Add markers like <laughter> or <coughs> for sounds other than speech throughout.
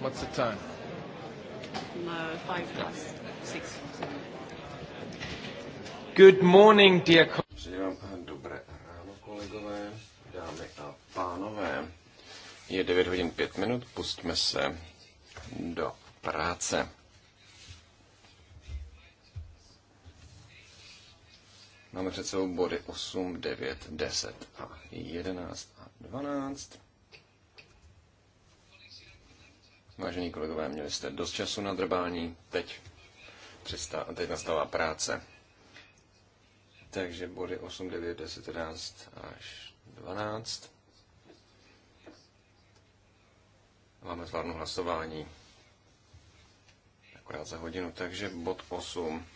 What's the time? Uh, five plus six. Good morning, dear Přeji vám dobré ráno, kolegové, dámy a pánové. Je 9 hodin 5 minut, pustíme se do práce. Máme před sebou body 8, 9, 10 a 11 a 12. Vážení kolegové, měli jste dost času na drbání, teď, přistá, teď nastává práce. Takže body 8, 9, 10, 11 až 12. Máme zvládnout hlasování akorát za hodinu, takže bod 8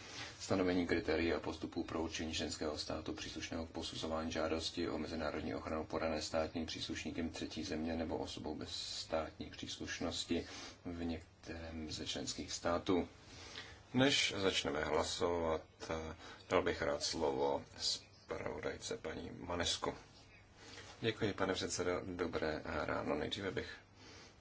stanovení kritérií a postupů pro určení členského státu příslušného k posuzování žádosti o mezinárodní ochranu podané státním příslušníkem třetí země nebo osobou bez státní příslušnosti v některém ze členských států. Než začneme hlasovat, dal bych rád slovo zpravodajce paní Manesku. Děkuji, pane předsedo. Dobré ráno. Nejdříve bych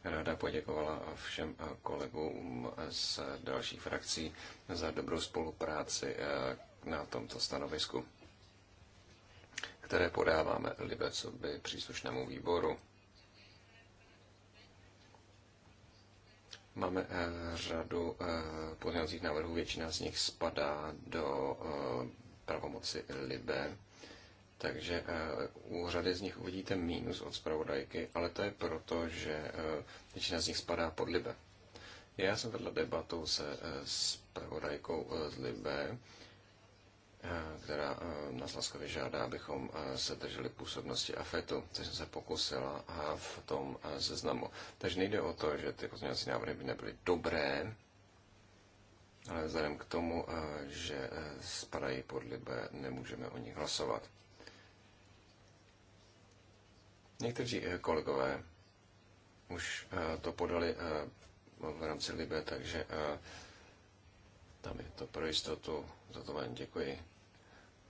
ráda poděkovala všem kolegům z dalších frakcí za dobrou spolupráci eh, na tomto stanovisku, které podáváme Libecovi příslušnému výboru. Máme eh, řadu eh, pozměňovacích návrhů, většina z nich spadá do pravomoci Libe takže eh, u řady z nich uvidíte mínus od zpravodajky, ale to je proto, že eh, většina z nich spadá pod Libe. Já jsem vedla debatu se eh, zpravodajkou z Libe, která nás laskavě žádá, abychom se drželi působnosti AFETu, což jsem se pokusila a v tom seznamu. Takže nejde o to, že ty pozměňovací návrhy by nebyly dobré, ale vzhledem k tomu, že spadají pod libe, nemůžeme o nich hlasovat. Někteří eh, kolegové už eh, to podali eh, v rámci Libe, takže tam je to pro jistotu. Za to vám děkuji.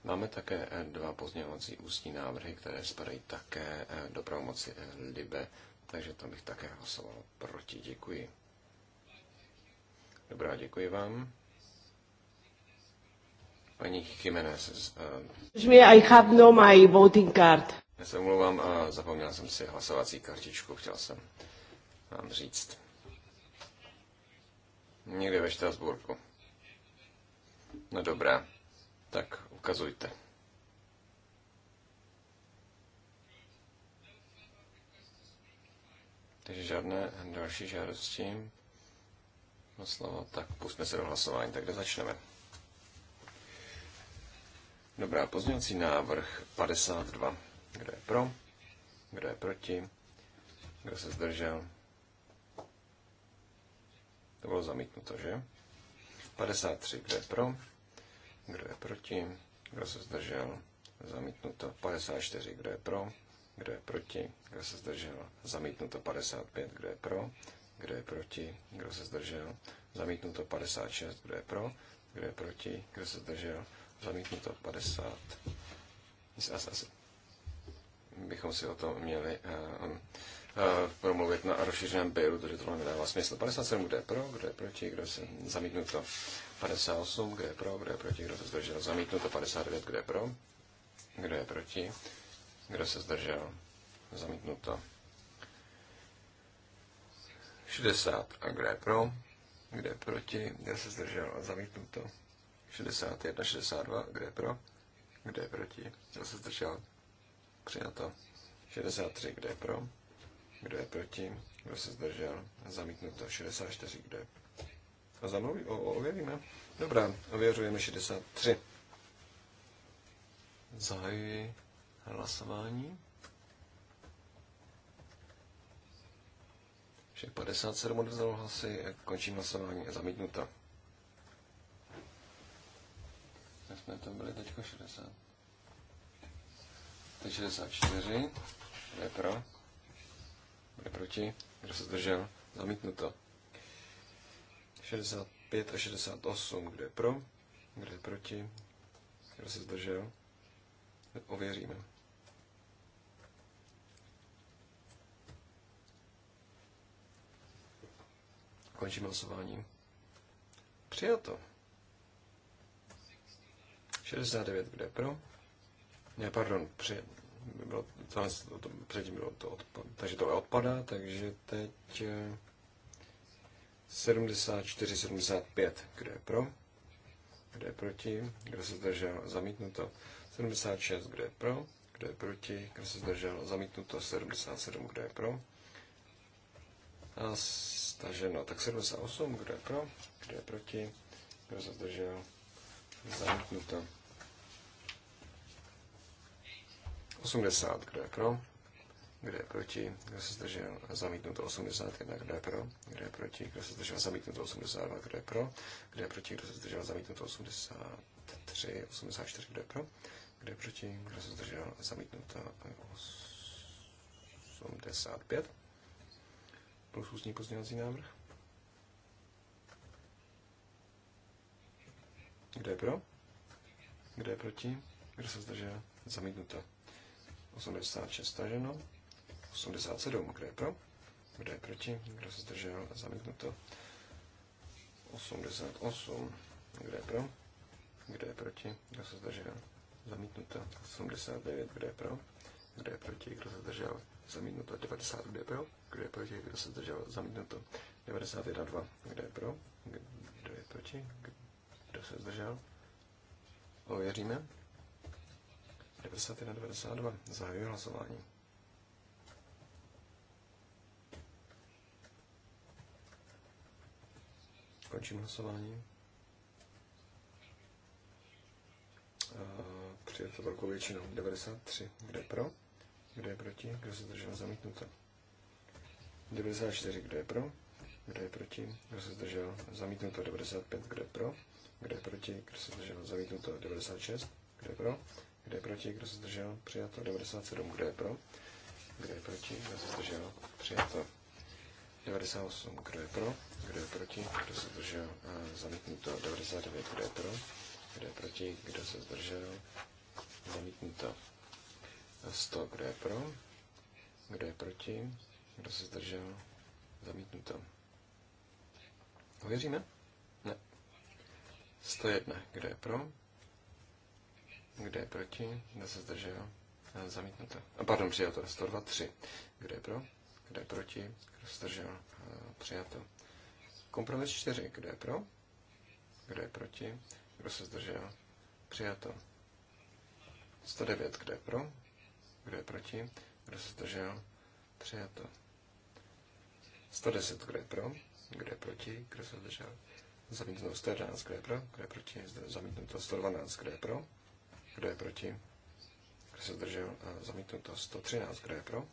Máme také dva pozměňovací ústní návrhy, které spadají také do pravomoci Libe, takže tam bych také hlasoval proti. Děkuji. Dobrá, děkuji vám. Paní Jiménez. I have no my voting card. Já se omlouvám a zapomněl jsem si hlasovací kartičku, chtěl jsem vám říct. Někde ve Štrasburku. No dobrá, tak ukazujte. Takže žádné další žádosti No slovo, tak pusme se do hlasování, tak kde začneme. Dobrá, pozměňovací návrh 52. Kdo je pro? Kdo je proti? Kdo se zdržel? To bylo zamítnuto, že? 53. Kdo je pro? Kdo je proti? Kdo se zdržel? Zamítnuto. 54. Kdo je pro? Kdo je proti? Kdo se zdržel? Zamítnuto. 55. Kdo je pro? Kdo je proti? Kdo se zdržel? Zamítnuto. 56. Kdo je pro? Kdo je proti? Kdo se zdržel? Zamítnuto. 50 bychom si o to měli promluvit na rozšířeném bailu, protože tohle nedává smysl. 57, kde je pro, kde je proti, kdo se to. 58, kde je pro, kde je proti, kdo se zdržel. to 59, kde je pro, kdo je proti, kdo se zdržel. to. 60, a kde je pro, kde je proti, kdo se zdržel. to. 61, 62, kde je pro, kde je proti, kdo se zdržel. Přijato. 63, kdo je pro? Kdo je proti? Kdo se zdržel? Zamítnuto. 64, kdo je a zamluví, o, o, ověříme. Dobrá, ověřujeme 63. Zahajuji hlasování. Všech 57 odvzalo hlasy, končím hlasování a zamítnuta. Tak jsme to byli teďko 60. 64. je pro? je proti? Kdo se zdržel? Zamítnuto. 65 a 68. Kdo je pro? Kdo je proti? Kdo se zdržel? Ověříme. Končím hlasování. Přijato. 69, kde je pro? Ne, pardon, při, bylo, tam, to, to, předtím bylo to odpad, takže tohle odpadá, takže teď 74, eh, 75, kdo je pro, kdo je proti, kdo se zdržel, zamítnuto, 76, kdo je pro, kdo je proti, kdo se zdržel, zamítnuto, 77, kdo je pro, a staženo, tak 78, kdo je pro, kdo je proti, kdo se zdržel, zamítnuto. 80, kdo je pro, kdo je proti, kdo se zdržel, zamítnuto 81, kdo je pro, kdo je proti, kdo se zdržel, zamítnuto 82, kdo je pro, kdo je proti, kdo se zdržel, zamítnuto 83, 84, kdo je pro, kdo je proti, kdo se zdržel, zamítnuto 85, plus ústní pozměňovací návrh. Kdo je pro? Kdo je proti? Kdo se zdržel? Zamítnuto. 86 staženo. 87, kdo je pro? Kdo je proti? Kdo se zdržel? Zamítnuto. 88, kdo je pro? Kdo je proti? Kdo se zdržel? Zamítnuto. 89, kdo je pro? Kdo je proti? Kdo se zdržel? Zamítnuto. 90, kdo je pro? Kdo je proti? Kdo se zdržel? Zamítnuto. 91, 2, kdo je pro? Kdo je proti? Kdo se zdržel? Ověříme. 91, 92. Zahajuji hlasování. Končím hlasování. Eh, to velkou většinou. 93. Kdo je pro? Kdo je proti? Kdo se zdržel zamítnuto? 94. Kdo je pro? Kdo je proti? Kdo se zdržel zamítnuto? 95. Kdo je pro? Kdo je proti? Kdo se zdržel zamítnuto? 96. Kdo je pro? Kdo je proti? Kdo se zdržel? Přijato. 97. Kdo je pro? Kdo je proti? Kdo se zdržel? Přijato. 98. Kdo je pro? Kdo je proti? Kdo se zdržel? Zamítnuto. 99. Kdo je pro? Kdo je proti? Kdo se zdržel? Zamítnuto. 100. Kdo je pro? Kdo je proti? Kdo se zdržel? Zamítnuto. Ověříme? Ne. 101. Kdo je pro? Kdo je proti? Kdo se zdržel? Zamítnuto. Pardon, přijato. 102, 3. Kdo je pro? Kdo je proti? Kdo se zdržel? Přijato. Kompromis 4. Kdo je pro? Kdo je proti? Kdo se zdržel? Přijato. 109. Kdo je pro? Kdo je proti? Kdo se zdržel? Přijato. 110. Kdo je pro? Kdo je proti? Kdo se zdržel? Zamítnuto 111. Kdo je pro? Kdo je proti? Zamítnuto 112. Kdo je pro? Kdo je proti? Kdo se zdržel? Zamítnuto 113. Kdo je pro?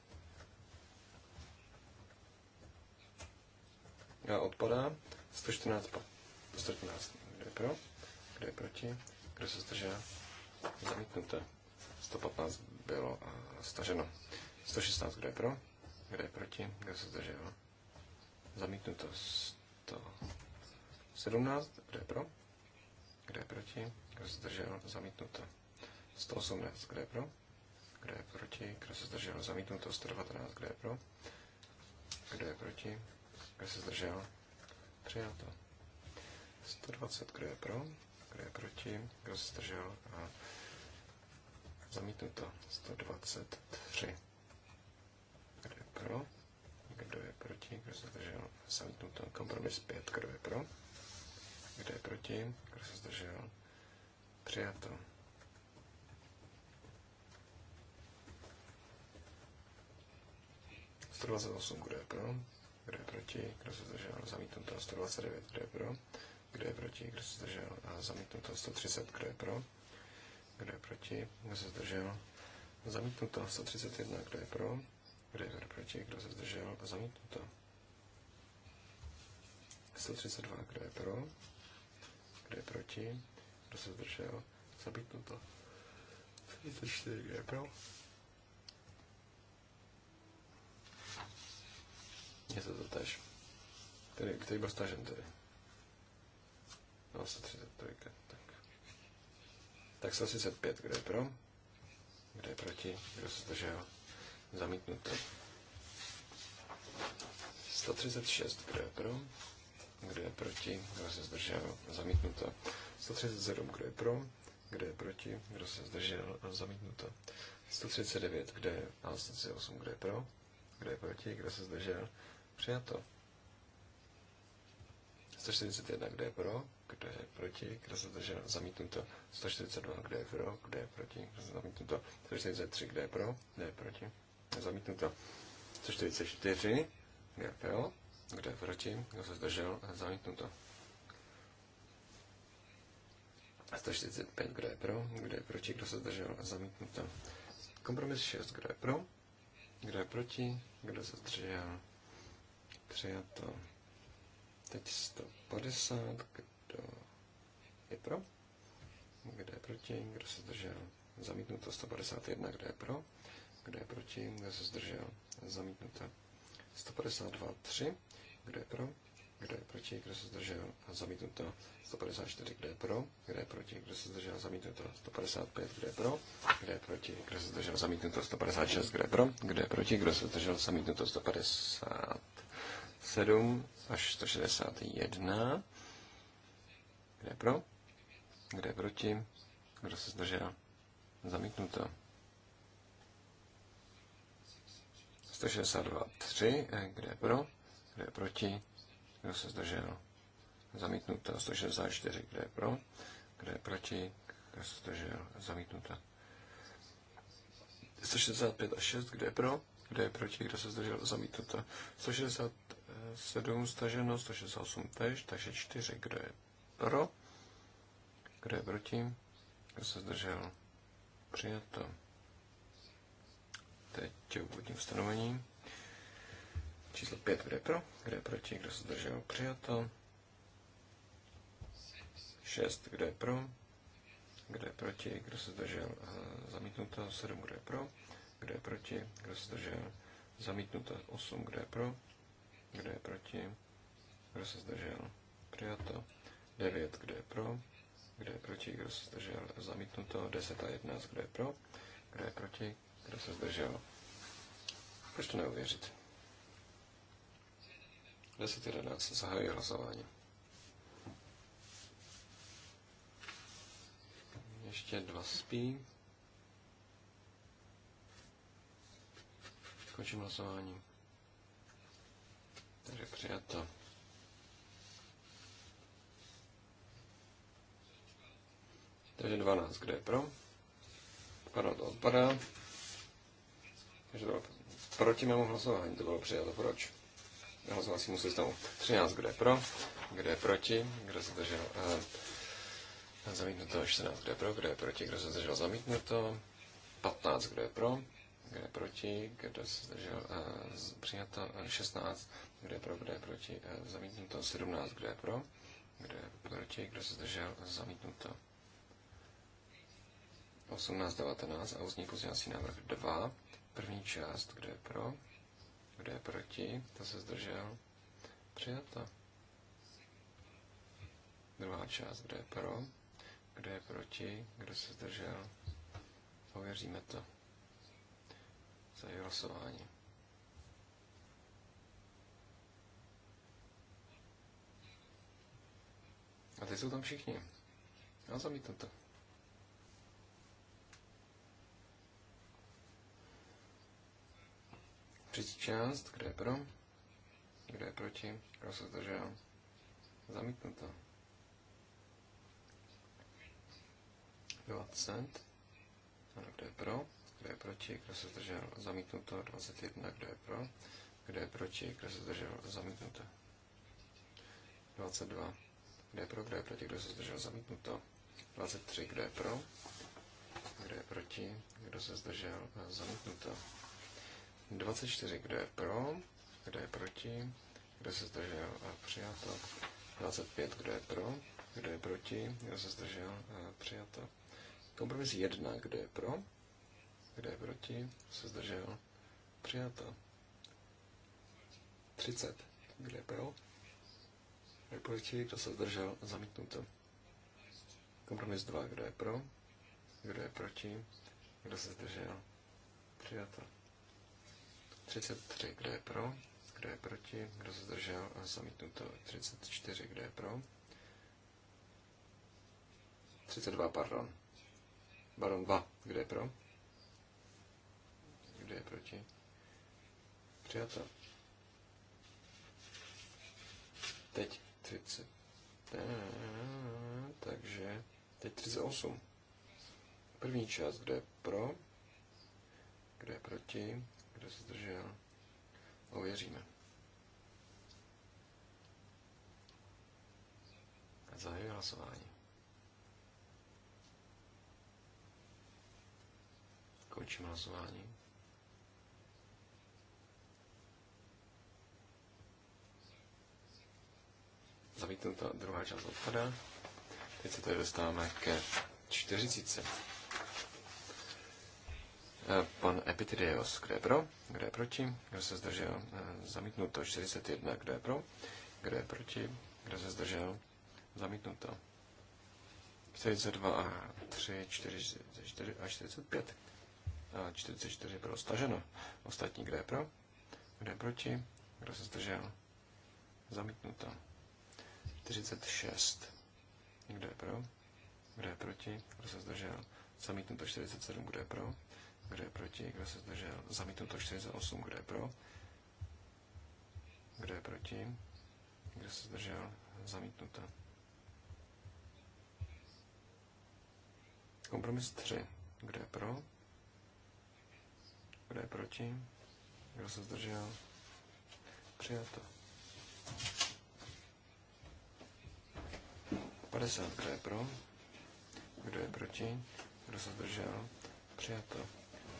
A odpadá. 114. 114. Kdo je pro? Kdo je proti? Kdo se zdržel? Zamítnuté. 115 bylo staženo. 116. Kdo je pro? Kdo je proti? Kdo se zdržel? Zamítnuto. 117. Kdo je pro? Kdo je proti? Kdo se zdržel? Zamítnuto. 118, kde je pro? kde je proti? Kdo se zdržel? Zamítnuto 119, kde je pro? Kdo je proti? Kdo se zdržel? Přijato. 120, kdo je pro? Kdo je proti? Kdo se zdržel? A zamítnuto 123. Kdo je pro? Kdo je proti? Kdo se zdržel? Zamítnuto kompromis 5. Kdo je pro? Kdo je proti? Kdo se zdržel? Přijato. 128, kdo je pro, kdo je proti, kdo se zdržel, zamítnuto 129, kdo je pro, kdo je proti, kdo se zdržel a zamítnuto 130, kdo je pro, kdo je proti, kdo se zdržel, zamítnuto 131, kdo je pro, kdo je proti, kdo se zdržel a zamítnuto 132, kdo je pro, kdo je proti, kdo se zdržel, zamítnuto 34, kdo je pro, Je to to tež. Který, který byl stažen tedy? 233, no, tak. Tak 135, kdo je pro? Kdo je proti? Kdo se zdržel? Zamítnuto. 136, kdo je pro? Kdo je proti? Kdo se zdržel? Zamítnuto. 137, kdo je pro? Kdo je proti? Kdo se zdržel? Zamítnuto. 139, kdo je a 138, kdo je pro? Kdo je proti? Kdo se zdržel? Přijato. 141, kde je pro, kde je proti, kdo se zamítnu zamítnuto. 142, kde je pro, kde je proti, kdo se zamítnuto. 143, kde je pro, kdo je proti, zamítnuto. 144, kde je pro, kde je proti, kdo se zdržel, zamítnuto. 145, kde je pro, kde je proti, kdo se zdržel, zamítnuto. Kompromis 6, kde je pro, kde je proti, kdo se zdržel, Přijato. Teď 150. Kdo je pro? Kdo je proti? Kdo se zdržel? Zamítnuto 151. Kdo je pro? Kdo je proti? Kdo se zdržel? Zamítnuto 152. 3. Kdo je pro? Kdo je proti? Kdo se zdržel? A zamítnuto 154. Kdo je pro? Kdo je proti? Kdo se zdržel? Zamítnuto 155. Kdo je pro? Kdo je proti? Kdo se zdržel? Zamítnuto 156. Kdo je pro? Kdo je proti? Kdo se zdržel? Zamítnuto 150. 7 až 161. Kde je pro? Kde je proti? Kdo se zdržel? Zamítnuto. 162, 3. Kde je pro? Kde je proti? Kdo se zdržel? Zamítnuto. 164, kde je pro? Kde je proti? Kdo se zdržel? Zamítnuto. 165 a 6, kde je pro? Kde je proti? Kdo se zdržel? Zamítnuto. 160 7 staženo, 168 tež, takže 4, kdo je pro, kdo je proti, kdo se zdržel, přijato. Teď úvodní ustanovení. Číslo 5, kdo je pro, kdo je proti, kdo se zdržel, přijato. 6, eh, kdo je pro, kdo je proti, kdo se zdržel, zamítnuto, 7, kdo je pro, kdo je proti, kdo se zdržel, zamítnuto, 8, kdo je pro, kdo je proti? Kdo se zdržel? Přijato. 9. Kdo je pro? Kdo je proti? Kdo se zdržel? Zamítnuto. 10 a 11. Kdo je pro? Kdo je proti? Kdo se zdržel? Proč to neuvěřit? 10 a 11. Zahajuji hlasování. Ještě dva spí. Končím hlasování. Takže přijato. Takže 12, kde je pro? Pardon, to odpadá. Takže to bylo proti mému hlasování, to bylo přijato. Proč? Hlasovacímu systému. 13, kde je pro? Kde je proti? Kde se držel? Eh, zamítnuto. 14, kde je pro? Kde je proti? Kde se držel? Zamítnuto. 15, kde je pro, kdo je proti, kdo se zdržel, eh, přijato 16, eh, kdo je pro, kdo je proti, eh, zamítnuto 17, kdo je pro, kdo je proti, kdo se zdržel, zamítnuto 18, 19 a ústní pozměňovací návrh 2, první část, kdo je pro, kdo je proti, kdo se zdržel, přijato. Druhá část, kdo je pro, kdo je proti, kdo se zdržel, ověříme to to je hlasování. A ty jsou tam všichni. Já zamítnu to. Třetí část, kde je pro, kde je proti, kdo se zdržel. Zamítnu to. 20. Ano, kde je pro, kdo je proti, kdo se zdržel, zamítnuto, 21, kdo je pro, kdo je proti, kdo se zdržel, zamítnuto, 22, kdo je pro, kdo je proti, kdo se zdržel, zamítnuto, 23, kdo je pro, kdo je proti, kdo se zdržel, zamítnuto, 24, kdo je pro, kdo je proti, kdo se zdržel, přijato, 25, kdo je pro, kdo je proti, kdo se zdržel, přijato. Kompromis 1, kdo je pro, kdo je proti? Se zdržel. Přijato. 30. Kdo je pro? Kdo je proti? Kdo se zdržel? Zamítnuto. Kompromis 2. Kdo je pro? Kdo je proti? Kdo se zdržel? Přijato. 33. Kdo je pro? Kdo je proti? Kdo se zdržel? A zamítnuto. 34. Kdo je pro? 32, pardon. Baron 2. Kdo je pro? kdo je proti. Přijato. Teď 30. Takže teď 38. První čas, kdo je pro, kdo je proti, kdo se zdržel, ověříme. Zahajuji hlasování. Končím hlasování. Zamítnuto, druhá část odpada. Teď se tady dostáváme ke 40. E, pan Epitidios, e, kdo je pro, kdo je proti, kdo se zdržel, zamítnuto 41, kdo je pro, kdo je proti, kdo se zdržel, zamítnuto 42 a 3, 44 a 45 a 44 bylo staženo. Ostatní, kdo je pro, kdo je proti, kdo se zdržel, zamítnuto. 46. Kdo je pro? Kdo je proti? Kdo se zdržel? Zamítnuto 47. Kdo je pro? Kdo je proti? Kdo se zdržel? Zamítnuto 48. Kdo je pro? Kdo je proti? Kdo se zdržel? Zamítnuto. Kompromis 3. Kdo je pro? Kdo je proti? Kdo se zdržel? Přijato. 50, kdo je pro, kdo je proti, kdo se zdržel, přijato.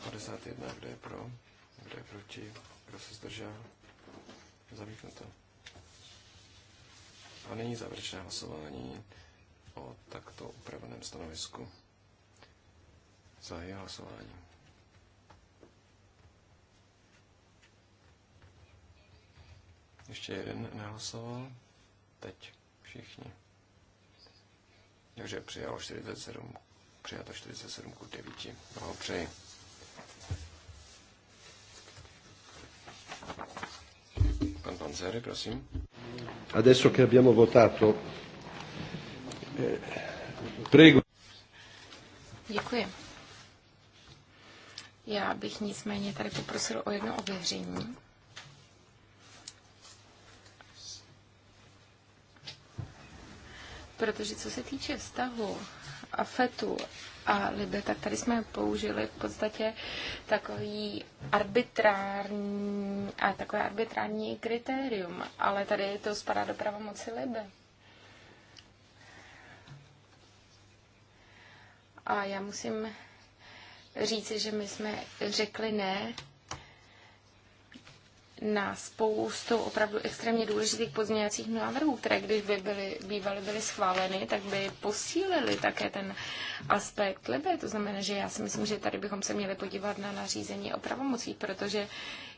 51, kdo je pro, kdo je proti, kdo se zdržel, zamítnuto. A nyní závěrečné hlasování o takto upraveném stanovisku. Zahajuji hlasování. Ještě jeden nehlasoval. Teď všichni. Takže přijalo 47, přijato 47 ku 9. přeji. Pan Panzeri, prosím. Adesso che abbiamo votato, eh, prego. Děkuji. Já bych nicméně tady poprosil o jedno ověření. Protože co se týče vztahu AFETu a Libe, tak tady jsme použili v podstatě takový arbitrární, a takové arbitrární kritérium, ale tady to spadá do pravomoci Libe. A já musím říci, že my jsme řekli ne na spoustu opravdu extrémně důležitých pozměňovacích návrhů, které když by byly, bývaly byly schváleny, tak by posílily také ten aspekt libe. To znamená, že já si myslím, že tady bychom se měli podívat na nařízení o pravomocích, protože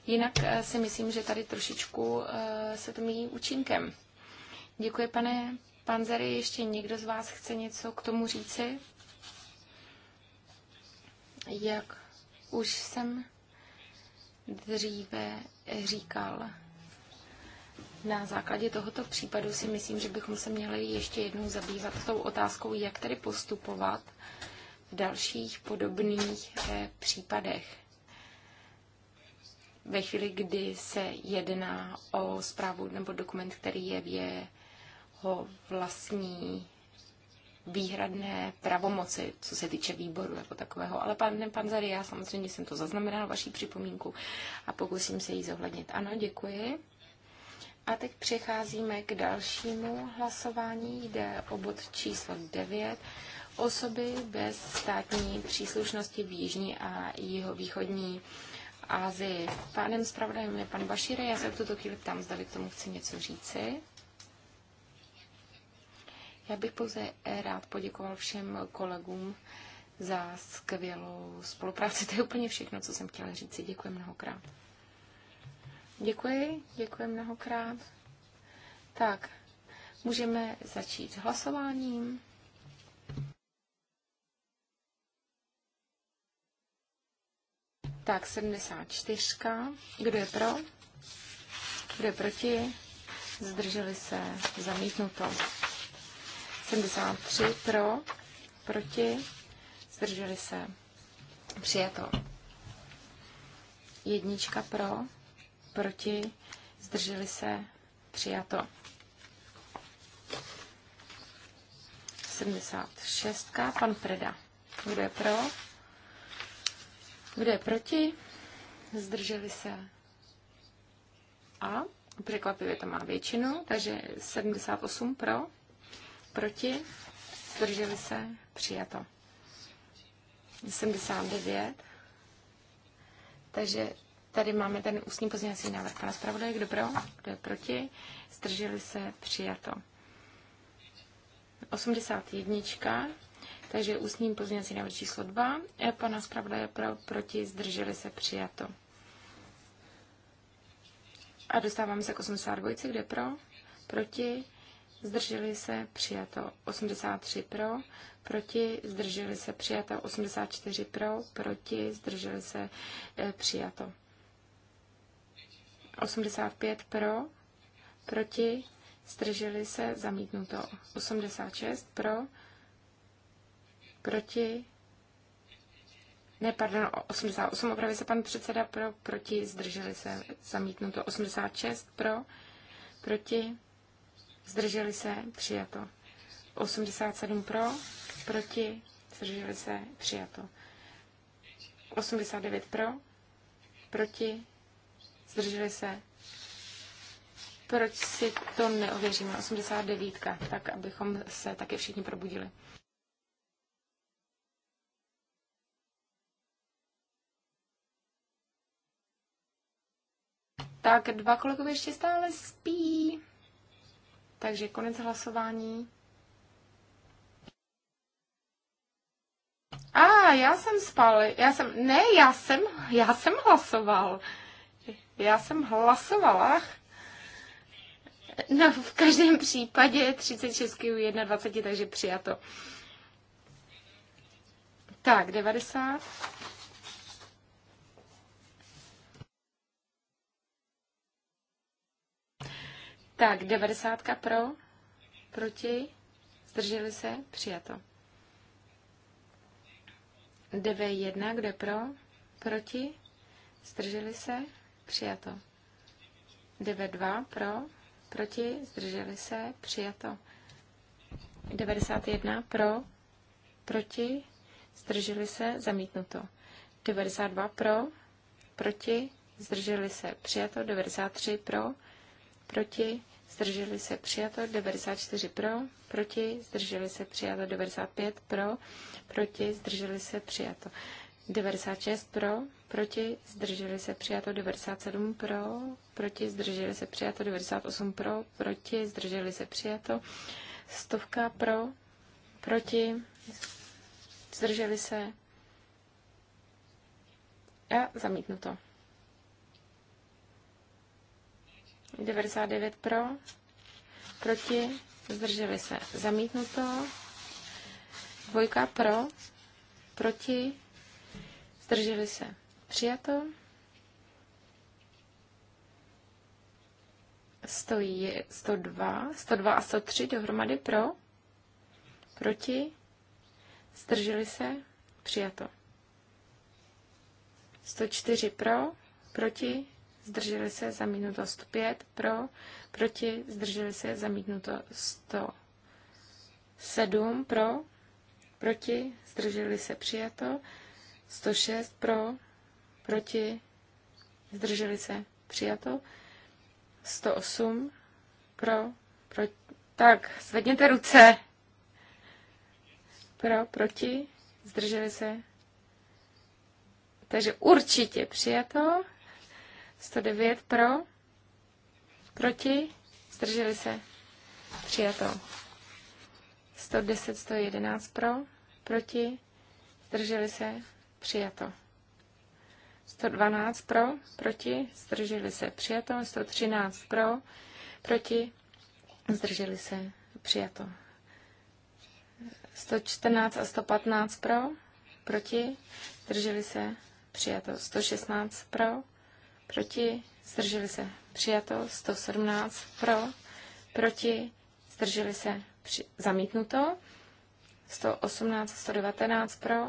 jinak eh, si myslím, že tady trošičku eh, se to míjí účinkem. Děkuji, pane Panzery. Ještě někdo z vás chce něco k tomu říci? Jak už jsem dříve říkal. Na základě tohoto případu si myslím, že bychom se měli ještě jednou zabývat tou otázkou, jak tedy postupovat v dalších podobných eh, případech. Ve chvíli, kdy se jedná o zprávu nebo dokument, který je v jeho vlastní výhradné pravomoci, co se týče výboru jako takového. Ale pane Panzeri, já samozřejmě jsem to zaznamenala, vaší připomínku a pokusím se ji zohlednit. Ano, děkuji. A teď přecházíme k dalšímu hlasování. Jde o bod číslo 9. Osoby bez státní příslušnosti v Jižní a jihovýchodní Asii. Pánem zpravodajem je pan Bašíre. Já se v tuto chvíli ptám, zda k tomu chci něco říci. Já bych pouze rád poděkoval všem kolegům za skvělou spolupráci. To je úplně všechno, co jsem chtěla říct. Děkuji mnohokrát. Děkuji, děkuji mnohokrát. Tak, můžeme začít hlasováním. Tak, 74. Kdo je pro? Kdo je proti? Zdrželi se zamítnuto. 73 pro, proti, zdrželi se, přijato. Jednička pro, proti, zdrželi se, přijato. 76. Pan Preda. Kdo je pro? Kdo je proti? Zdrželi se. A překvapivě to má většinu, takže 78 pro, proti, zdrželi se, přijato. 79. Takže tady máme ten ústní pozměňovací návrh pana zpravodaje, kdo pro, kdo je proti, zdrželi se, přijato. 81. Takže ústní pozměňovací návrh číslo 2. je pana zpravodaje pro, proti, zdrželi se, přijato. A dostáváme se k 82, kde pro, proti, zdrželi se, přijato 83 pro, proti, zdrželi se, přijato 84 pro, proti, zdrželi se, eh, přijato 85 pro, proti, zdrželi se, zamítnuto 86 pro, proti, ne, pardon, 88, opravil se pan předseda pro, proti, zdrželi se, zamítnuto 86 pro, proti, zdrželi se, přijato. 87 pro, proti, zdrželi se, přijato. 89 pro, proti, zdrželi se. Proč si to neověříme? 89, tak abychom se taky všichni probudili. Tak dva kolegové ještě stále spí. Takže konec hlasování. A ah, já jsem spal, já jsem, ne, já jsem, já jsem hlasoval. Já jsem hlasovala. No, v každém případě 36 u 21, takže přijato. Tak, 90. Tak, 90 pro, proti, zdrželi se, přijato. 9.1, kdo je pro, proti, zdrželi se, přijato. dva pro, proti, zdrželi se, přijato. 91, pro, proti, zdrželi se, zamítnuto. 92 pro, proti, zdrželi se, přijato. 93 pro, proti, zdrželi se přijato, 94 pro, proti, zdrželi se přijato, 95 pro, proti, zdrželi se přijato, 96 pro, proti, zdrželi se přijato, 97 pro, proti, zdrželi se přijato, 98 pro, proti, zdrželi se přijato, stovka pro, proti, zdrželi se a zamítnuto. 99 pro, proti, zdrželi se, zamítnuto. Dvojka pro, proti, zdrželi se, přijato. Stojí 102, 102 a 103 dohromady pro, proti, zdrželi se, přijato. 104 pro, proti, zdrželi se, zamítnuto 105 pro, proti, zdrželi se, zamítnuto 107 pro, proti, zdrželi se, přijato 106 pro, proti, zdrželi se, přijato 108 pro, proti, tak, zvedněte ruce. Pro, proti, zdrželi se. Takže určitě přijato. 109 pro, proti, zdrželi se, přijato. 110, 111 pro, proti, zdrželi se, přijato. 112 pro, proti, zdrželi se, přijato. 113 pro, proti, zdrželi se, přijato. 114 a 115 pro, proti, zdrželi se, přijato. 116 pro, proti, zdrželi se přijato, 117 pro, proti, zdrželi se při, zamítnuto, 118, 119 pro,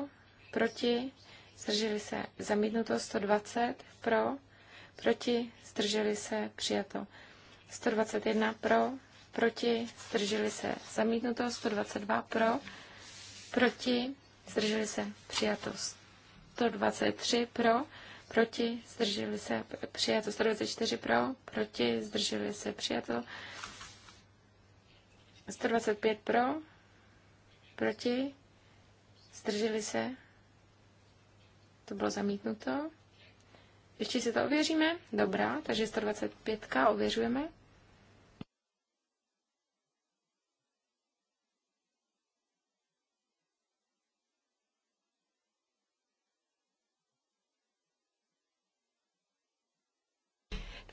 proti, zdrželi se zamítnuto, 120 pro, proti, zdrželi se přijato, 121 pro, proti, zdrželi se zamítnuto, 122 pro, proti, zdrželi se přijato, 123 pro, proti, zdrželi se, přijato 124 pro, proti, zdrželi se, přijato 125 pro, proti, zdrželi se, to bylo zamítnuto. Ještě si to ověříme? Dobrá, takže 125 ověřujeme.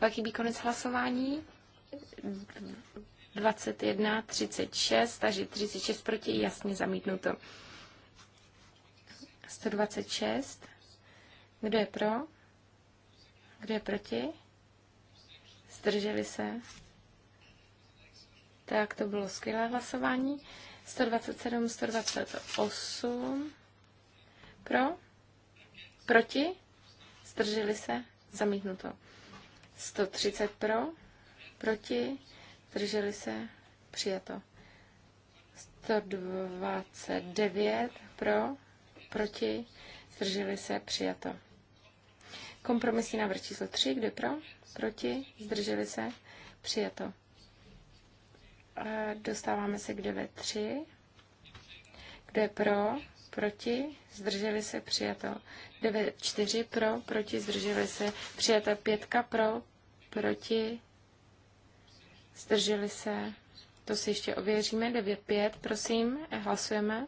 Pak chybí konec hlasování. 21, 36, takže 36 proti, jasně zamítnuto. 126. Kdo je pro? Kdo je proti? Zdrželi se? Tak to bylo skvělé hlasování. 127, 128. Pro? Proti? Zdrželi se? Zamítnuto. 130 pro, proti, zdrželi se, přijato. 129 pro, proti, zdrželi se, přijato. Kompromisní návrh číslo 3, kdo pro, proti, zdrželi se, přijato. A dostáváme se k 9.3. Kdo je pro, proti, zdrželi se, přijato. 9.4 pro, proti, zdrželi se, přijato. Pětka pro, proti, zdrželi se, to si ještě ověříme, 9-5, prosím, hlasujeme.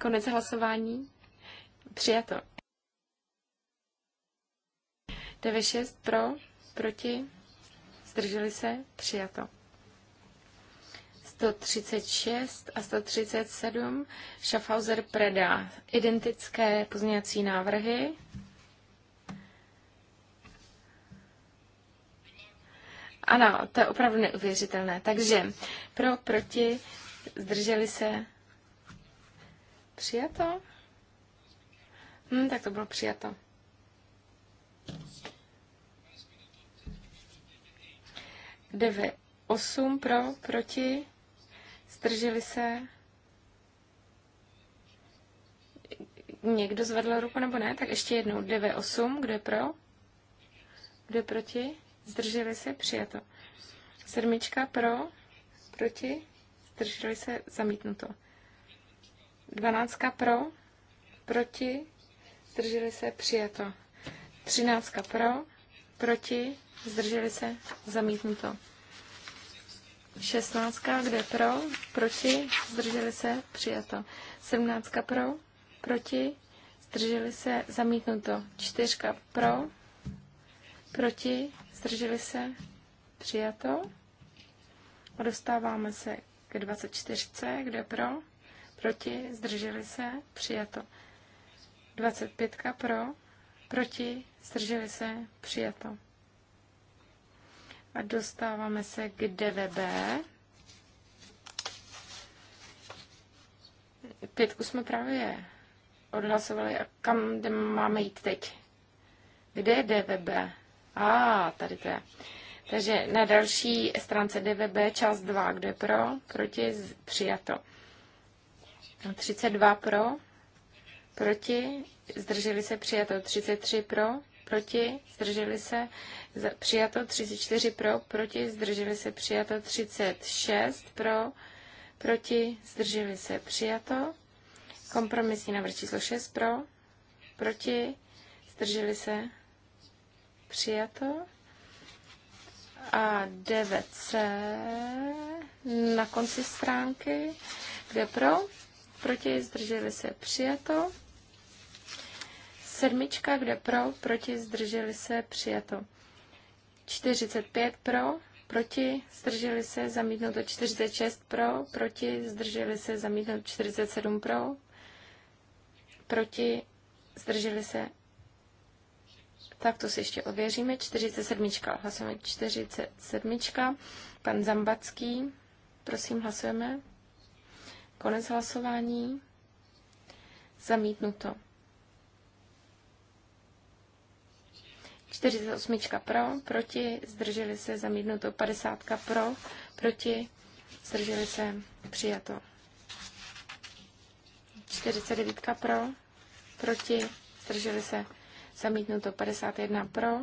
Konec hlasování. Přijato. 9-6 pro, proti, zdrželi se, přijato. 136 a 137 Schaffhauser Preda. Identické pozměňovací návrhy. Ano, to je opravdu neuvěřitelné. Takže pro, proti, zdrželi se. Přijato? Hm, tak to bylo přijato. Devět. 8 pro, proti, Zdrželi se? Někdo zvedl ruku nebo ne? Tak ještě jednou. 9.8. Kdo je pro? Kdo je proti? Zdrželi se? Přijato. Sedmička pro? Proti? Zdrželi se? Zamítnuto. Dvanáctka pro? Proti? Zdrželi se? Přijato. Třináctka pro? Proti? Zdrželi se? Zamítnuto. 16, kde pro, proti, zdrželi se, přijato. 17 pro, proti, zdrželi se, zamítnuto. 4 pro, proti, zdrželi se, přijato. A dostáváme se k 24, kde pro, proti, zdrželi se, přijato. 25 pro, proti, zdrželi se, přijato. A dostáváme se k DVB. Pětku jsme právě odhlasovali. A kam máme jít teď? Kde je DVB? A, ah, tady to je. Takže na další stránce DVB část 2, kde pro, proti, přijato. 32 pro, proti, zdrželi se, přijato. 33 pro, proti, zdrželi se, přijato 34 pro, proti, zdrželi se přijato 36 pro, proti, zdrželi se přijato. Kompromisní návrh číslo 6 pro, proti, zdrželi se přijato. A 9C na konci stránky, kde pro, proti, zdrželi se přijato. Sedmička, kde pro, proti, zdrželi se přijato. 45 pro, proti, zdrželi se, zamítnuto 46 pro, proti, zdrželi se, zamítnuto 47 pro, proti, zdrželi se, tak to si ještě ověříme, 47. Hlasujeme 47. Pan Zambacký, prosím, hlasujeme. Konec hlasování. Zamítnuto. 48 pro, proti, zdrželi se zamítnuto. 50 pro, proti, zdrželi se přijato. 49 pro, proti, zdrželi se zamítnuto. 51 pro,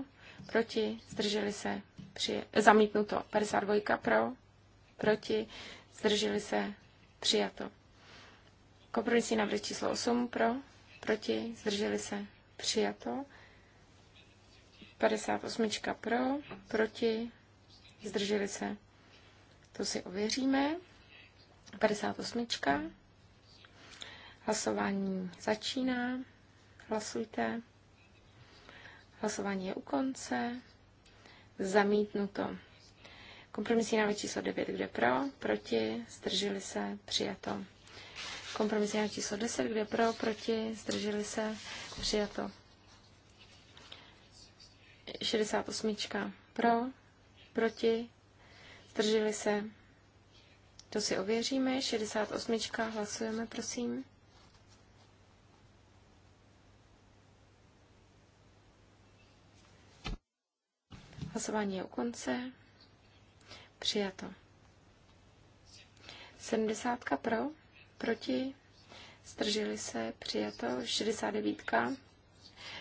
proti, zdrželi se přijato. zamítnuto. 52 pro, proti, zdrželi se přijato. Kompromisní návrh číslo 8 pro, proti, zdrželi se přijato. 58 pro, proti, zdrželi se. To si ověříme. 58. Hlasování začíná. Hlasujte. Hlasování je u konce. Zamítnuto. Kompromisní návrh číslo 9, kde pro, proti, zdrželi se, přijato. Kompromisní návrh číslo 10, kde pro, proti, zdrželi se, přijato. 68. Pro, proti, zdrželi se. To si ověříme. 68. Hlasujeme, prosím. Hlasování je u konce. Přijato. 70 pro, proti, zdrželi se, přijato. 69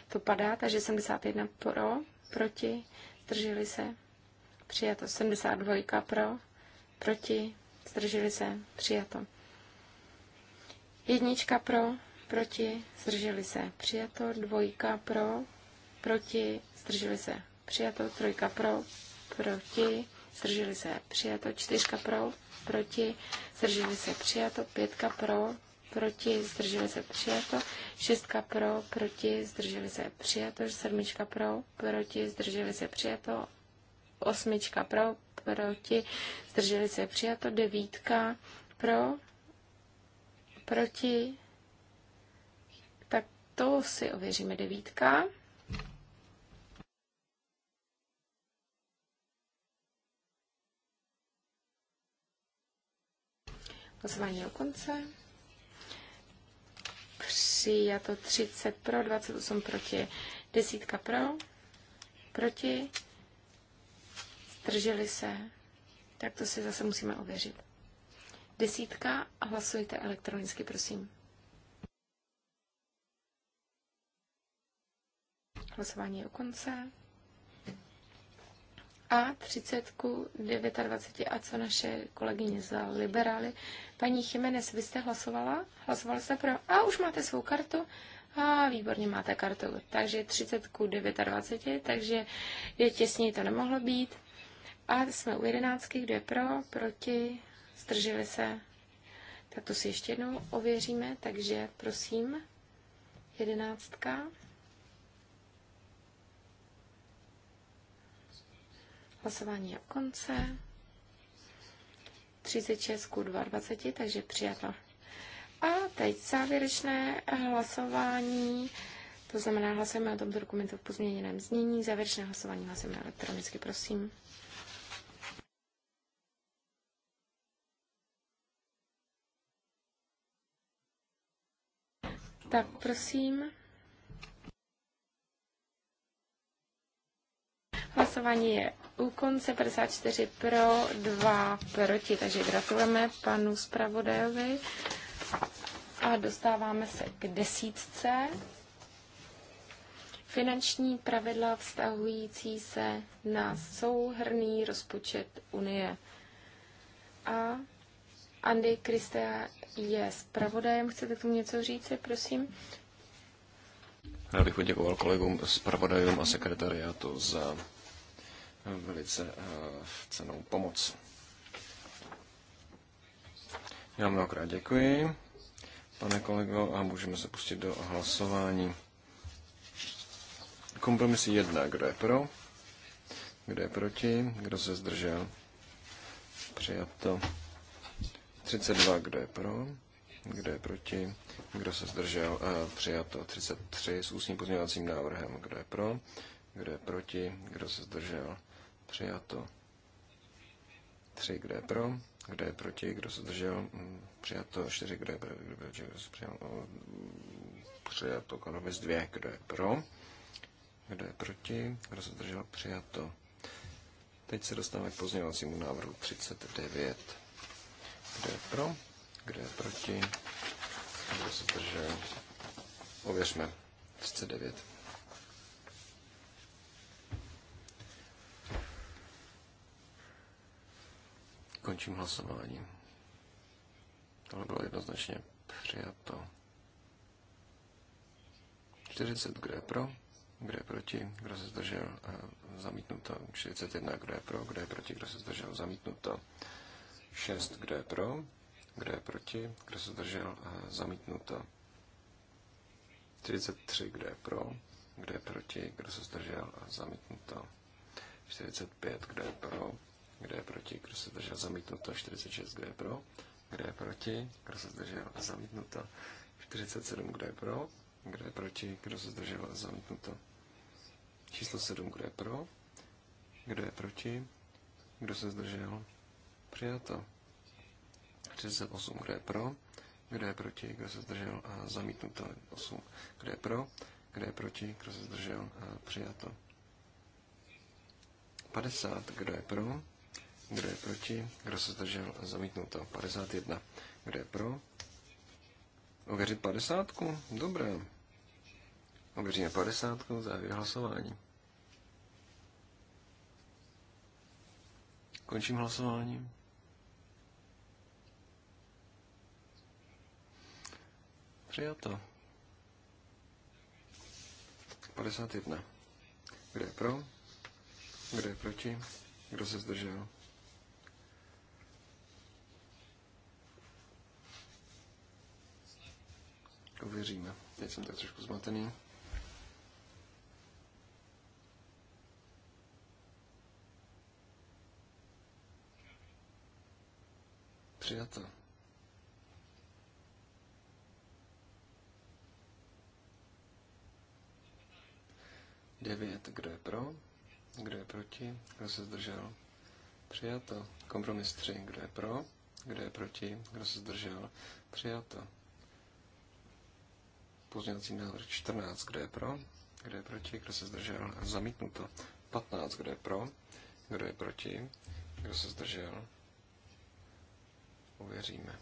to padá, takže 71 pro, proti, zdrželi se, přijato. 72 pro, proti, zdrželi se, přijato. Jednička pro, proti, zdrželi se, přijato. Dvojka pro, proti, zdrželi se, přijato. Trojka pro, proti, zdrželi se, přijato. Čtyřka pro, proti, zdrželi se, přijato. Pětka pro, proti, zdrželi se přijato, šestka pro, proti, zdrželi se přijato, sedmička pro, proti, zdrželi se přijato, osmička pro, proti, zdrželi se přijato, devítka pro, proti, tak to si ověříme devítka. Pozvání o konce to 30 pro, 28 proti, desítka pro, proti, zdrželi se, tak to si zase musíme ověřit. Desítka a hlasujte elektronicky, prosím. Hlasování je u konce a 30 ku 29 a co naše kolegyně za liberály. Paní Jiménez, vy jste hlasovala? Hlasovala jste pro? A už máte svou kartu? A výborně máte kartu. Takže 30 ku 29, takže je těsně to nemohlo být. A jsme u 11 kdo je pro, proti, zdrželi se. Tak to si ještě jednou ověříme, takže prosím, jedenáctka. Hlasování je u konce. 36 ku 22, takže přijato. A teď závěrečné hlasování. To znamená, hlasujeme o tomto dokumentu v pozměněném znění. Závěrečné hlasování hlasujeme elektronicky, prosím. Tak, prosím. Hlasování je u konce 54 pro, 2 proti, takže gratulujeme panu zpravodajovi a dostáváme se k desítce. Finanční pravidla vztahující se na souhrný rozpočet Unie. A Andy Kristea je zpravodajem. Chcete tomu něco říct, prosím? Já bych poděkoval kolegům zpravodajům a sekretariátu za velice eh, cenou pomoc. Já mnohokrát děkuji, pane kolego, a můžeme se pustit do hlasování. Kompromis jedna, kdo je pro, kdo je proti, kdo se zdržel. Přijato 32, kdo je pro, kdo je proti, kdo se zdržel. Eh, přijato 33 s ústním pozměňovacím návrhem, kdo je pro, kdo je proti, kdo se zdržel. Přijato. Tři, kdo je pro, kdo je proti, kdo se držel. Mm, přijato Čtyři, kdo je pro, kdo je proti, kdo se přijal, mm, přijato kompromis dvě, kdo je pro, kdo je proti, kdo se držel. přijato. Teď se dostáváme k pozměňovacímu návrhu 39. Kdo je pro, kdo je proti, kdo se držel. ověřme 39. Končím hlasování. Tohle bylo jednoznačně přijato. 40, eh, kdo je pro, kdo je proti, kdo se zdržel, zamítnuto. 41, kdo je pro, kdo je proti, kdo se zdržel, eh, zamítnuto. 6, kdo je pro, kdo je proti, kdo se zdržel, eh, zamítnuto. 33, kdo je pro, kdo je proti, kdo se zdržel, zamítnuto. 45, kdo je pro, kdo je proti, kdo se zdržel zamítnuto, 46, kdo je pro, kdo je proti, kdo se zdržel zamítnuto, 47, kdo je pro, kdo je proti, kdo se zdržel zamítnuto, číslo 7, kdo je pro, kdo je proti, kdo se zdržel, přijato, 38, kdo je pro, kdo je proti, kdo se zdržel a zamítnuto 8, kdo je pro, kdo je proti, kdo se zdržel a přijato. 50, kdo je pro, kdo je proti? Kdo se zdržel? Zamítnuto. 51. Kdo je pro? Ověřit 50? Dobré. Ověříme 50. Závěr hlasování. Končím hlasování. Přijato. 51. Kdo je pro? Kdo je proti? Kdo se zdržel? ještě ověříme. Teď jsem tak trošku zmatený. Přijato. Devět. Kdo je pro? Kdo je proti? Kdo se zdržel? Přijato. Kompromis tři. Kdo je pro? Kdo je proti? Kdo se zdržel? Přijato. Pozměňovací návrh 14, kdo je pro? Kdo je proti? Kdo se zdržel? Zamítnuto. 15, kdo je pro? Kdo je proti? Kdo se zdržel? Uvěříme.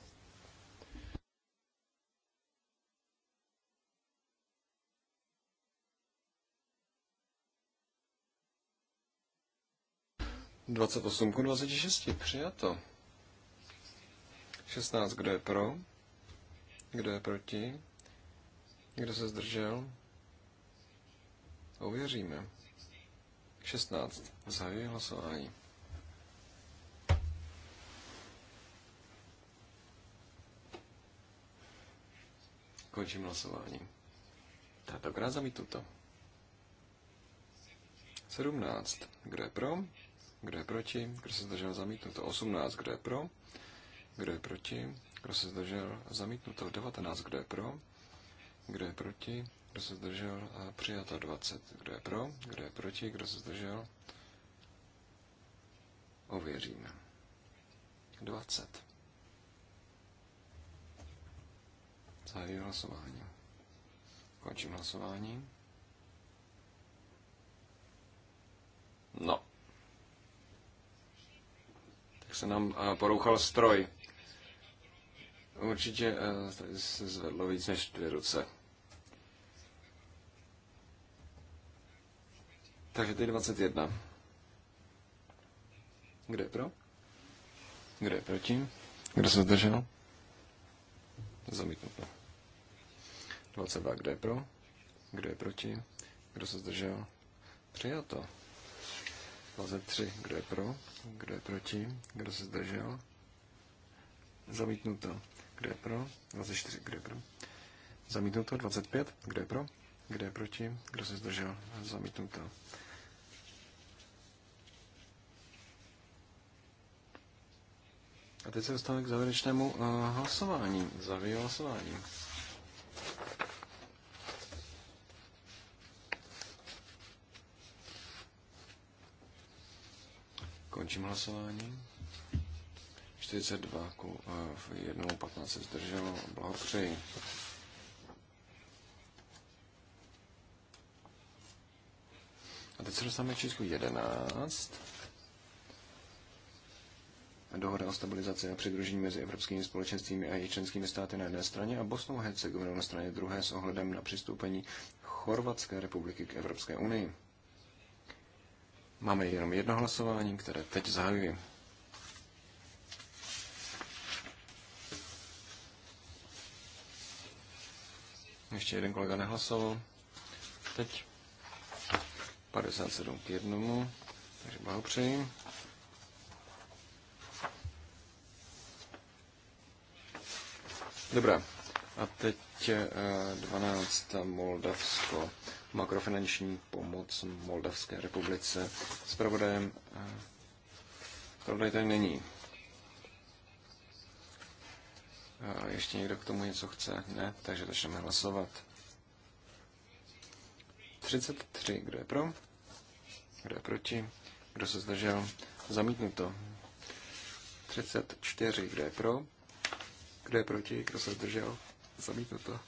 Dvacet osm ku dvaceti šesti. Přijato. Šestnáct. Kdo je pro? Kdo je proti? Kdo se zdržel? Uvěříme? 16. Zahajuji hlasování. Končím hlasování. Tentokrát zamítnuto. 17. Kdo je pro? Kdo je proti? Kdo se zdržel zamítnuto? 18. Kdo je pro? Kdo je proti? Kdo se zdržel zamítnuto? 19. Kdo je pro? kdo je proti, kdo se zdržel a přijato 20. Kdo je pro, kdo je proti, kdo se zdržel, ověříme. 20. Zahajuji hlasování. Končím hlasování. No. Tak se nám eh, porouchal stroj. Určitě eh, se zvedlo víc než dvě ruce. Takže teď 21. Kdo je pro? Kdo je proti? Kdo se zdržel? Zamítnuto. 22. Kdo je pro? Kdo je proti? Kdo se zdržel? Přijato. 23. Kdo je pro? Kdo je proti? Kdo se zdržel? Zamítnuto. Kdo je pro? 24. Kdo je pro? Zamítnuto. 25. Kdo je pro? Kde je proti? Kdo se zdržel? Zamítnuto. A teď se dostáváme k závěrečnému uh, hlasování. Závěr hlasování. Končím hlasování. 42 ku uh, 1 15 se zdrželo. Blahopřeji. A teď se dostaneme k číslu 11. Dohoda o stabilizaci a přidružení mezi evropskými společenstvími a jejich členskými státy na jedné straně a Bosnou a Hercegovinou na straně druhé s ohledem na přistoupení Chorvatské republiky k Evropské unii. Máme jenom jedno hlasování, které teď zahajuji. Ještě jeden kolega nehlasoval. Teď 57 k jednomu, takže blahopřeji. Dobrá, a teď 12. Eh, Moldavsko, makrofinanční pomoc Moldavské republice. pravodajem. Eh, Pravodaj tady není. Eh, ještě někdo k tomu něco chce? Ne, takže začneme hlasovat. 33. Kdo je pro? Kdo je proti? Kdo se zdržel? Zamítnuto. 34. Kdo je pro? Kdo je proti? Kdo se zdržel? Zamítnuto.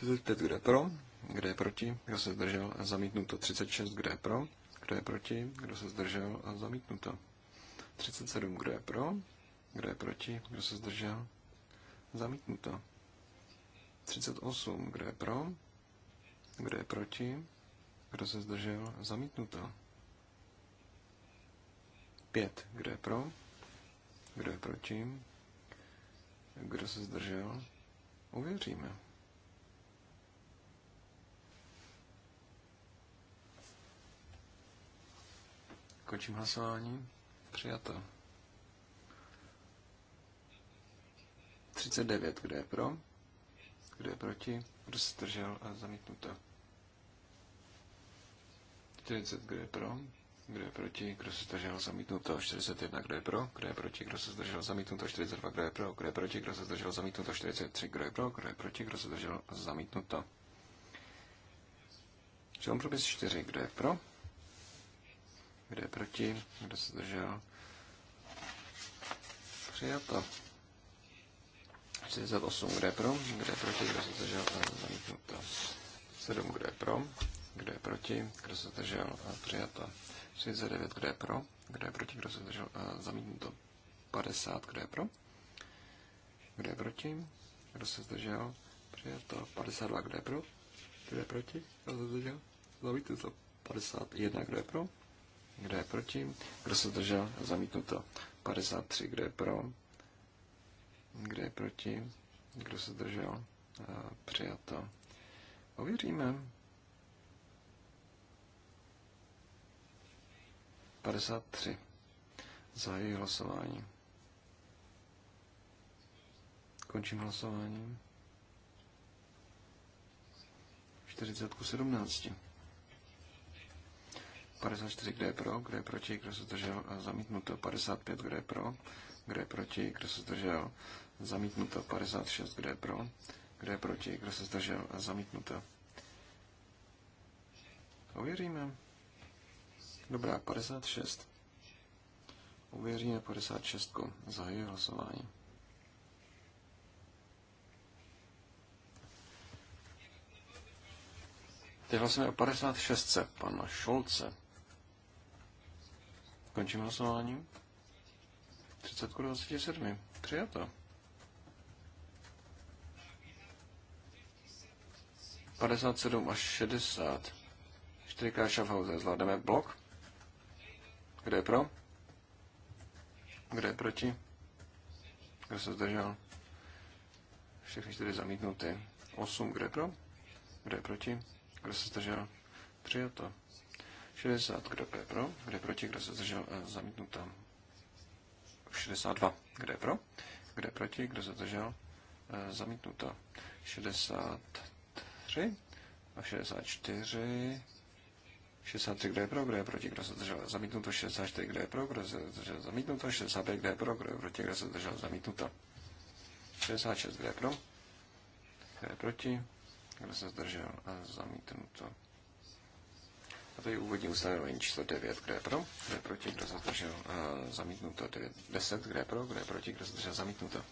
35. Kdo je pro? Kdo je proti? Kdo se zdržel? Zamítnuto. 36. Kdo je pro? Kdo je proti? Kdo se zdržel? Zamítnuto. 37. Kdo je pro? Kdo je proti? Kdo se zdržel? Zamítnuto. 38. Kdo je pro? Kdo je proti? Kdo se zdržel? Zamítnuto. Pět. Kdo je pro? Kdo je proti? Kdo se zdržel? Uvěříme. Končím hlasování. Přijato. 39. Kdo je pro? Kdo je proti? Kdo se zdržel? A zamítnuto. 40. Kdo je pro? Kdo je proti? Kdo se zdržel? Zamítnuto. 41. Kdo je pro? Kdo je proti? Kdo se zdržel? Zamítnuto. 42. Kdo je pro? Kdo je proti? Kdo se zdržel? Zamítnuto. 43. Kdo je pro? Kdo je proti? Kdo se zdržel? Zamítnuto. Kompromis 4. Kdo je pro? Kdo je proti? Kdo se zdržel? Přijato. 48, kde je pro, kde je proti, kdo se zdržel, zamítnuto. 7, kde je pro, kde je proti, kdo se zdržel, přijato. 39, kde je pro, kde je proti, kdo se zdržel, zamítnuto. 50, kde je pro, kde je proti, kdo se zdržel, přijato. 52, kde je pro, kde je proti, kdo se zdržel, zamítnuto. 51, kdo je pro, kdo je proti, kdo se zdržel, zamítnuto. 53, kdo je pro, kdo je proti? Kdo se držel? Přijato. Ověříme. 53. Zahajuji hlasování. Končím hlasování. 40 k 17. 54, kde je pro, kde je proti, kdo se zdržel, zamítnuto. 55, kde je pro, kde je proti, kdo se zdržel, Zamítnuto 56, kdo je pro, kdo je proti, kdo se zdržel, zamítnuto. Ověříme. Dobrá, 56. Ověříme 56. Zahajuji hlasování. Teď hlasujeme o 56. Pana Šolce. Končím hlasování. 30 k 27. Přijato. 57 až 60. 4x Schaffhauser. Zvládneme blok. Kde je pro? Kde je proti? Kde se zdržel? Všechny čtyři zamítnuty. 8. Kde je pro? Kde je proti? Kde se zdržel? Přijato. 60. Kde je pro? Kde je proti? Kde se zdržel? Eh, zamítnuto. 62. Kde je pro? Kde je proti? Kde se zdržel? Eh, zamítnuto. 60. 63 a 64. 63, kde je pro, kde je proti, kdo se držel zamítnuto, 64, kde je pro, kdo se držel zamítnuto, 65, kde je pro, kdo je proti, kdo se držel zamítnuto, 66, kde je pro, kde je proti, kdo se zdržel a zamítnuto. A to je úvodní ustanovení číslo 9, kde je pro, kde je proti, kdo se zdržel a zamítnuto, 9, 10, kde je pro, kde je proti, kdo se zdržel zamítnuto.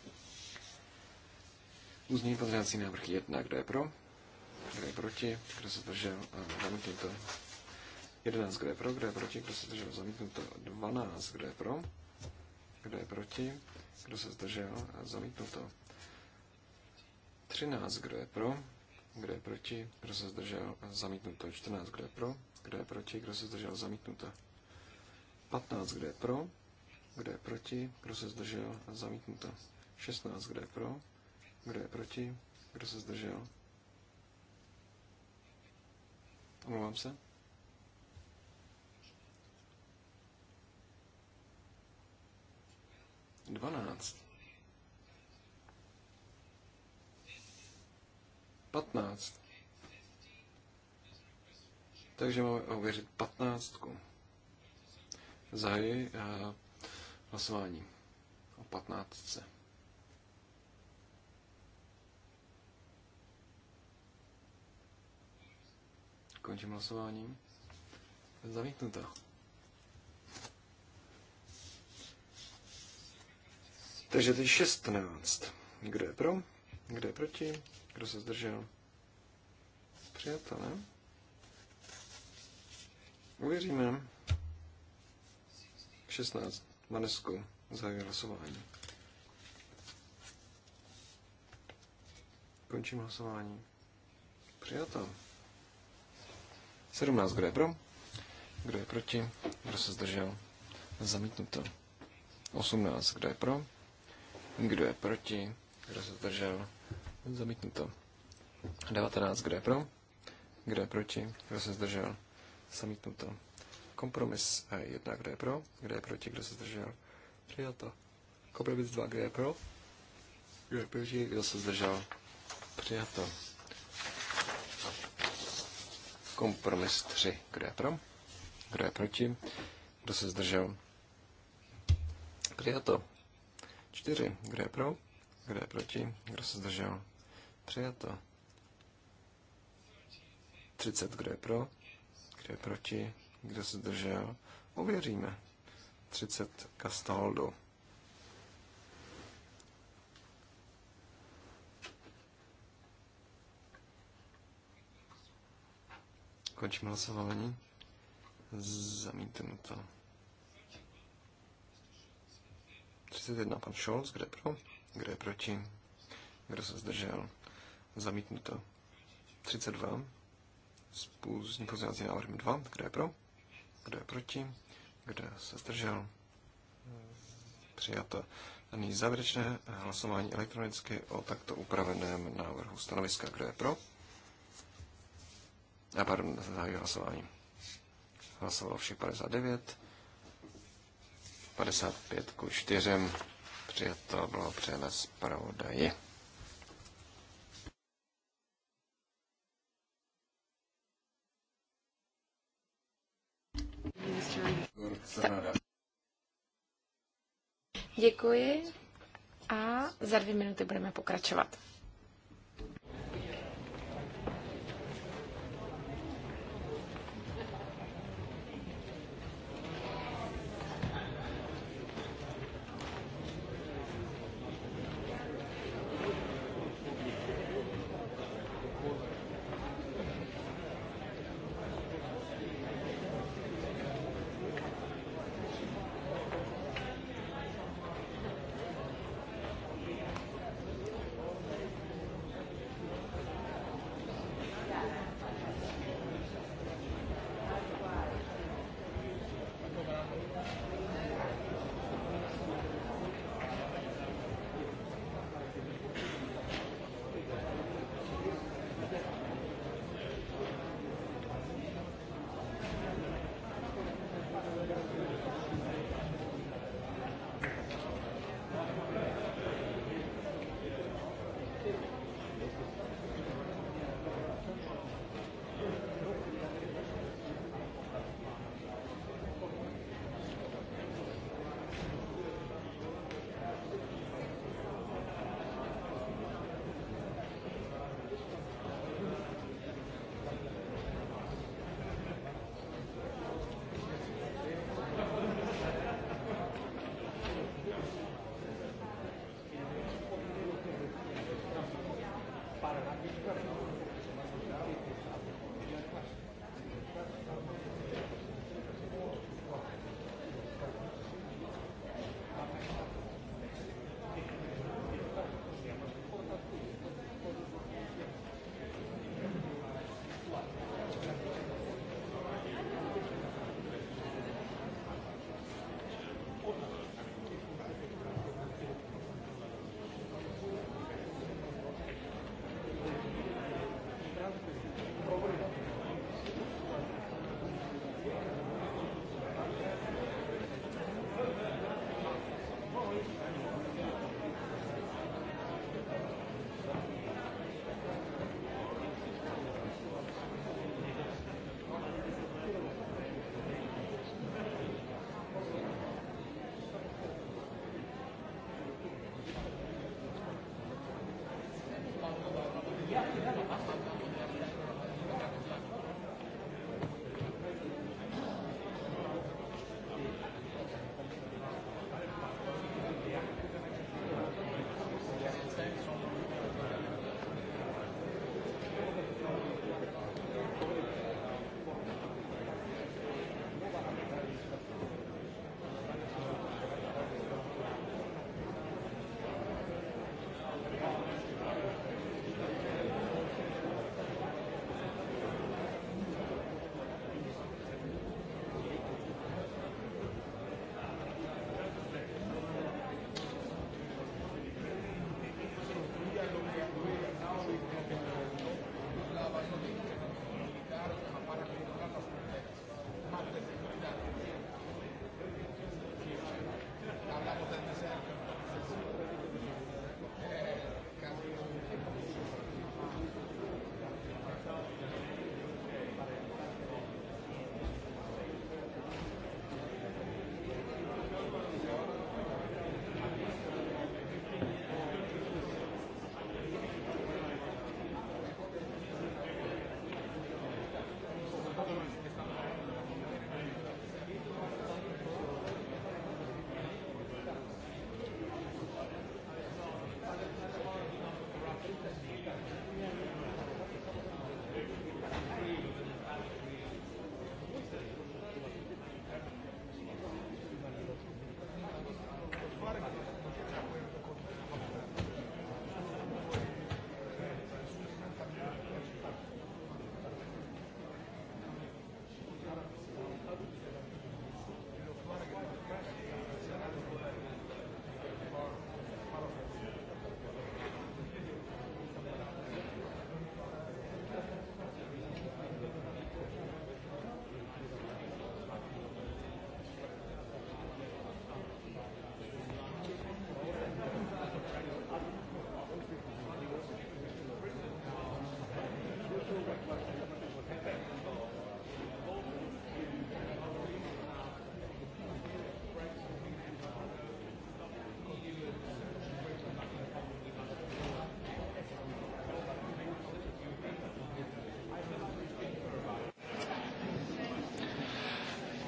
Uznění pozdravací návrh 1, kdo je pro, kdo je proti, kdo se držel, zamítnuto. 11, kdo je pro, kdo je proti, kdo se zdržel, zamítnuto. 12, kdo je pro, kdo je proti, kdo se zdržel, zamítnuto. 13, kdo je pro, kdo je proti, kdo se zdržel, zamítnuto. 14, kdo je pro, kdo je proti, kdo se zdržel, zamítnuto. 15, kdo je pro, kdo je proti, kdo se zdržel, zamítnuto. 16, kdo je pro, kdo je proti, kdo se zdržel, Omlouvám se. Dvanáct. Patnáct. Takže máme ověřit patnáctku. Zahajuji eh, hlasování o patnáctce. Končím hlasování. Zamítnuto. Takže teď 16. Kdo je pro? Kdo je proti? Kdo se zdržel? Přijato, ne? Uvěříme. 16. Manesku. Zahajuji hlasování. Končím hlasování. Přijato. 17, kdo je pro? Kdo je proti? Kdo se zdržel? Zamítnuto. 18, kdo je pro? Kdo je proti? Kdo se zdržel? Zamítnuto. 19, kdo je pro? Kdo je proti? Kdo se zdržel? Zamítnuto. Kompromis e jedna kdo je pro? Kdo je proti? Kdo se zdržel? Přijato. Kompromis 2, kdo je pro? Kdo je proti? Kdo se zdržel? Přijato. Kompromis 3. Kdo je pro? Kdo je proti? Kdo se zdržel? Přijato. 4. Kdo je pro? Kdo je proti? Kdo se zdržel? Přijato. 30. Kdo je pro? Kdo je proti? Kdo se zdržel? Uvěříme. 30 Kastoldu. Končím hlasování. Zamítnuto. 31 pan Scholz, kde pro, kde je proti, kdo se zdržel, zamítnuto. 32 s půzdním návrh 2, kdo je pro, kdo je proti, kdo se zdržel, přijato. A nyní závěrečné hlasování elektronicky o takto upraveném návrhu stanoviska, kdo je pro. A pardon, zahájí hlasování. Hlasovalo všech 59. 55 ku 4. Přijato bylo přejeme zpravodaji. Děkuji a za dvě minuty budeme pokračovat.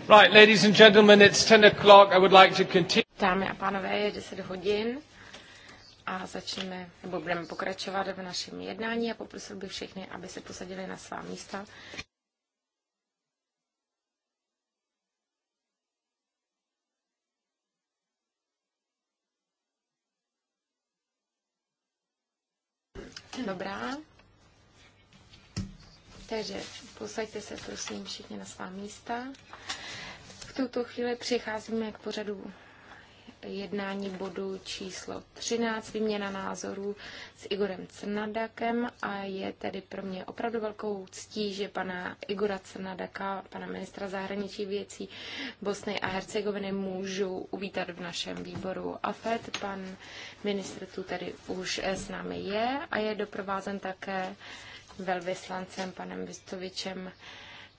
Right, ladies and gentlemen, it's 10 o'clock. I would like to continue. Dámy a pánové, je 10 hodin a začneme, nebo budeme pokračovat v našem jednání a poprosil bych všechny, aby se posadili na svá místa. Dobrá. Takže posaďte se prosím všichni na svá místa tuto chvíli přicházíme k pořadu jednání bodu číslo 13, výměna názorů s Igorem Cnadakem a je tedy pro mě opravdu velkou ctí, že pana Igora Cnadaka, pana ministra zahraničí věcí Bosny a Hercegoviny můžu uvítat v našem výboru AFED. Pan ministr tu tedy už s námi je a je doprovázen také velvyslancem panem Vistovičem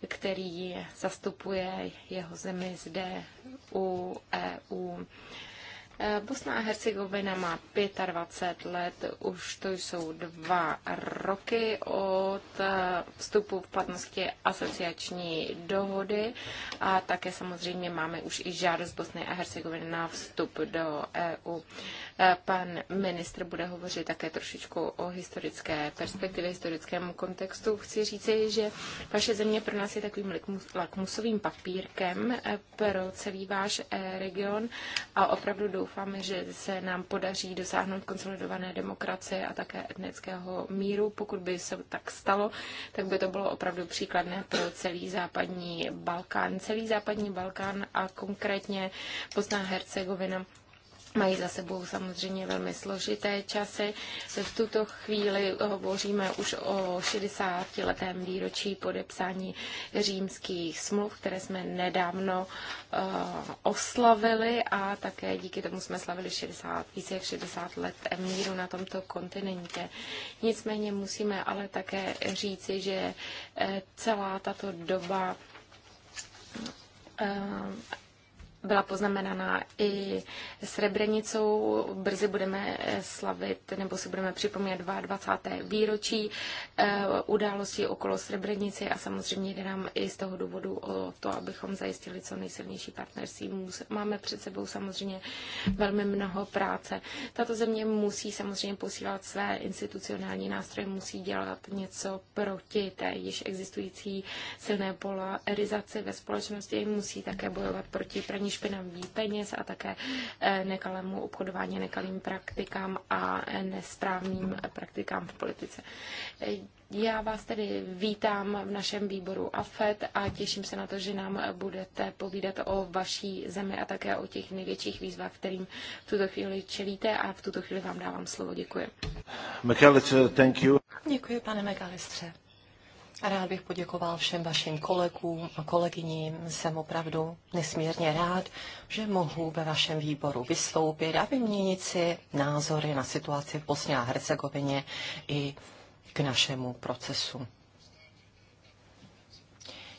který zastupuje jeho zemi zde u EU. Eh, Bosna a Hercegovina má 25 let, už to jsou dva roky od eh, vstupu v platnosti asociační dohody a také samozřejmě máme už i žádost Bosny a Hercegoviny na vstup do EU. Eh, Pan ministr bude hovořit také trošičku o historické perspektivě, historickému kontextu. Chci říci, že vaše země pro nás je takovým lakmusovým papírkem pro celý váš region a opravdu doufáme, že se nám podaří dosáhnout konsolidované demokracie a také etnického míru. Pokud by se tak stalo, tak by to bylo opravdu příkladné pro celý západní Balkán. Celý západní Balkán a konkrétně Bosna a Hercegovina Mají za sebou samozřejmě velmi složité časy. V tuto chvíli hovoříme už o 60. letém výročí podepsání římských smluv, které jsme nedávno uh, oslavili a také díky tomu jsme slavili 60, více jak 60 let míru na tomto kontinentě. Nicméně musíme ale také říci, že eh, celá tato doba uh, byla poznamenaná i Srebrenicou. Brzy budeme eh, slavit nebo si budeme připomínat 22. výročí eh, události okolo Srebrenice a samozřejmě jde nám i z toho důvodu o to, abychom zajistili co nejsilnější partnerství. Máme před sebou samozřejmě velmi mnoho práce. Tato země musí samozřejmě posílat své institucionální nástroje, musí dělat něco proti té již existující silné polarizaci ve společnosti, musí také bojovat proti praní špinavý peněz a také eh, nekalému obchodování, nekalým praktikám a nesprávným praktikám v politice. Eh, já vás tedy vítám v našem výboru AFET a těším se na to, že nám budete povídat o vaší zemi a také o těch největších výzvách, kterým v tuto chvíli čelíte a v tuto chvíli vám dávám slovo. Děkuji. McAllister, thank you. Děkuji, pane Megalistře. Rád bych poděkoval všem vašim kolegům a kolegyním. Jsem opravdu nesmírně rád, že mohu ve vašem výboru vystoupit a vyměnit si názory na situaci v Bosně a Hercegovině i k našemu procesu.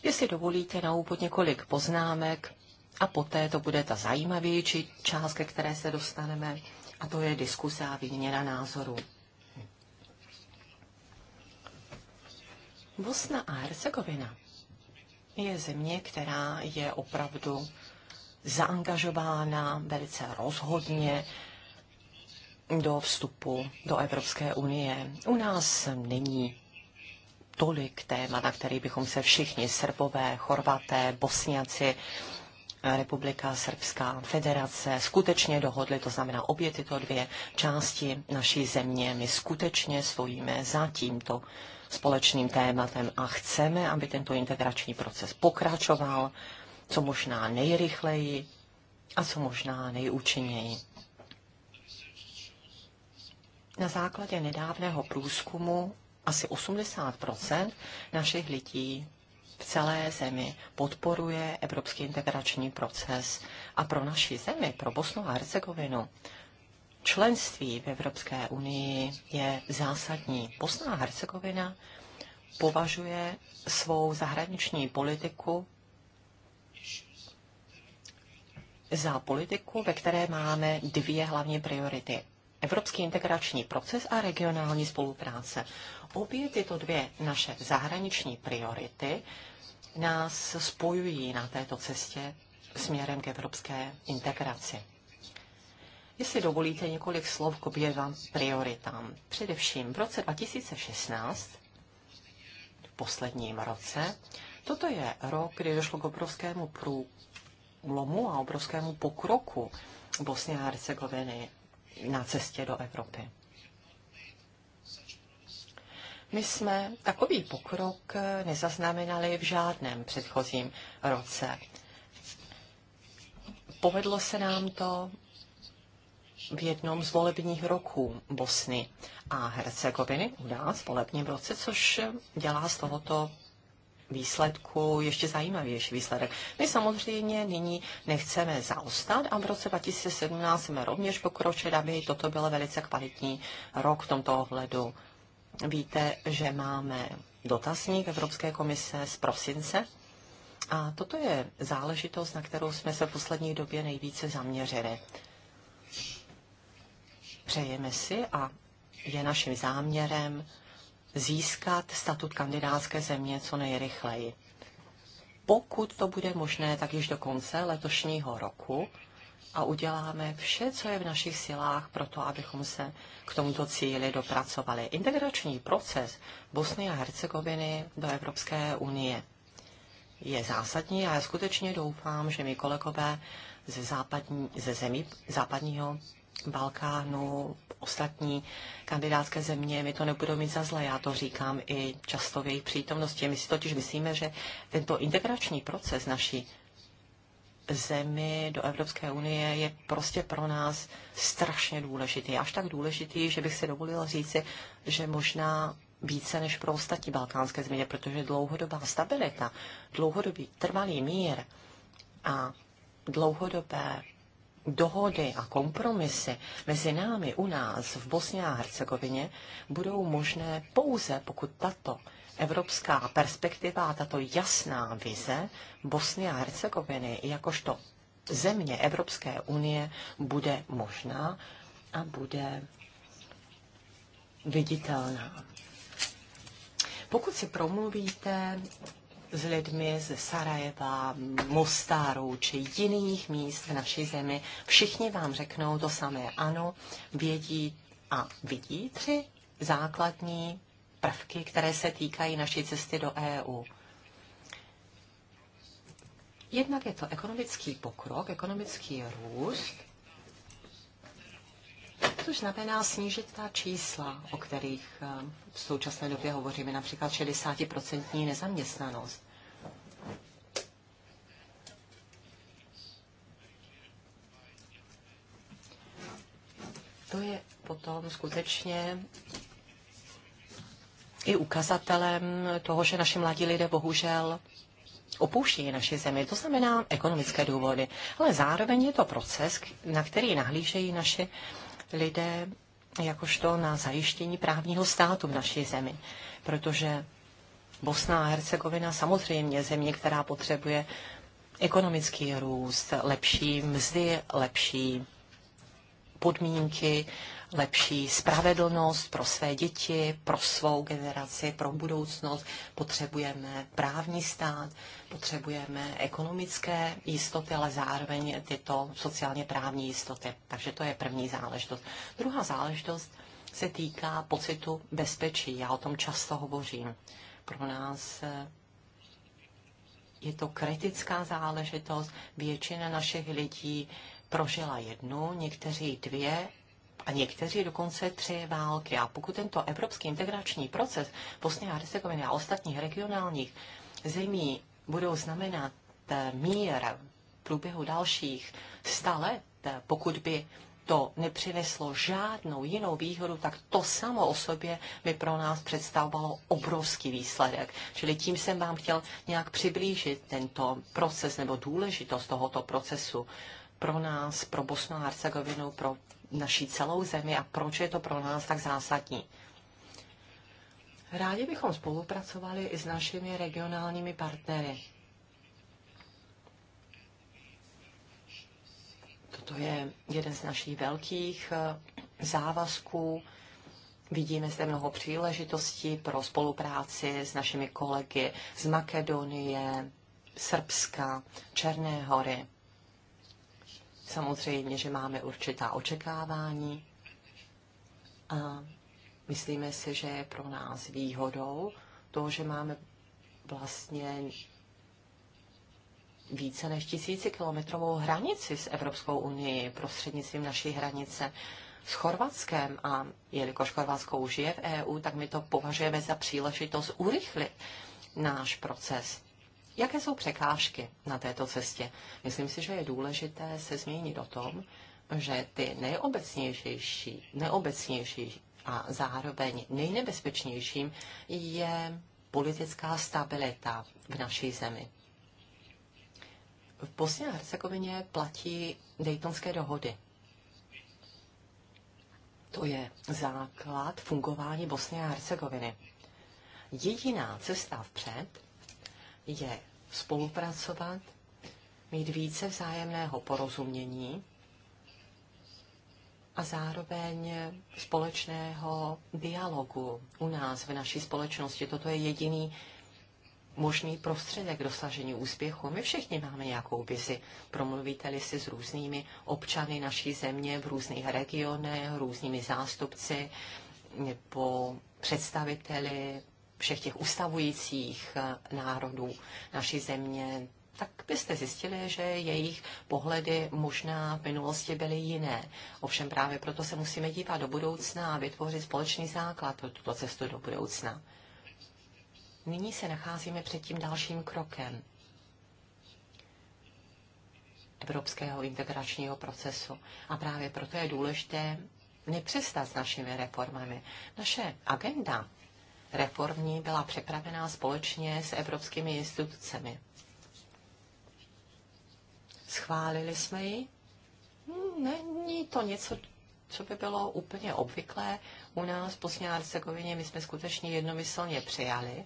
Jestli dovolíte na úvod několik poznámek a poté to bude ta zajímavější část, ke které se dostaneme, a to je diskuse a výměna názorů. Bosna a Hercegovina je země, která je opravdu zaangažována velice rozhodně do vstupu do Evropské unie. U nás není tolik témat, na který bychom se všichni, Srbové, Chorvaté, Bosniaci, Republika Srbská federace skutečně dohodli. to znamená obě tyto dvě části naší země. My skutečně stojíme za tímto společným tématem a chceme, aby tento integrační proces pokračoval co možná nejrychleji a co možná nejúčinněji. Na základě nedávného průzkumu asi 80 našich lidí v celé zemi podporuje evropský integrační proces. A pro naši zemi, pro Bosnu a Hercegovinu, členství v Evropské unii je zásadní. Bosna a Hercegovina považuje svou zahraniční politiku za politiku, ve které máme dvě hlavní priority. Evropský integrační proces a regionální spolupráce. Obě tyto dvě naše zahraniční priority nás spojují na této cestě směrem k evropské integraci. Jestli dovolíte několik slov k oběma prioritám. Především v roce 2016, v posledním roce, toto je rok, kdy došlo k obrovskému průlomu a obrovskému pokroku Bosny a Hercegoviny na cestě do Evropy. My jsme takový pokrok nezaznamenali v žádném předchozím roce. Povedlo se nám to v jednom z volebních roků Bosny a Hercegoviny u nás v volebním roce, což dělá z tohoto výsledku ještě zajímavější výsledek. My samozřejmě nyní nechceme zaostat a v roce 2017 jsme rovněž pokročili, aby toto byl velice kvalitní rok v tomto ohledu. Víte, že máme dotazník Evropské komise z prosince a toto je záležitost, na kterou jsme se v poslední době nejvíce zaměřili. Přejeme si a je naším záměrem získat statut kandidátské země co nejrychleji. Pokud to bude možné, tak již do konce letošního roku a uděláme vše, co je v našich silách pro to, abychom se k tomuto cíli dopracovali. Integrační proces Bosny a Hercegoviny do Evropské unie je zásadní a já skutečně doufám, že mi kolegové ze, západní, ze zemí západního Balkánu, ostatní kandidátské země, my to nebudou mít za zlé, já to říkám i často v jejich přítomnosti. My si totiž myslíme, že tento integrační proces naší zemi do Evropské unie je prostě pro nás strašně důležitý. Až tak důležitý, že bych se dovolila říci, že možná více než pro ostatní balkánské země, protože dlouhodobá stabilita, dlouhodobý trvalý mír a dlouhodobé dohody a kompromisy mezi námi u nás v Bosně a Hercegovině budou možné pouze, pokud tato evropská perspektiva a tato jasná vize Bosny a Hercegoviny jakožto země Evropské unie bude možná a bude viditelná. Pokud si promluvíte s lidmi ze Sarajeva, Mostáru či jiných míst v naší zemi, všichni vám řeknou to samé. Ano, vědí a vidí tři základní prvky, které se týkají naší cesty do EU. Jednak je to ekonomický pokrok, ekonomický růst, to znamená snížit ta čísla, o kterých eh, v současné době hovoříme, například 60% nezaměstnanost. To je potom skutečně i ukazatelem toho, že naši mladí lidé bohužel opouštějí naši zemi. To znamená ekonomické důvody. Ale zároveň je to proces, na který nahlížejí naši uh, lidé jakožto na zajištění právního státu v naší zemi, protože Bosna a Hercegovina samozřejmě je země, která potřebuje ekonomický růst, lepší mzdy, lepší podmínky lepší spravedlnost pro své děti, pro svou generaci, pro budoucnost. Potřebujeme právní stát, potřebujeme ekonomické jistoty, ale zároveň tyto sociálně právní jistoty. Takže to je první záležitost. Druhá záležitost se týká pocitu bezpečí. Já o tom často hovořím. Pro nás eh, je to kritická záležitost. Většina našich lidí prožila jednu, někteří dvě a někteří dokonce tři války. A pokud tento evropský integrační proces Bosny a Hercegoviny a ostatních regionálních zemí budou znamenat eh, mír v průběhu dalších sta let, eh, pokud by to nepřineslo žádnou jinou výhodu, tak to samo o sobě by pro nás představovalo obrovský výsledek. Čili tím jsem vám chtěl nějak přiblížit tento proces nebo důležitost tohoto procesu pro nás, pro Bosnu a Hercegovinu, pro naší celou zemi a proč je to pro nás tak zásadní. Rádi bychom spolupracovali i s našimi regionálními partnery. Toto je jeden z našich velkých eh, závazků. Vidíme zde mnoho příležitostí pro spolupráci s našimi kolegy z Makedonie, Srbska, Černé hory. Samozřejmě, že máme určitá očekávání a myslíme si, že je pro nás výhodou to, že máme vlastně více než tisícikilometrovou hranici s Evropskou unii prostřednictvím naší hranice s Chorvatskem a jelikož Chorvatsko už je v EU, tak my to považujeme za příležitost urychlit náš proces. Jaké jsou překážky na této cestě? Myslím si, že je důležité se změnit o tom, že ty nejobecnější, nejobecnější a zároveň nejnebezpečnějším je politická stabilita v naší zemi. V Bosně a Hercegovině platí Daytonské dohody. To je základ fungování Bosny a Hercegoviny. Jediná cesta vpřed je spolupracovat, mít více vzájemného porozumění a zároveň společného dialogu u nás, v naší společnosti. Toto je jediný možný prostředek k dosažení úspěchu. My všichni máme nějakou vizi. Promluvíte-li si s různými občany naší země v různých regionech, různými zástupci nebo představiteli všech těch ustavujících eh, národů naší země, tak byste zjistili, že jejich pohledy možná v minulosti byly jiné. Ovšem právě proto se musíme dívat do budoucna a vytvořit společný základ pro tuto cestu do budoucna. Nyní se nacházíme před tím dalším krokem evropského integračního procesu. A právě proto je důležité nepřestat s našimi reformami. Naše agenda reformní byla připravená společně s evropskými institucemi. Schválili jsme ji. Není to něco, co by bylo úplně obvyklé u nás v Bosně a Hercegovině. My jsme skutečně jednomyslně přijali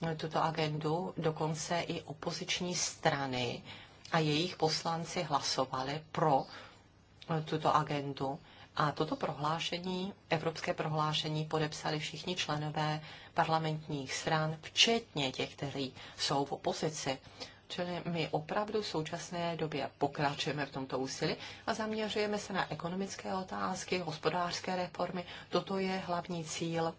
no, tuto agendu, dokonce i opoziční strany a jejich poslanci hlasovali pro no, tuto agendu. A toto prohlášení, evropské prohlášení, podepsali všichni členové parlamentních stran, včetně těch, kteří jsou v opozici. Čili my opravdu v současné době pokračujeme v tomto úsilí a zaměřujeme se na ekonomické otázky, hospodářské reformy. Toto je hlavní cíl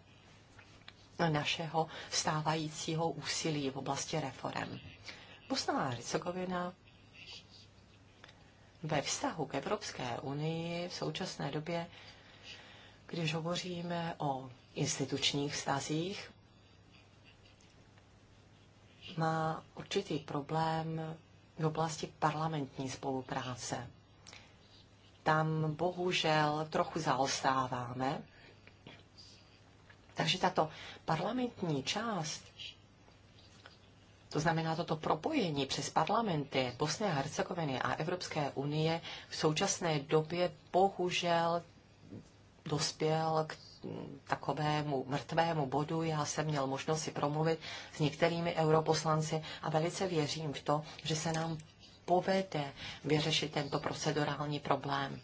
našeho stávajícího úsilí v oblasti reform. Bosna a Hercegovina ve vztahu k Evropské unii v současné době, když hovoříme o institučních vztazích, má určitý problém v oblasti parlamentní spolupráce. Tam bohužel trochu zaostáváme. Takže tato parlamentní část to znamená, toto propojení přes parlamenty Bosny a Hercegoviny a Evropské unie v současné době bohužel dospěl k takovému mrtvému bodu. Já jsem měl možnost si promluvit s některými europoslanci a velice věřím v to, že se nám povede vyřešit tento procedurální problém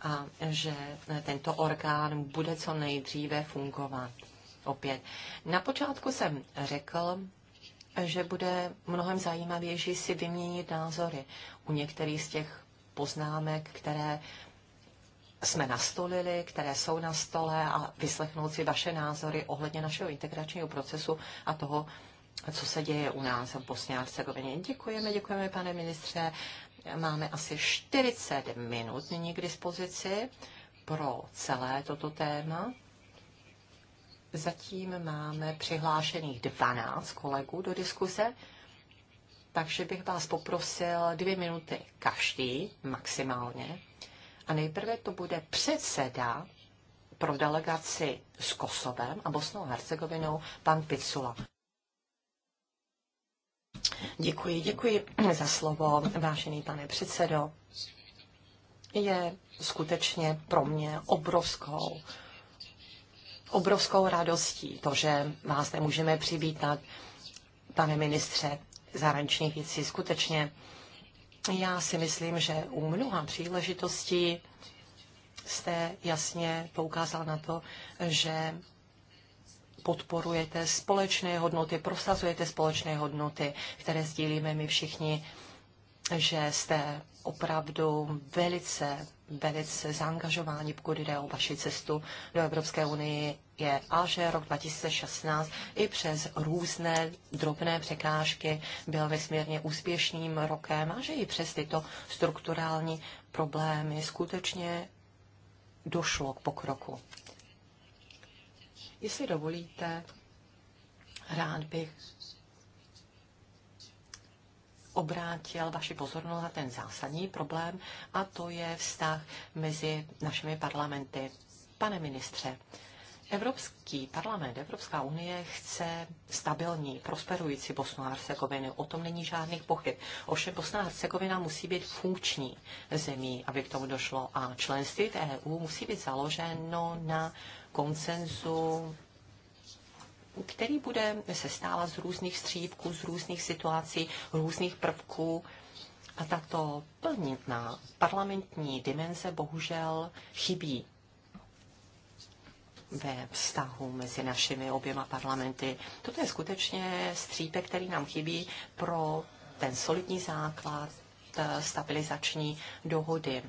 a že tento orgán bude co nejdříve fungovat. Opět. Na počátku jsem řekl, že bude mnohem zajímavější si vyměnit názory u některých z těch poznámek, které jsme nastolili, které jsou na stole a vyslechnout si vaše názory ohledně našeho integračního procesu a toho, co se děje u nás v Bosně a Hercegovině. Děkujeme, děkujeme, pane ministře. Máme asi 40 minut nyní k dispozici pro celé toto téma. Zatím máme přihlášených 12 kolegů do diskuze, takže bych vás poprosil dvě minuty každý maximálně. A nejprve to bude předseda pro delegaci s Kosovem a Bosnou a Hercegovinou, pan Picula. Děkuji, děkuji za slovo, vážený pane předsedo. Je skutečně pro mě obrovskou obrovskou radostí to, že vás nemůžeme přivítat, pane ministře zahraničních věcí. Skutečně já si myslím, že u mnoha příležitostí jste jasně poukázal na to, že podporujete společné hodnoty, prosazujete společné hodnoty, které sdílíme my všichni, že jste opravdu velice, velice zaangažováni, pokud jde o vaši cestu do Evropské unie, je a že rok 2016 i přes různé drobné překážky byl nesmírně úspěšným rokem a že i přes tyto strukturální problémy skutečně došlo k pokroku. Jestli dovolíte, rád bych obrátil vaši pozornost na ten zásadní problém a to je vztah mezi našimi parlamenty. Pane ministře, Evropský parlament, Evropská unie chce stabilní, prosperující Bosnu a Hercegovinu. O tom není žádných pochyb. Ovšem Bosna a Hercegovina musí být funkční zemí, aby k tomu došlo. A členství v EU musí být založeno na koncenzu který bude se stávat z různých střívků, z různých situací, různých prvků. A tato plnitná parlamentní dimenze bohužel chybí ve vztahu mezi našimi oběma parlamenty. Toto je skutečně střípek, který nám chybí pro ten solidní základ stabilizační dohody.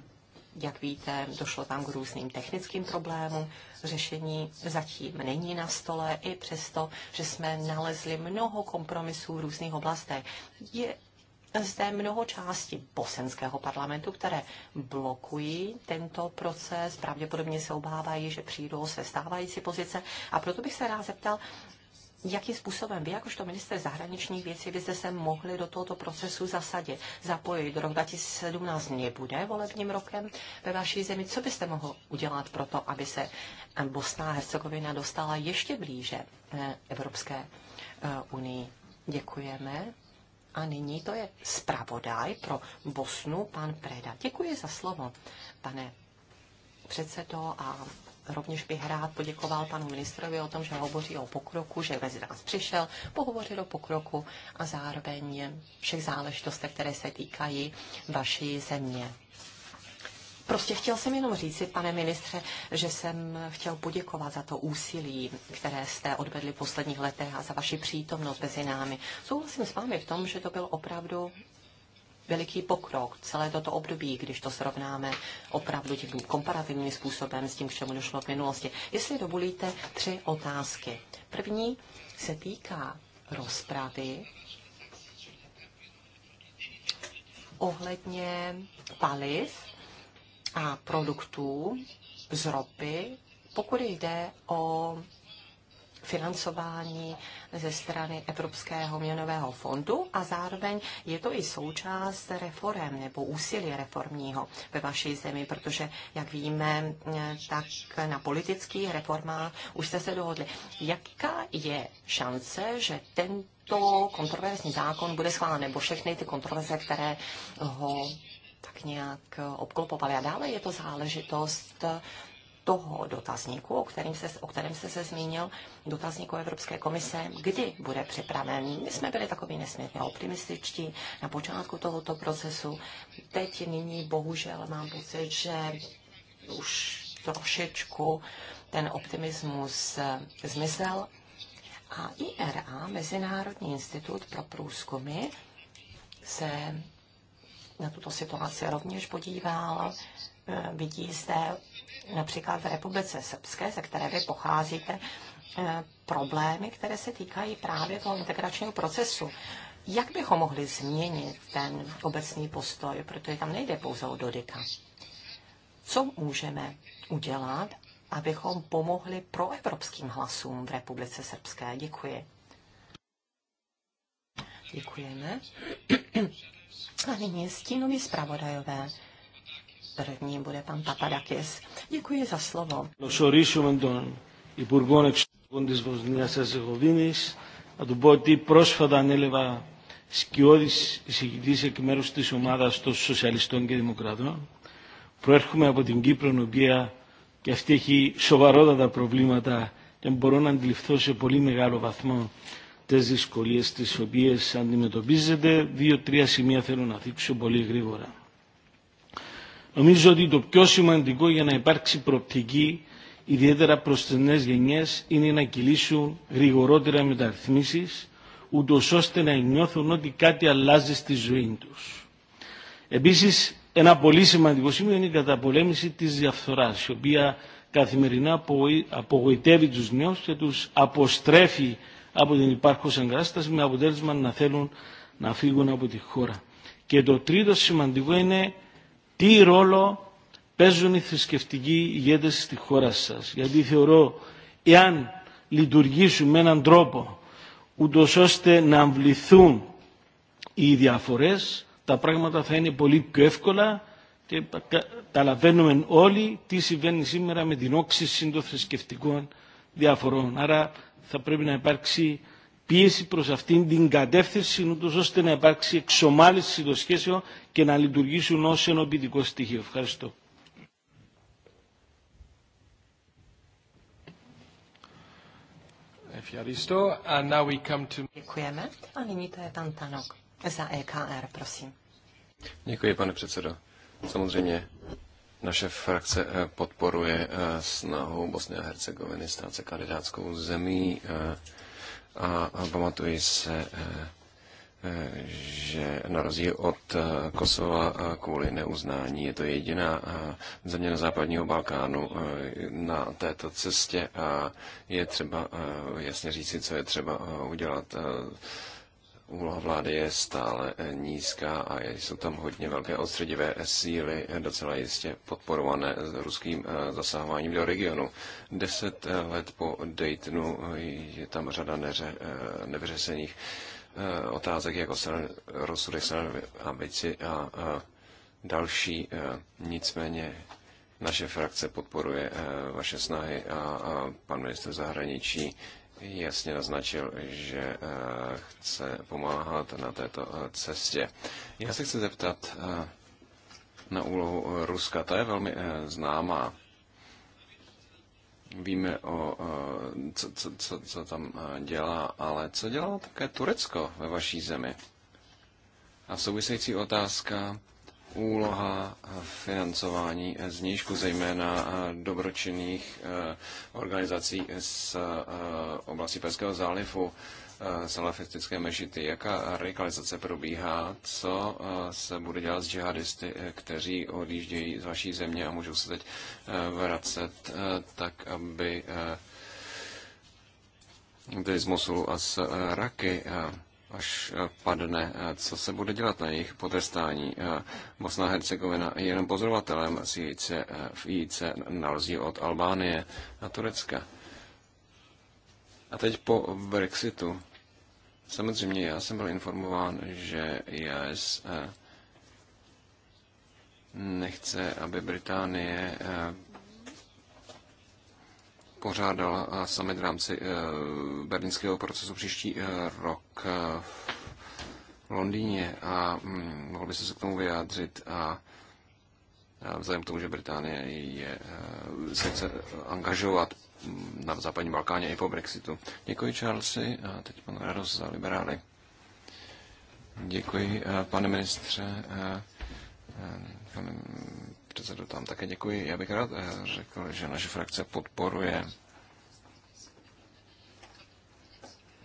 Jak víte, došlo tam k různým technickým problémům. Řešení zatím není na stole, i přesto, že jsme nalezli mnoho kompromisů v různých oblastech. Je zde mnoho částí bosenského parlamentu, které blokují tento proces, pravděpodobně se obávají, že přijdou se stávající pozice. A proto bych se rád zeptal, jakým způsobem vy, jakožto minister zahraničních věcí, byste se mohli do tohoto procesu zasadit, zapojit. Rok 2017 nebude volebním rokem ve vaší zemi. Co byste mohl udělat pro to, aby se eh, Bosna a Hercegovina dostala ještě blíže eh, Evropské eh, unii? Děkujeme. A nyní to je zpravodaj pro Bosnu, pan Preda. Děkuji za slovo, pane předsedo, a rovněž bych rád poděkoval panu ministrovi o tom, že hovoří o pokroku, že mezi nás přišel pohovořil o pokroku a zároveň všech záležitostech, které se týkají vaší země. Prostě chtěl jsem jenom říci, pane ministře, že jsem chtěl poděkovat za to úsilí, které jste odvedli v posledních letech a za vaši přítomnost mezi námi. Souhlasím s vámi v tom, že to byl opravdu veliký pokrok celé toto období, když to srovnáme opravdu tím komparativním způsobem s tím, k čemu došlo v minulosti. Jestli dovolíte, tři otázky. První se týká rozpravy ohledně paliv a produktů z ropy, pokud jde o financování ze strany Evropského měnového fondu a zároveň je to i součást reform nebo úsilí reformního ve vaší zemi, protože, jak víme, tak na politických reformách už jste se dohodli. Jaká je šance, že tento kontroverzní zákon bude schválen, nebo všechny ty kontroverze, které ho tak nějak obklopovaly. A dále je to záležitost toho dotazníku, o, kterém se, o kterém se se zmínil, dotazníku Evropské komise, kdy bude připraven. My jsme byli takový nesmírně optimističtí na počátku tohoto procesu. Teď nyní bohužel mám pocit, že už trošičku ten optimismus eh, zmizel. A IRA, Mezinárodní institut pro průzkumy, se na tuto situaci rovněž podíval. Eh, vidí zde například v Republice Srbské, ze které vy pocházíte, eh, problémy, které se týkají právě toho integračního procesu. Jak bychom mohli změnit ten obecný postoj, protože tam nejde pouze o Dodika. Co můžeme udělat, abychom pomohli proevropským hlasům v Republice Srbské? Děkuji. Děkujeme. <clears throat> A nyní stínoví zpravodajové. První bude pan Papadakis. Děkuji za slovo. Υπουργών Εξωτερικών της Βοσνίας Ερζεγοβίνης. Να του πω ότι πρόσφατα ανέλαβα σκιώδης εισηγητής εκ μέρους της ομάδας των Σοσιαλιστών και Δημοκρατών. Προέρχομαι από την Κύπρο, η οποία και αυτή έχει σοβαρότατα προβλήματα και μπορώ να αντιληφθώ σε πολύ μεγάλο βαθμό τις δυσκολίες τις οποίες αντιμετωπίζεται. Δύο-τρία σημεία θέλω να δείξω πολύ γρήγορα. Νομίζω ότι το πιο σημαντικό για να υπάρξει προοπτική, ιδιαίτερα προ τι νέε γενιέ, είναι να κυλήσουν γρηγορότερα μεταρρυθμίσει, ούτω ώστε να νιώθουν ότι κάτι αλλάζει στη ζωή του. Επίση, ένα πολύ σημαντικό σημείο είναι η καταπολέμηση τη διαφθορά, η οποία καθημερινά απογοητεύει του νέου και του αποστρέφει από την υπάρχουσα κατάσταση με αποτέλεσμα να θέλουν να φύγουν από τη χώρα. Και το τρίτο σημαντικό είναι τι ρόλο παίζουν οι θρησκευτικοί ηγέτες στη χώρα σας. Γιατί θεωρώ, εάν λειτουργήσουν με έναν τρόπο ούτω ώστε να αμβληθούν οι διαφορές, τα πράγματα θα είναι πολύ πιο εύκολα και καταλαβαίνουμε όλοι τι συμβαίνει σήμερα με την όξυση των θρησκευτικών διαφορών. Άρα θα πρέπει να υπάρξει πίεση προς αυτήν την κατεύθυνση ούτως ώστε να υπάρξει εξομάλυνση των σχέσεων και να λειτουργήσουν ως ενοποιητικό στοιχείο. Ευχαριστώ. Děkujeme. A nyní to je pan Tanok za EKR, prosím. Děkuji, pane předsedo. Samozřejmě naše frakce eh, podporuje eh, snahu Bosny a Hercegoviny stát se kandidátskou zemí. Eh, a, a pamatuji se, eh, eh, že na rozdíl od eh, Kosova kvůli neuznání je to jediná země na západního Balkánu na této cestě a je třeba jasně říci, co je třeba udělat úloha vlády je stále eh, nízká a jsou tam hodně velké odstředivé síly, eh, docela jistě podporované ruským eh, zasahováním do regionu. Deset let po Daytonu je tam řada neře, nevyřešených otázek, jako se rozsudek a věci a další. Nicméně naše frakce podporuje vaše snahy a pan minister zahraničí jasně naznačil, že eh, chce pomáhat na této eh, cestě. Já se chci zeptat eh, na úlohu Ruska. Ta je velmi známá. Víme o co, co, co, co tam dělá, ale co dělá také Turecko ve vaší zemi? A související otázka úloha financování znížku zejména eh, dobročinných eh, organizací z eh, oblasti Perského zálivu salafistické mešity, jaká radikalizace probíhá, co se bude dělat s džihadisty, kteří odjíždějí z vaší země a můžou se teď vracet tak, aby tedy z Mosulu a z Raky až eh, padne, eh, co se bude dělat na jejich potrestání. Eh, Bosna a Hercegovina je jenom pozorovatelem z IC, v IC na od Albánie a Turecka. A teď po Brexitu. Samozřejmě já jsem byl informován, že IAS nechce, aby Británie pořádala eh, summit v rámci eh, berlínského procesu příští eh, rok v Londýně a hm, mohl by se k tomu vyjádřit a vzhledem k tomu, že Británie je, se chce angažovat hm, na západním Balkáně i po Brexitu. Děkuji Charlesi a teď pan Rados za liberály. Děkuji, pane ministře. Pane předsedu tam také děkuji. Já bych rád eh, řekl, že naše frakce podporuje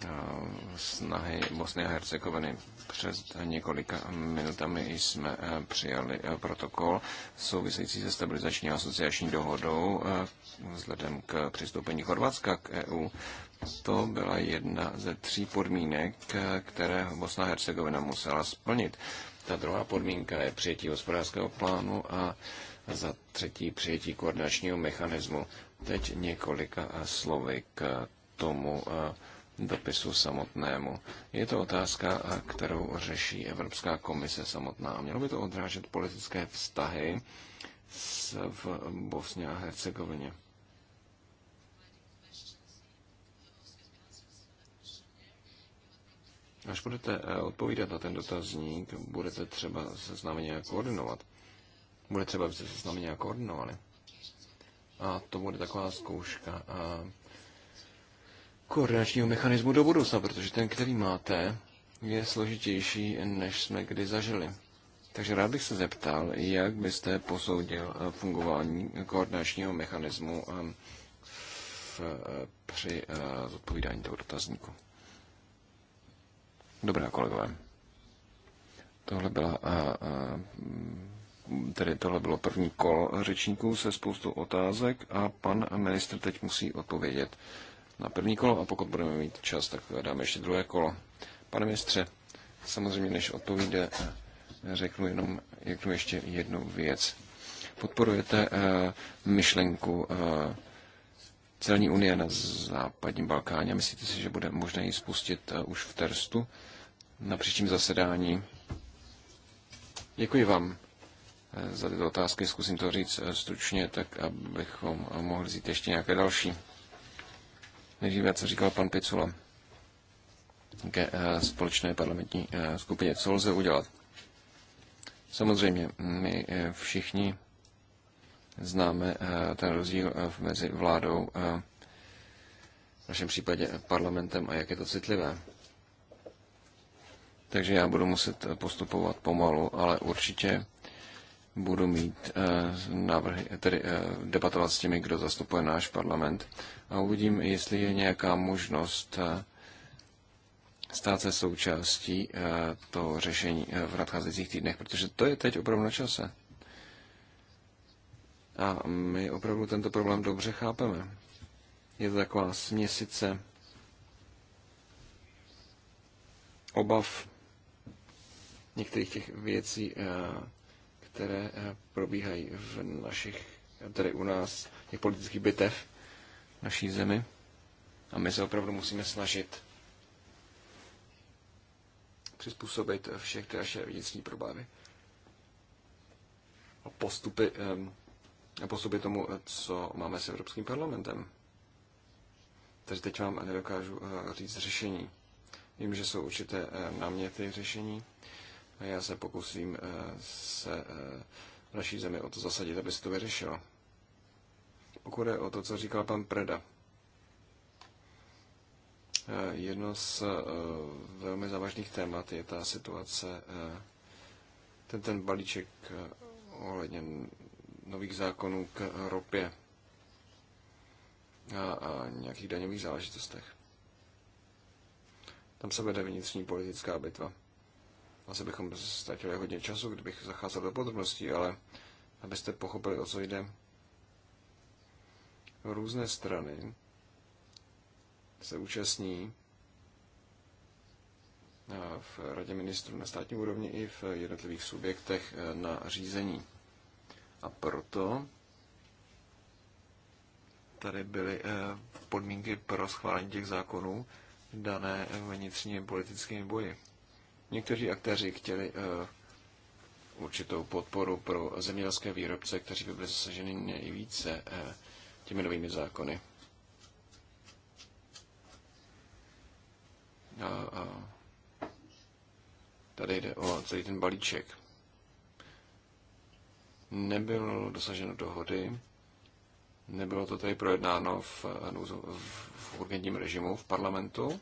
eh, snahy Bosny a Hercegoviny. Před několika minutami jsme eh, přijali protokol související se stabilizační a asociační dohodou vzhledem k přistoupení Chorvatska k EU. To byla jedna ze tří podmínek, které Bosna a Hercegovina musela splnit. Ta druhá podmínka je přijetí hospodářského plánu a za třetí přijetí koordinačního mechanismu. Teď několika slovy k tomu eh, dopisu samotnému. Je to otázka, eh, kterou řeší Evropská komise samotná. Mělo by to odrážet politické vztahy v Bosně a Hercegovině. Až budete eh, odpovídat na ten dotazník, budete třeba se s námi nějak koordinovat. Bude třeba, abyste se s námi nějak koordinovali. A to bude taková zkouška a eh, koordinačního mechanismu do budoucna, protože ten, který máte, je složitější, než jsme kdy zažili. Takže rád bych se zeptal, jak byste posoudil eh, fungování koordinačního mechanismu v, při zodpovídání toho dotazníku. Dobrá, kolegové. Tohle byla a, a, tedy tohle bylo první kol řečníků se spoustou otázek a pan ministr teď musí odpovědět na první kolo a pokud budeme mít čas, tak dáme ještě druhé kolo. Pane ministře, samozřejmě než odpovíde, řeknu jenom řeknu ještě jednu věc. Podporujete uh, myšlenku uh, celní unie na západním Balkáně. Myslíte si, že bude možné ji spustit uh, už v Terstu? Uh, na příštím zasedání. Děkuji vám eh, za tyto otázky. Zkusím to říct eh, stručně, tak abychom eh, mohli vzít ještě nějaké další. Nejdříve, co říkal pan Picula ke společné parlamentní skupině. Co lze udělat? Samozřejmě, my všichni známe ten rozdíl mezi vládou, v našem případě parlamentem, a jak je to citlivé takže já budu muset eh, postupovat pomalu, ale určitě budu mít eh, návrhy, tedy eh, debatovat s těmi, kdo zastupuje náš parlament a uvidím, jestli je nějaká možnost stát se součástí toho řešení v nadcházejících týdnech, protože to je teď opravdu na čase. A my opravdu tento problém dobře chápeme. Je to taková směsice obav některých těch věcí, eh, které eh, probíhají v našich, tedy u nás, těch politických bitev naší zemi. A my se opravdu musíme snažit přizpůsobit všech ty naše vnitřní problémy a postupy, a postupy tomu, co máme s Evropským parlamentem. Takže teď vám nedokážu eh, říct řešení. Vím, že jsou určité náměty řešení já se pokusím eh, se eh, v naší zemi o to zasadit, aby se to vyřešilo. Pokud je o to, co říkal pan Preda, eh, jedno z velmi závažných témat je ta situace, ten, ten balíček ohledně nových zákonů k ropě a, a nějakých daňových záležitostech. Tam se vede vnitřní politická bitva. Asi bychom ztratili hodně času, kdybych zacházel do podrobností, ale abyste pochopili, o co jde. Různé strany se účastní eh, v Radě ministrů na státní úrovni i v jednotlivých subjektech eh, na řízení. A proto tady byly eh, podmínky pro schválení těch zákonů dané vnitřní politickými boji. Někteří aktéři chtěli eh, určitou podporu pro zemědělské výrobce, kteří by byli zasaženi nejvíce eh, těmi novými zákony. A, a tady jde o celý ten balíček. Nebylo dosaženo dohody, nebylo to tady projednáno v, eh, v, v urgentním režimu v parlamentu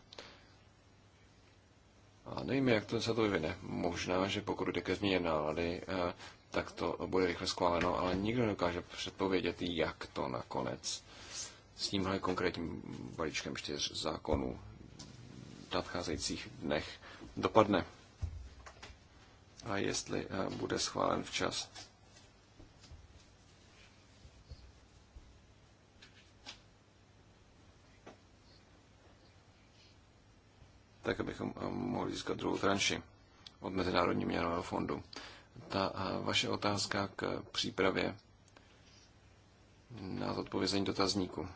a nevím, jak to se to vyvine. Možná, že pokud jde ke změně nálady, eh, tak to bude rychle schváleno, ale nikdo nedokáže předpovědět, jak to nakonec s tímhle konkrétním balíčkem čtyř zákonů v nadcházejících dnech dopadne. A jestli eh, bude schválen včas. tak abychom eh, mohli získat druhou tranši od Mezinárodního měnového fondu. Ta eh, vaše otázka k přípravě na zodpovězení dotazníku.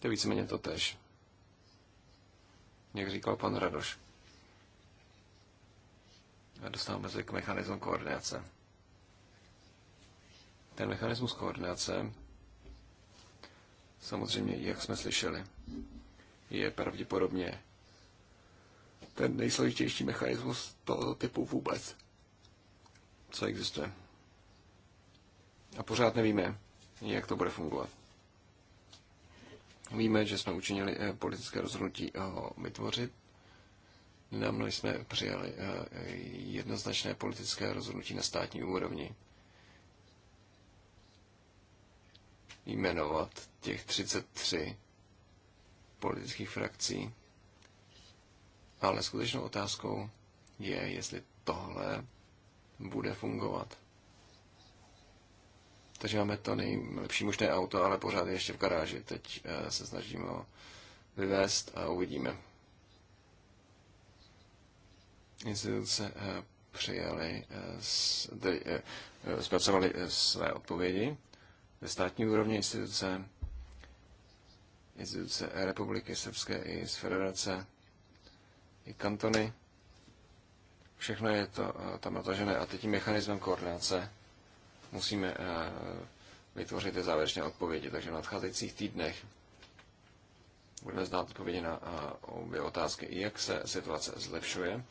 To je víceméně to tež. Jak říkal pan Radoš. A dostáváme se k mechanismu koordinace. Ten mechanismus koordinace, samozřejmě, jak jsme slyšeli, je pravděpodobně ten nejsložitější mechanismus tohoto typu vůbec, co existuje. A pořád nevíme, jak to bude fungovat. Víme, že jsme učinili eh, politické rozhodnutí eh, ho vytvořit. Nedávno jsme přijali eh, jednoznačné politické rozhodnutí na státní úrovni. Jmenovat těch 33 politických frakcí. Ale skutečnou otázkou je, jestli tohle bude fungovat. Takže máme to nejlepší možné auto, ale pořád ještě v garáži. Teď eh, se snažíme ho vyvést a uvidíme. Instituce eh, přijali, eh, zpracovali své odpovědi ve státní úrovně instituce instituce Republiky Srbské i z federace, i kantony. Všechno je to eh, tam natažené. A teď tím mechanismem koordinace musíme eh, vytvořit ty závěrečné odpovědi. Takže v nadcházejících týdnech budeme znát odpovědi na eh, obě otázky, jak se situace zlepšuje,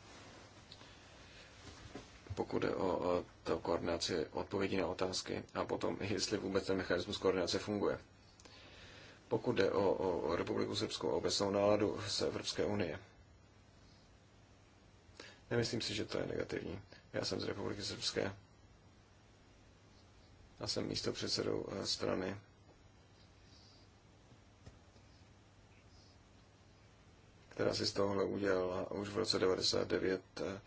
pokud je o to koordinaci odpovědi na otázky a potom, <laughs> jestli vůbec ten mechanismus koordinace funguje pokud jde o, o Republiku Srbskou a obecnou náladu z Evropské unie. Nemyslím si, že to je negativní. Já jsem z Republiky Srbské a jsem místo předsedou eh, strany. která si z tohohle udělala už v roce 99 eh,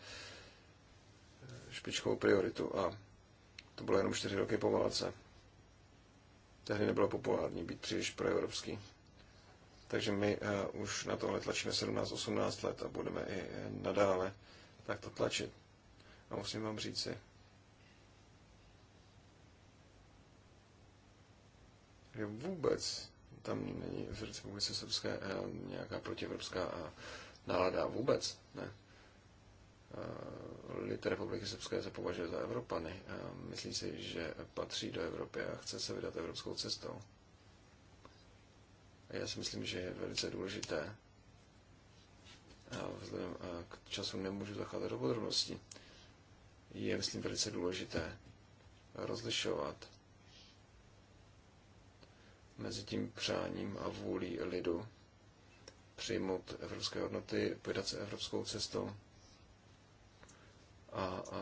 špičkovou prioritu a to bylo jenom čtyři roky po válce tehdy nebylo populární být příliš proevropský. Takže my uh, už na tohle tlačíme 17-18 let a budeme i eh, nadále tak to tlačit. A musím vám říci, že vůbec tam není v Srbské uh, nějaká protievropská nálada. Vůbec ne lid Republiky Srbské se považuje za Evropany. Myslí si, že patří do Evropy a chce se vydat evropskou cestou. Já si myslím, že je velice důležité. A vzhledem k času nemůžu zacházet do podrobností. Je, myslím, velice důležité rozlišovat mezi tím přáním a vůlí lidu přijmout evropské hodnoty, vydat se evropskou cestou a, a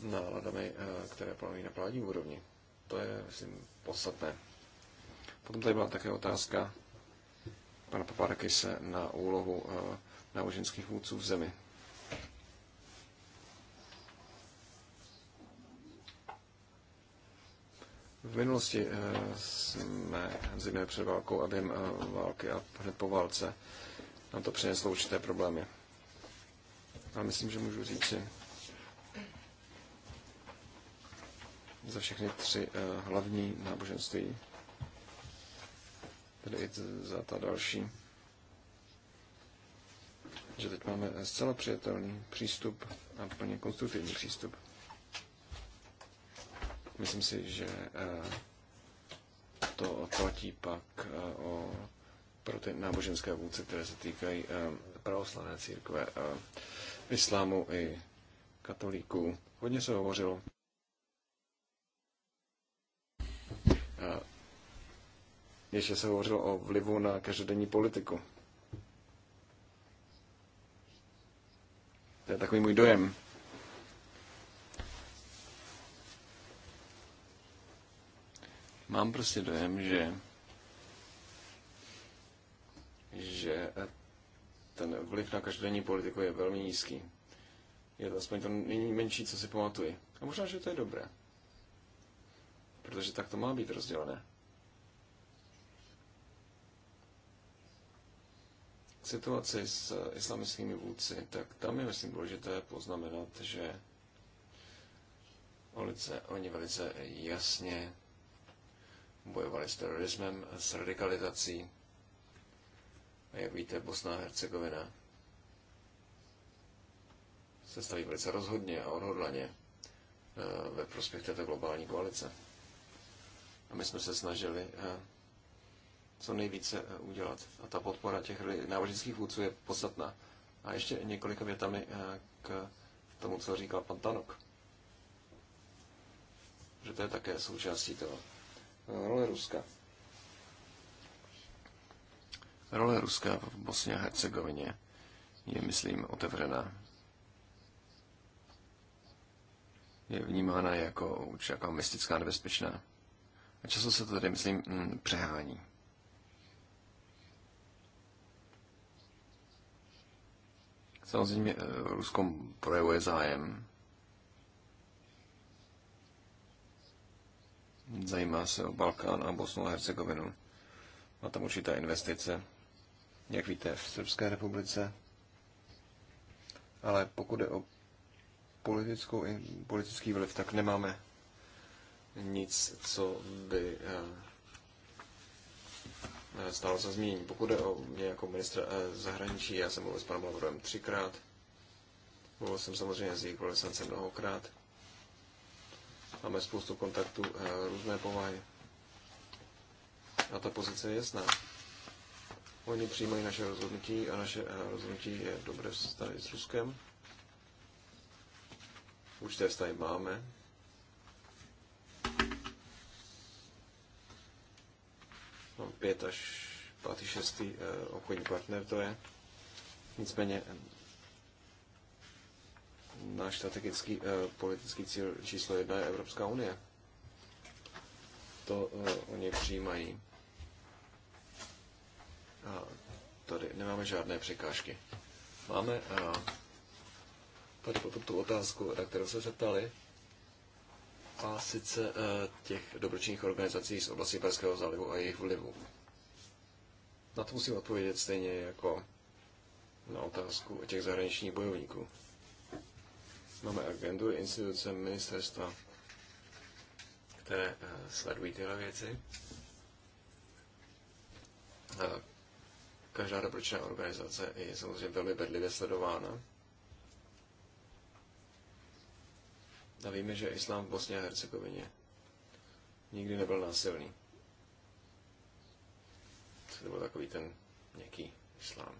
náladami, e, které plaví na vládní úrovni. To je, myslím, podstatné. Potom tady byla také otázka pana se na úlohu e, náboženských vůdců v zemi. V minulosti e, jsme zimě před válkou a během války a hned po válce nám to přineslo určité problémy. A myslím, že můžu že za všechny tři eh, hlavní náboženství, tedy i za ta další, že teď máme zcela přijatelný přístup a plně konstruktivní přístup. Myslím si, že eh, to platí pak eh, o, pro ty náboženské vůdce, které se týkají pravoslavné církve islámu i katolíků. Hodně se hovořilo. ještě se hovořilo o vlivu na každodenní politiku. To je takový můj dojem. Mám prostě dojem, že že ten vliv na každodenní politiku je velmi nízký. Je to aspoň to nejmenší, co si pamatuji. A možná, že to je dobré. Protože tak to má být rozdělené. Situace situaci s islamickými vůdci, tak tam je, myslím, důležité poznamenat, že ulice, oni velice jasně bojovali s terorismem, s radikalizací, a jak víte, Bosna a Hercegovina se staví velice rozhodně a odhodlaně eh, ve prospěch této globální koalice. A my jsme se snažili eh, co nejvíce eh, udělat. A ta podpora těch náboženských vůdců je podstatná. A ještě několika větami k tomu, co říkal pan Tanok. Že to je také součástí toho role Ruska. Role Ruska v Bosně a Hercegovině je, myslím, otevřená. Je vnímána jako, jako mystická nebezpečná. A často se to tady, myslím, mm, přehání. Samozřejmě eh, Rusko projevuje zájem. Zajímá se o Balkán a Bosnu a Hercegovinu. Má tam určitá investice jak víte, v Srbské republice. Ale pokud je o politickou, politický vliv, tak nemáme nic, co by eh, stalo za zmínění. Pokud je o mě jako ministr eh, zahraničí, já jsem mluvil s panem Lavrovem třikrát, mluvil jsem samozřejmě s jejich velvyslancem mnohokrát, máme spoustu kontaktů eh, různé povahy. A ta pozice je jasná. Oni přijímají naše rozhodnutí a naše eh, rozhodnutí je dobré vztahy s Ruskem. Už té vztahy máme. Mám pět až pátý, šestý eh, obchodní partner to je. Nicméně eh, náš strategický politický cíl číslo jedna je Evropská unie. To oni přijímají tady nemáme žádné překážky. Máme tady potom tu otázku, na kterou se zeptali, a sice e, těch dobročinných organizací z oblasti Perského zálivu a jejich vlivu. Na to musím odpovědět stejně jako na otázku o těch zahraničních bojovníků. Máme agendu, instituce, ministerstva, které e, sledují tyhle věci. E, Každá dobročinná organizace je samozřejmě velmi bedlivě sledována. A víme, že islám v Bosně a Hercegovině nikdy nebyl násilný. To byl takový ten měkký islám.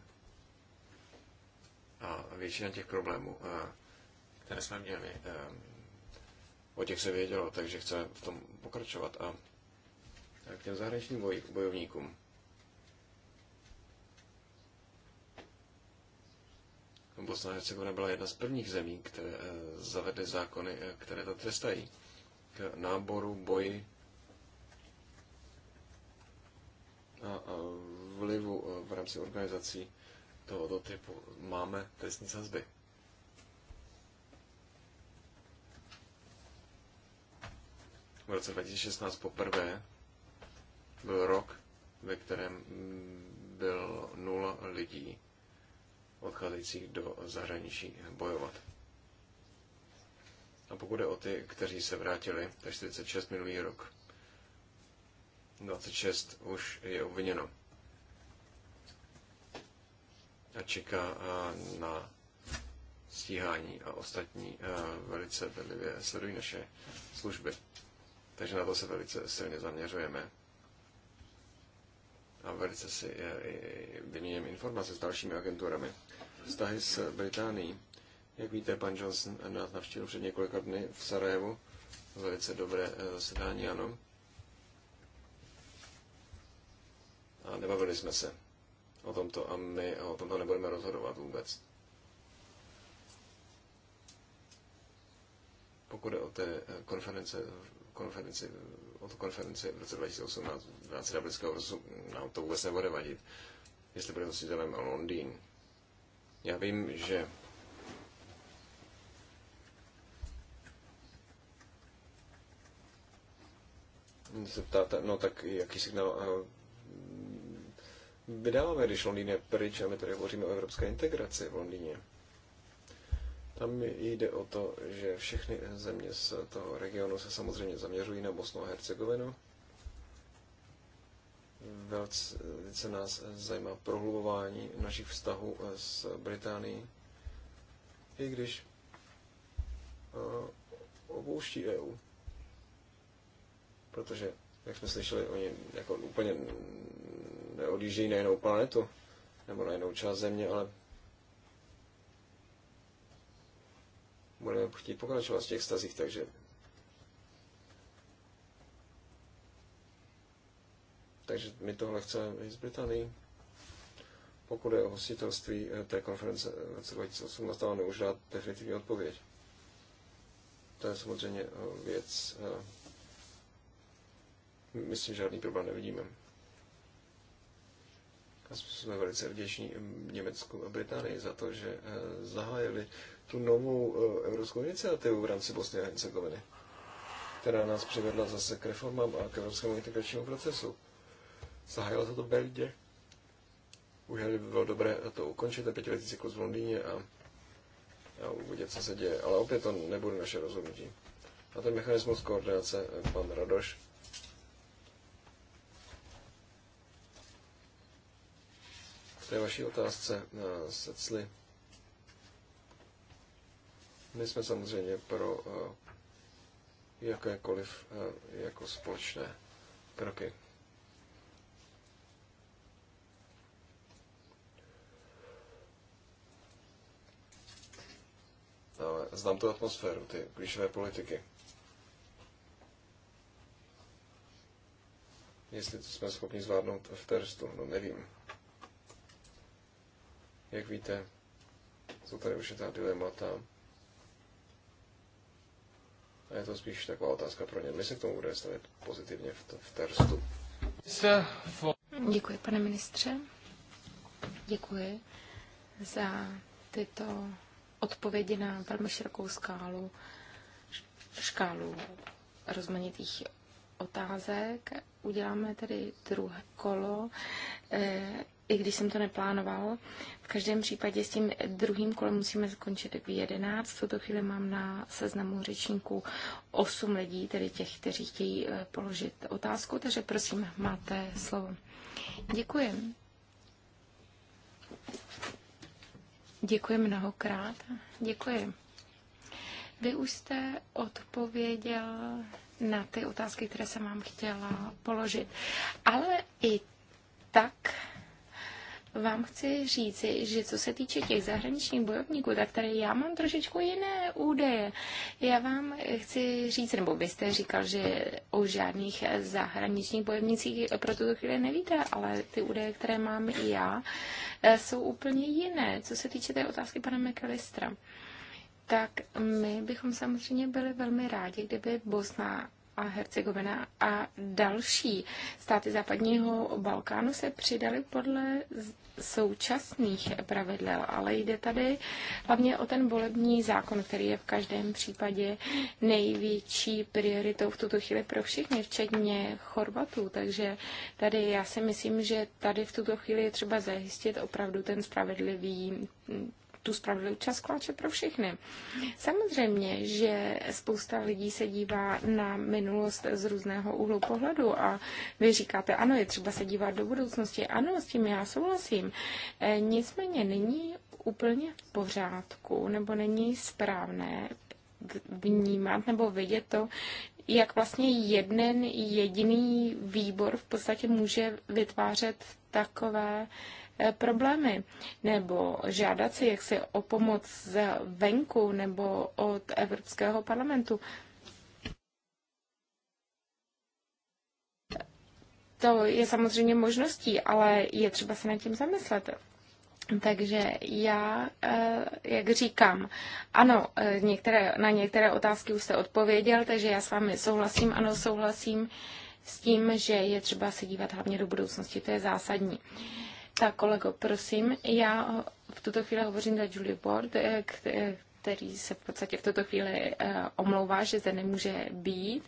A většina těch problémů, eh, které jsme měli, eh, o těch se vědělo, takže chceme v tom pokračovat. A k těm zahraničním bojovníkům. Bosna a Hercegovina byla jedna z prvních zemí, které eh, zavedly zákony, eh, které to trestají. K náboru, boji a vlivu eh, v rámci organizací tohoto typu máme trestní sazby. V roce 2016 poprvé byl rok, ve kterém mm, bylo nula lidí odcházejících do zahraničí bojovat. A pokud je o ty, kteří se vrátili, tak 46 minulý rok, 26 už je obviněno a čeká na stíhání a ostatní velice bedlivě sledují naše služby. Takže na to se velice silně zaměřujeme a velice si eh, eh, vyměňujeme informace s dalšími agenturami. Vztahy s Británií. Jak víte, pan Johnson nás navštívil před několika dny v Sarajevu. Velice dobré zasedání, eh, ano. A nebavili jsme se o tomto a my o tomto nebudeme rozhodovat vůbec. Pokud je o té konference konferenci, o tu konferenci v roce 2018 v rámci Dublinského procesu, nám to vůbec nebude vadit, jestli bude nositelem Londýn. Já vím, že se ptáte, no tak jaký signál eh, vydáváme, když Londýn je pryč a my tady hovoříme o evropské integraci v Londýně. Tam jde o to, že všechny země z toho regionu se samozřejmě zaměřují na Bosnu a Hercegovinu. Velice nás zajímá prohlubování našich vztahů s Británií, i když eh, opouští EU. Protože, jak jsme slyšeli, oni jako úplně neodjíždějí na jinou planetu nebo na jinou část země, ale budeme chtít pokračovat v těch stazích, takže Takže my tohle chceme i z Británii. Pokud je o hostitelství eh, té konference v roce 2018, tam už dát definitivní odpověď. To je samozřejmě eh, věc, eh, myslím, že žádný problém nevidíme. Jsme velice vděční Německu a Británii za to, že eh, zahájili tu novou eh, evropskou iniciativu v rámci Bosny a Hercegoviny, která nás přivedla zase k reformám a k evropskému integračnímu procesu. Zahájila se to v Belgii. Už by bylo dobré to ukončit, ten pětiletý cyklus v Londýně a, a uvidět, co se děje. Ale opět to nebude naše rozhodnutí. A ten mechanismus koordinace, pan Radoš, té vaší otázce na eh, Secli. My jsme samozřejmě pro eh, jakékoliv eh, jako společné kroky. Ale znám tu atmosféru, ty klíčové politiky. Jestli to jsme schopni zvládnout v Terstu, no nevím. Jak víte, jsou tady ta dilemata. A je to spíš taková otázka pro ně. My se k tomu budeme stavit pozitivně v, v terstu. Děkuji, pane ministře. Děkuji za tyto odpovědi na velmi širokou skálu, škálu rozmanitých otázek. Uděláme tedy druhé kolo eh, i když jsem to neplánoval. V každém případě s tím druhým kolem musíme skončit v 11. V tuto chvíli mám na seznamu řečníků 8 lidí, tedy těch, kteří chtějí eh, položit otázku, takže prosím, máte slovo. Děkuji. Děkuji mnohokrát. Děkuji. Vy už jste odpověděl na ty otázky, které jsem vám chtěla položit. Ale i tak vám chci říci, že co se týče těch zahraničních bojovníků, tak tady já mám trošičku jiné údaje. Já vám chci říct, nebo vy jste říkal, že o žádných zahraničních bojovnicích pro tuto chvíli nevíte, ale ty údaje, které mám i já, eh, jsou úplně jiné, co se týče té otázky pana McAllistera tak my bychom samozřejmě byli velmi rádi, kdyby Bosna a Hercegovina a další státy západního Balkánu se přidaly podle současných pravidel, ale jde tady hlavně o ten volební zákon, který je v každém případě největší prioritou v tuto chvíli pro všechny, včetně Chorvatů. Takže tady já si myslím, že tady v tuto chvíli je třeba zajistit opravdu ten spravedlivý tu spravedlivou čas kláče pro všechny. Samozřejmě, že spousta lidí se dívá na minulost z různého úhlu pohledu a vy říkáte, ano, je třeba se dívat do budoucnosti, ano, s tím já souhlasím. E, nicméně není úplně v pořádku nebo není správné vnímat nebo vidět to, jak vlastně jeden jediný výbor v podstatě může vytvářet takové Eh, problémy, nebo žádat si jaksi o pomoc z venku nebo od Evropského parlamentu. To je samozřejmě možností, ale je třeba se nad tím zamyslet. Takže já, eh, jak říkám, ano, eh, některé, na některé otázky už jste odpověděl, takže já s vámi souhlasím, ano, souhlasím s tím, že je třeba se dívat hlavně do budoucnosti, to je zásadní. Tak kolego, prosím, já v tuto chvíli hovořím za Julie Ward, eh, eh, který se v podstatě v tuto chvíli eh, omlouvá, že zde nemůže být.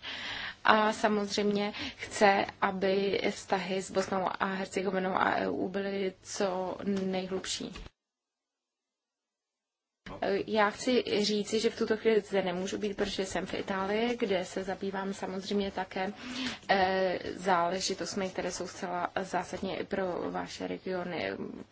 A samozřejmě chce, aby vztahy s Bosnou a Hercegovinou a EU byly co nejhlubší. Já chci říci, že v tuto chvíli zde nemůžu být, protože jsem v Itálii, kde se zabývám samozřejmě také eh, záležitostmi, které jsou zcela zásadně i pro vaše regiony.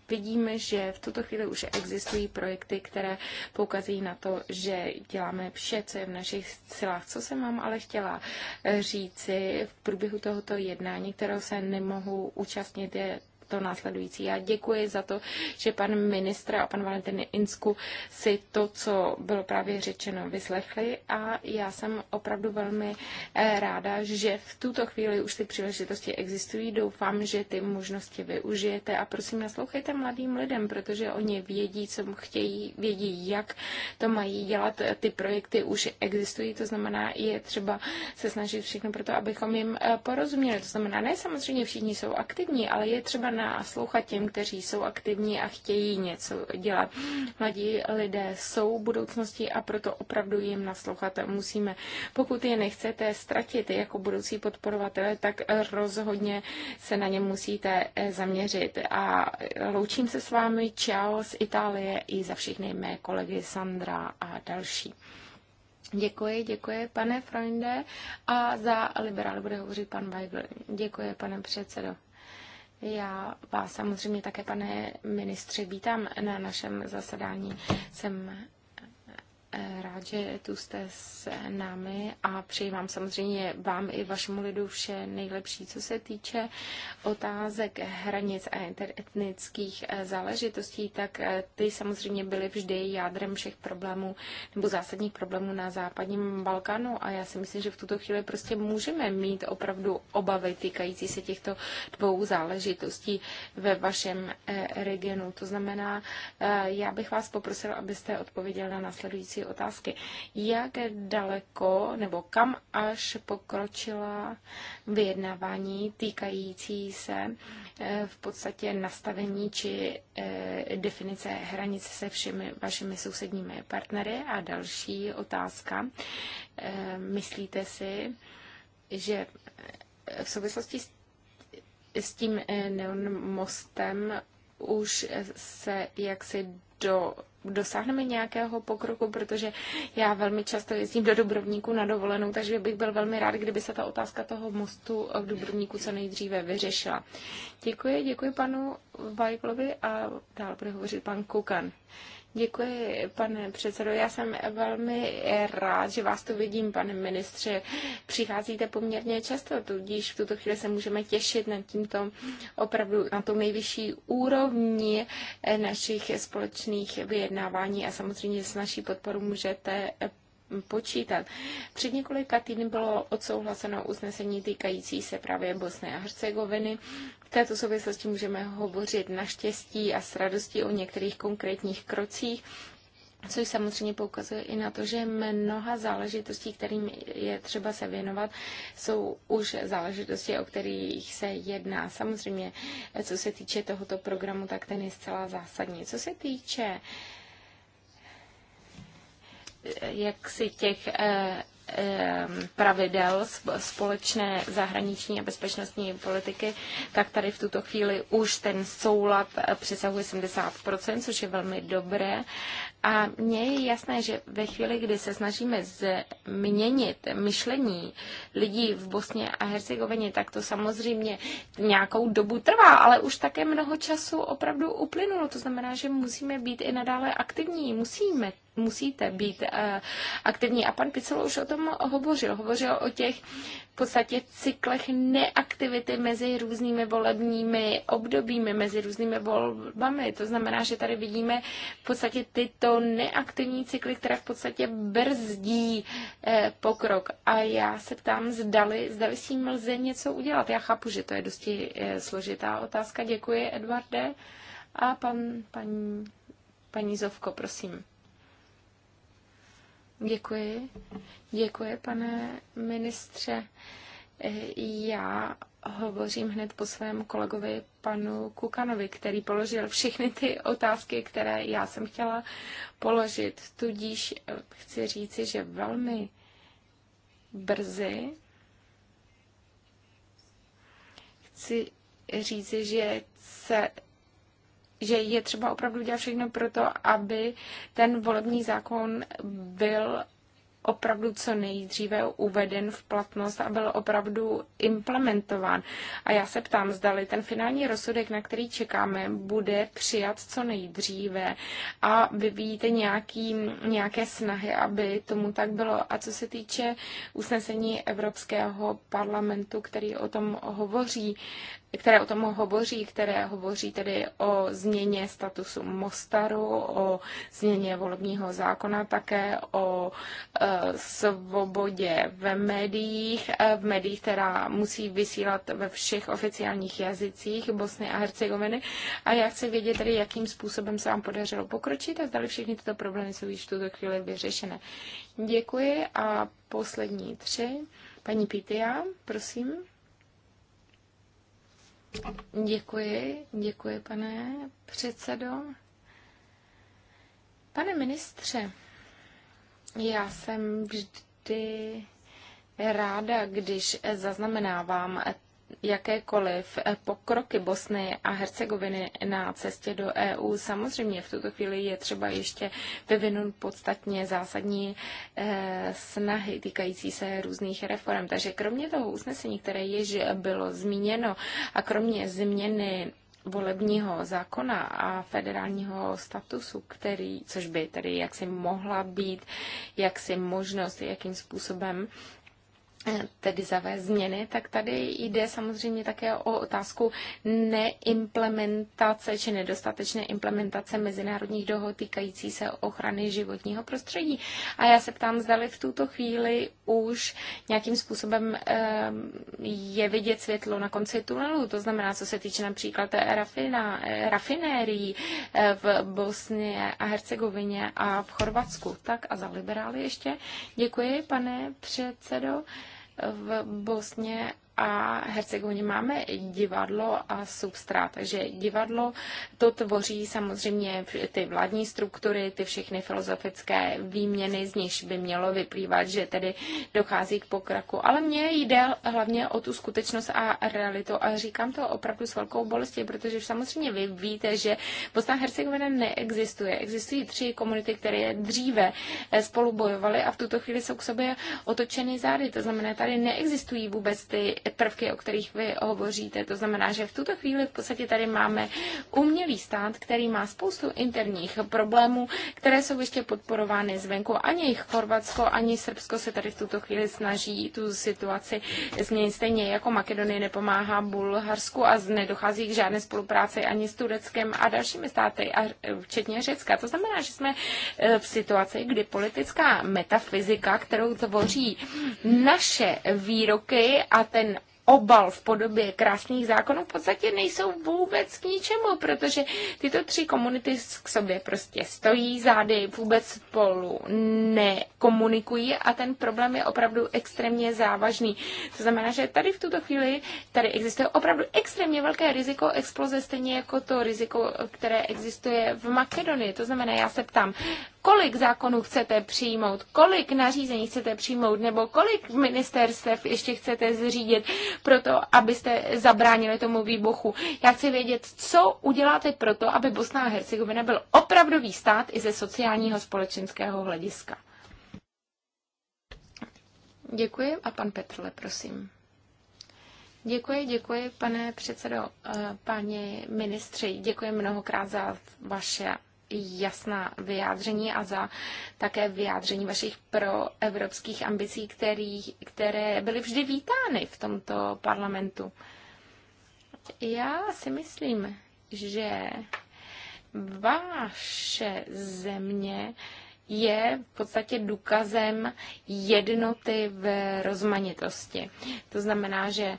Vidíme, že v tuto chvíli už existují projekty, které poukazují na to, že děláme vše, co je v našich silách. Co jsem vám ale chtěla eh, říci v průběhu tohoto jednání, kterého se nemohu účastnit, je to následující. Já děkuji za to, že pan ministr a pan Valentin Insku si to, co bylo právě řečeno, vyslechli a já jsem opravdu velmi eh, ráda, že v tuto chvíli už ty příležitosti existují. Doufám, že ty možnosti využijete a prosím naslouchejte mladým lidem, protože oni vědí, co chtějí, vědí, jak to mají dělat. Ty projekty už existují, to znamená, je třeba se snažit všechno pro to, abychom jim eh, porozuměli. To znamená, ne samozřejmě všichni jsou aktivní, ale je třeba naslouchat těm, kteří jsou aktivní a chtějí něco dělat. Mladí lidé jsou budoucnosti a proto opravdu jim naslouchat musíme. Pokud je nechcete ztratit jako budoucí podporovatele, tak rozhodně se na ně musíte eh, zaměřit. A loučím se s vámi. Ciao z Itálie i za všechny mé kolegy Sandra a další. Děkuji, děkuji, pane Freunde. A za liberály bude hovořit pan Weigl. Děkuji, pane předsedo. Já vás samozřejmě také, pane ministře, vítám na našem zasedání. Jsem rád, že tu jste s námi a přeji vám samozřejmě vám i vašemu lidu vše nejlepší, co se týče otázek hranic a interetnických eh, záležitostí, tak eh, ty samozřejmě byly vždy jádrem všech problémů nebo zásadních problémů na západním Balkánu a já si myslím, že v tuto chvíli prostě můžeme mít opravdu obavy týkající se těchto dvou záležitostí ve vašem eh, regionu. To znamená, já bych vás poprosil, abyste odpověděl na následující otázky. Jak daleko nebo kam až pokročila vyjednávání týkající se eh, v podstatě nastavení či eh, definice hranic se všemi vašimi sousedními partnery? A další otázka. Eh, myslíte si, že v souvislosti s tím neon mostem už se jaksi do, dosáhneme nějakého pokroku, protože já velmi často jezdím do Dubrovníku na dovolenou, takže bych byl velmi rád, kdyby se ta otázka toho mostu v Dubrovníku co nejdříve vyřešila. Děkuji, děkuji panu Vajklovi a dál bude hovořit pan Kukan. Děkuji, pane předsedo. Já jsem velmi rád, že vás tu vidím, pane ministře. Přicházíte poměrně často, tudíž v tuto chvíli se můžeme těšit na tímto opravdu na tu nejvyšší úrovni eh, našich společných vyjednávání a samozřejmě s naší podporou můžete počítat. Před několika týdny bylo odsouhlaseno usnesení týkající se právě Bosny a Hercegoviny. V této souvislosti můžeme hovořit naštěstí a s radostí o některých konkrétních krocích, což samozřejmě poukazuje i na to, že mnoha záležitostí, kterým je třeba se věnovat, jsou už záležitosti, o kterých se jedná. Samozřejmě, co se týče tohoto programu, tak ten je zcela zásadní. Co se týče uh, jaksi těch eh, eh, pravidel společné zahraniční a bezpečnostní politiky, tak tady v tuto chvíli už ten soulad eh, přesahuje 70%, což je velmi dobré. A mně je jasné, že ve chvíli, kdy se snažíme změnit myšlení lidí v Bosně a Hercegovině, tak to samozřejmě nějakou dobu trvá, ale už také mnoho času opravdu uplynulo. To znamená, že musíme být i nadále aktivní, musíme musíte být eh, aktivní. A pan Picelo už o tom hovořil. Hovořil o těch v podstatě cyklech neaktivity mezi různými volebními obdobími, mezi různými volbami. To znamená, že tady vidíme v podstatě tyto neaktivní cykly, které v podstatě brzdí eh, pokrok. A já se ptám, zdali, zdali s tím lze něco udělat. Já chápu, že to je dosti eh, složitá otázka. Děkuji, Edvarde. A pan, paní, paní Zovko, prosím. Děkuji. Děkuji, pane ministře já hovořím hned po svém kolegovi panu Kukanovi, který položil všechny ty otázky, které já jsem chtěla položit. Tudíž eh, chci říci, že velmi brzy chci říci, že se že je třeba opravdu dělat všechno pro to, aby ten volební zákon byl opravdu co nejdříve uveden v platnost a byl opravdu implementován. A já se ptám, zdali ten finální rozsudek, na který čekáme, bude přijat co nejdříve a vyvíjíte nějaký, nějaké snahy, aby tomu tak bylo. A co se týče usnesení Evropského parlamentu, který o tom hovoří, které o tom hovoří, které hovoří tedy o změně statusu Mostaru, o změně volebního zákona, také o e, svobodě ve médiích, e, v médiích, která musí vysílat ve všech oficiálních jazycích Bosny a Hercegoviny. A já chci vědět tedy, jakým způsobem se vám podařilo pokročit a zdali všechny tyto problémy jsou již v tuto chvíli vyřešené. Děkuji a poslední tři. Paní Pitia, prosím. Děkuji, děkuji, pane předsedo. Pane ministře, já jsem vždy ráda, když zaznamenávám jakékoliv pokroky Bosny a Hercegoviny na cestě do EU. Samozřejmě v tuto chvíli je třeba ještě vyvinout podstatně zásadní eh, snahy týkající se různých reform. Takže kromě toho usnesení, které již bylo zmíněno a kromě změny volebního zákona a federálního statusu, který, což by tedy jaksi mohla být jaksi možnost, jakým způsobem Eh, tedy zavést změny, tak tady jde samozřejmě také o otázku neimplementace či nedostatečné implementace mezinárodních dohod týkající se ochrany životního prostředí. A já se ptám, zdali v tuto chvíli už nějakým způsobem eh, je vidět světlo na konci tunelu, to znamená, co se týče například rafina, eh, rafinérií v Bosně a Hercegovině a v Chorvatsku. Tak a za liberály ještě. Děkuji, pane předsedo v Bosně a Hercegovině máme divadlo a substrát. Takže divadlo to tvoří samozřejmě ty vládní struktury, ty všechny filozofické výměny, z nichž by mělo vyplývat, že tedy dochází k pokraku. Ale mně jde hlavně o tu skutečnost a realitu a říkám to opravdu s velkou bolestí, protože samozřejmě vy víte, že Bosna Hercegovina neexistuje. Existují tři komunity, které dříve spolu bojovaly a v tuto chvíli jsou k sobě otočeny zády. To znamená, tady neexistují vůbec ty prvky, o kterých vy hovoříte. To znamená, že v tuto chvíli v podstatě tady máme umělý stát, který má spoustu interních problémů, které jsou ještě podporovány zvenku. Ani Chorvatsko, ani Srbsko se tady v tuto chvíli snaží tu situaci změnit. Stejně jako Makedonie nepomáhá Bulharsku a nedochází k žádné spolupráci ani s Tureckem a dalšími státy, a včetně Řecka. To znamená, že jsme e, v situaci, kdy politická metafyzika, kterou tvoří naše výroky a ten obal v podobě krásných zákonů v podstatě nejsou vůbec k ničemu, protože tyto tři komunity k sobě prostě stojí zády, vůbec spolu nekomunikují a ten problém je opravdu extrémně závažný. To znamená, že tady v tuto chvíli tady existuje opravdu extrémně velké riziko exploze, stejně jako to riziko, které existuje v Makedonii. To znamená, já se ptám, kolik zákonů chcete přijmout, kolik nařízení chcete přijmout, nebo kolik ministerstev ještě chcete zřídit pro to, abyste zabránili tomu výbuchu. Já chci vědět, co uděláte pro to, aby Bosna a Hercegovina byl opravdový stát i ze sociálního společenského hlediska. Děkuji a pan Petrle, prosím. Děkuji, děkuji, pane předsedo, eh, paní ministři, děkuji mnohokrát za vaše jasná vyjádření a za také vyjádření vašich proevropských ambicí, který, které byly vždy vítány v tomto parlamentu. Já si myslím, že vaše země je v podstatě důkazem jednoty v rozmanitosti. To znamená, že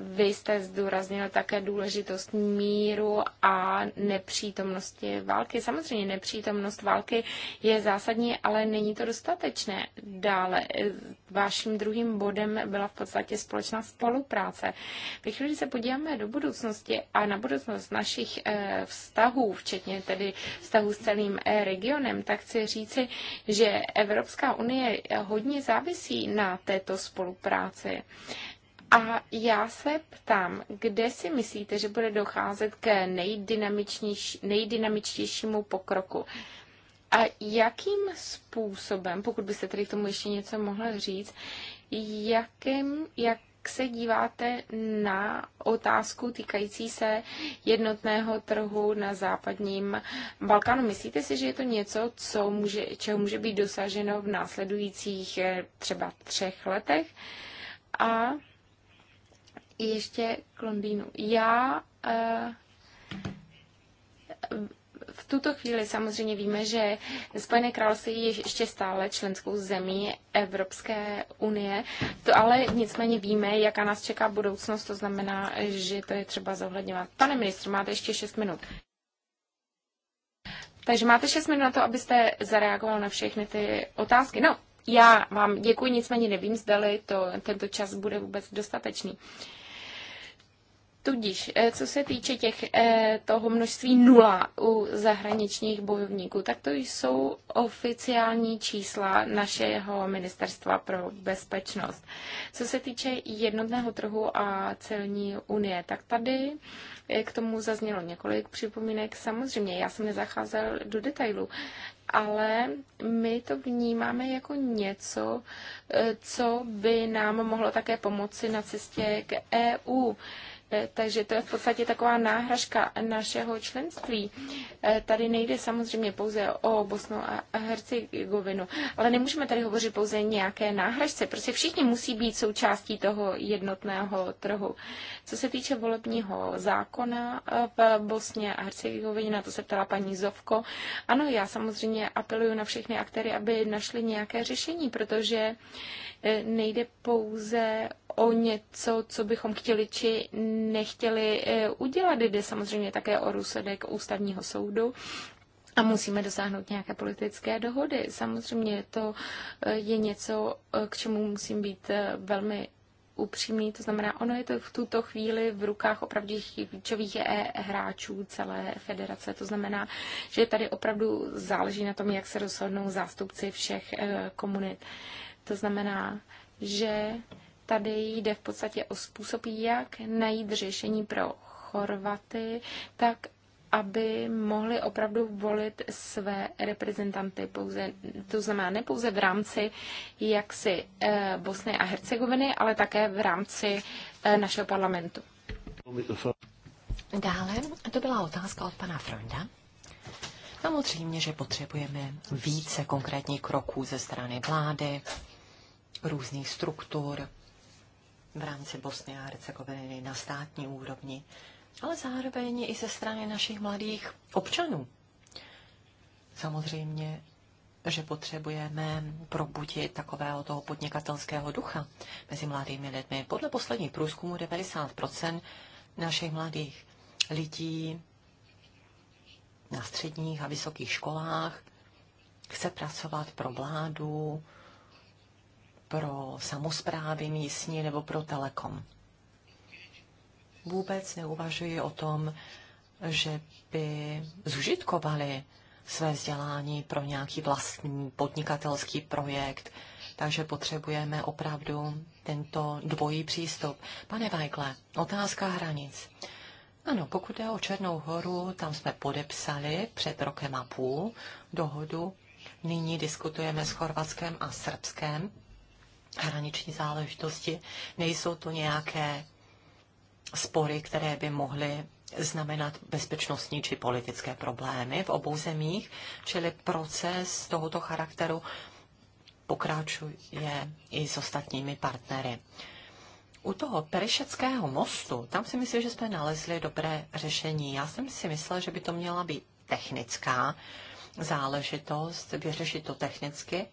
vy jste zdůraznil také důležitost míru a nepřítomnosti války. Samozřejmě nepřítomnost války je zásadní, ale není to dostatečné. Dále eh, vaším druhým bodem byla v podstatě společná spolupráce. Ve chvíli, se podíváme do budoucnosti a na budoucnost našich eh, vztahů, včetně tedy vztahů s celým eh, regionem, tak chci říci, že Evropská unie hodně závisí na této spolupráci. A já se ptám, kde si myslíte, že bude docházet k nejdynamičtějšímu pokroku? A jakým způsobem, pokud byste tady k tomu ještě něco mohla říct, jakým, jak se díváte na otázku týkající se jednotného trhu na západním Balkánu? Myslíte si, že je to něco, co může, čeho může být dosaženo v následujících eh, třeba třech letech? A ještě k Londýnu. Já eh, v tuto chvíli samozřejmě víme, že Spojené království je ještě stále členskou zemí Evropské unie, to ale nicméně víme, jaká nás čeká budoucnost, to znamená, že to je třeba zohledňovat. Pane ministr, máte ještě 6 minut. Takže máte 6 minut na to, abyste zareagoval na všechny ty otázky. No, já vám děkuji, nicméně nevím, zdali to, tento čas bude vůbec dostatečný. Uh, Tudíž, eh, co se týče těch, eh, toho množství nula u zahraničních bojovníků, tak to jsou oficiální čísla našeho ministerstva pro bezpečnost. Co se týče jednotného trhu a celní unie, tak tady eh, k tomu zaznělo několik připomínek. Samozřejmě, já jsem nezacházel do detailů, ale my to vnímáme jako něco, co by nám mohlo také pomoci na cestě k EU. E, takže to je v podstatě taková náhražka našeho členství. E, tady nejde samozřejmě pouze o Bosnu a Hercegovinu, ale nemůžeme tady hovořit pouze nějaké náhražce. Prostě všichni musí být součástí toho jednotného trhu. Co se týče volebního zákona e, v Bosně a Hercegovině, na to se ptala paní Zovko. Ano, já samozřejmě apeluju na všechny aktéry, aby našli nějaké řešení, protože nejde pouze o něco, co bychom chtěli či nechtěli eh, udělat. Jde samozřejmě také o důsledek ústavního soudu. A musíme dosáhnout nějaké politické dohody. Samozřejmě to eh, je něco, eh, k čemu musím být velmi upřímný, to znamená, ono je to v tuto chvíli v rukách opravdu klíčových hráčů celé federace. To znamená, že tady opravdu záleží na tom, jak se rozhodnou zástupci všech komunit. To znamená, že Tady jde v podstatě o způsob, jak najít řešení pro Chorvaty, tak aby mohli opravdu volit své reprezentanty. Pouze, to znamená ne pouze v rámci jaksi eh, Bosny a Hercegoviny, ale také v rámci eh, našeho parlamentu. Dále, to byla otázka od pana Fronda. Samozřejmě, že potřebujeme více konkrétních kroků ze strany vlády, různých struktur, v rámci Bosny a Hercegoviny na státní úrovni, ale zároveň i ze strany našich mladých občanů. Samozřejmě, že potřebujeme probudit takového toho podnikatelského ducha mezi mladými lidmi. Podle posledních průzkumů 90% našich mladých lidí na středních a vysokých školách chce pracovat pro vládu, pro samozprávy místní nebo pro telekom. Vůbec neuvažuji o tom, že by zužitkovali své vzdělání pro nějaký vlastní podnikatelský projekt, takže potřebujeme opravdu tento dvojí přístup. Pane Vajkle, otázka hranic. Ano, pokud je o Černou horu, tam jsme podepsali před rokem a půl dohodu. Nyní diskutujeme s Chorvatskem a Srbskem hraniční záležitosti. Nejsou to nějaké spory, které by mohly znamenat bezpečnostní či politické problémy v obou zemích, čili proces tohoto charakteru pokračuje i s ostatními partnery. U toho Perišeckého mostu, tam si myslím, že jsme nalezli dobré řešení. Já jsem si myslela, že by to měla být technická záležitost, vyřešit to technicky,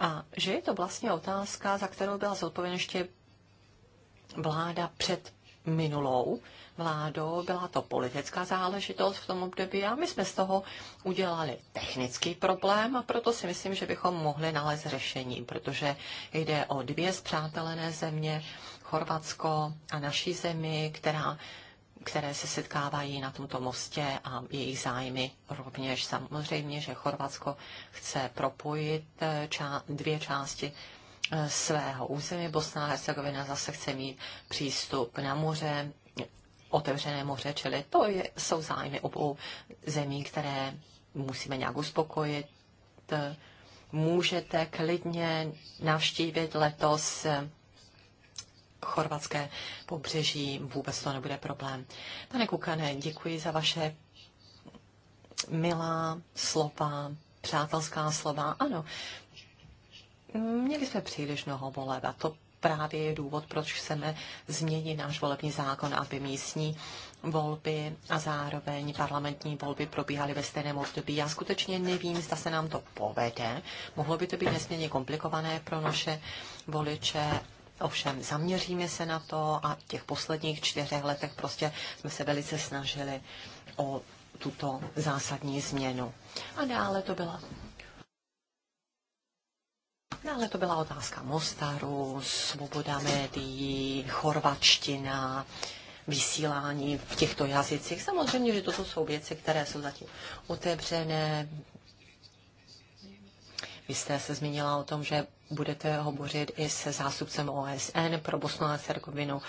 a že je to vlastně otázka, za kterou byla zodpovědná ještě vláda před minulou vládou, byla to politická záležitost v tom období a my jsme z toho udělali technický problém a proto si myslím, že bychom mohli nalézt řešení, protože jde o dvě zpřátelené země, Chorvatsko a naší zemi, která které se setkávají na tomto mostě a jejich zájmy rovněž. Samozřejmě, že Chorvatsko chce propojit eh, ča- dvě části eh, svého území. Bosna a Hercegovina zase chce mít přístup na moře, otevřené moře, čili to je, jsou zájmy obou zemí, které musíme nějak uspokojit. Eh, můžete klidně navštívit letos chorvatské pobřeží, vůbec to nebude problém. Pane Kukane, děkuji za vaše milá slova, přátelská slova. Ano, měli jsme příliš mnoho voleb a to právě je důvod, proč chceme změnit náš volební zákon, aby místní volby a zároveň parlamentní volby probíhaly ve stejném období. Já skutečně nevím, zda se nám to povede. Mohlo by to být nesmírně komplikované pro naše voliče Ovšem zaměříme se na to a v těch posledních čtyřech letech prostě jsme se velice snažili o tuto zásadní změnu. A dále to byla Dále to byla otázka Mostaru, svoboda médií, chorvačtina, vysílání v těchto jazycích. Samozřejmě, že toto jsou věci, které jsou zatím otevřené. Vy jste se zmínila o tom, že budete hovořit i se zástupcem OSN pro Bosnu a Hercegovinu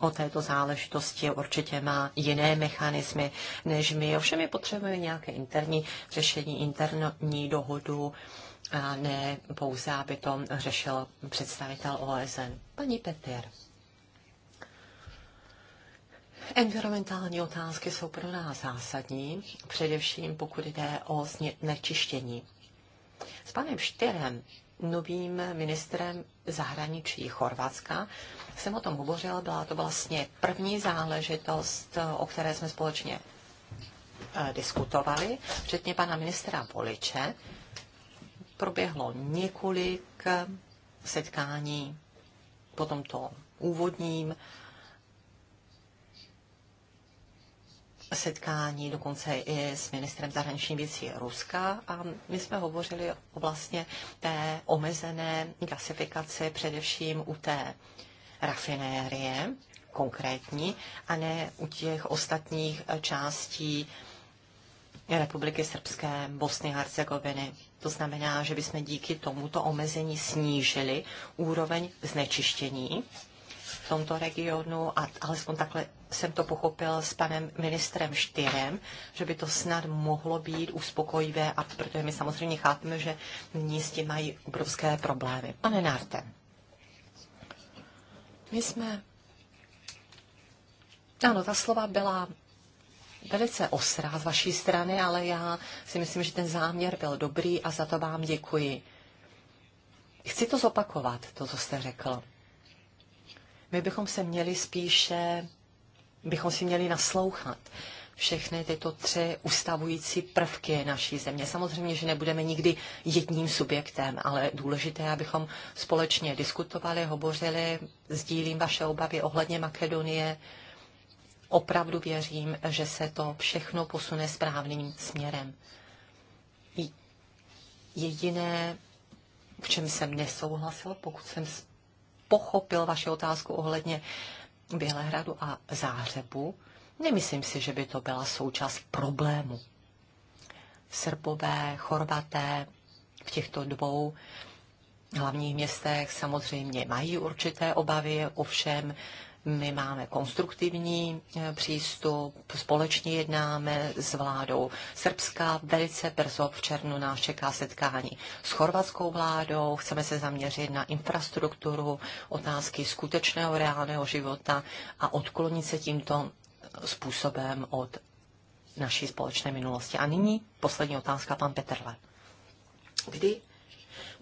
o této záležitosti. Určitě má jiné mechanismy než my. Ovšem je potřebujeme nějaké interní řešení, interní dohodu, a ne pouze, aby to řešil představitel OSN. Paní Petr. Environmentální otázky jsou pro nás zásadní, především pokud jde o znečištění. S panem Štyrem novým ministrem zahraničí Chorvatska. Jsem o tom hovořila, byla to vlastně první záležitost, o které jsme společně eh, diskutovali, včetně pana ministra Voliče. Proběhlo několik eh, setkání po tomto úvodním setkání dokonce i s ministrem zahraničních věcí Ruska a my jsme hovořili o vlastně té omezené gasifikaci především u té rafinérie konkrétní a ne u těch ostatních částí Republiky Srbské, Bosny a Hercegoviny. To znamená, že bychom díky tomuto omezení snížili úroveň znečištění v tomto regionu a alespoň takhle jsem to pochopil s panem ministrem Štyrem, že by to snad mohlo být uspokojivé, a protože my samozřejmě chápeme, že nyní s tím mají obrovské problémy. Pane Narte, my jsme... Ano, ta slova byla velice ostrá z vaší strany, ale já si myslím, že ten záměr byl dobrý a za to vám děkuji. Chci to zopakovat, to, co jste řekl. My bychom se měli spíše, bychom si měli naslouchat všechny tyto tři ustavující prvky naší země. Samozřejmě, že nebudeme nikdy jedním subjektem, ale důležité, abychom společně diskutovali, hovořili, sdílím vaše obavy ohledně Makedonie. Opravdu věřím, že se to všechno posune správným směrem. Jediné, v čem jsem nesouhlasil, pokud jsem pochopil vaši otázku ohledně Bělehradu a Zářebu, nemyslím si, že by to byla součást problému. Srbové, Chorvaté v těchto dvou hlavních městech samozřejmě mají určité obavy, ovšem my máme konstruktivní eh, přístup, společně jednáme s vládou Srbska. Velice brzo v červnu nás čeká setkání s chorvatskou vládou. Chceme se zaměřit na infrastrukturu, otázky skutečného reálného života a odklonit se tímto způsobem od naší společné minulosti. A nyní poslední otázka, pan Petrle. Kdy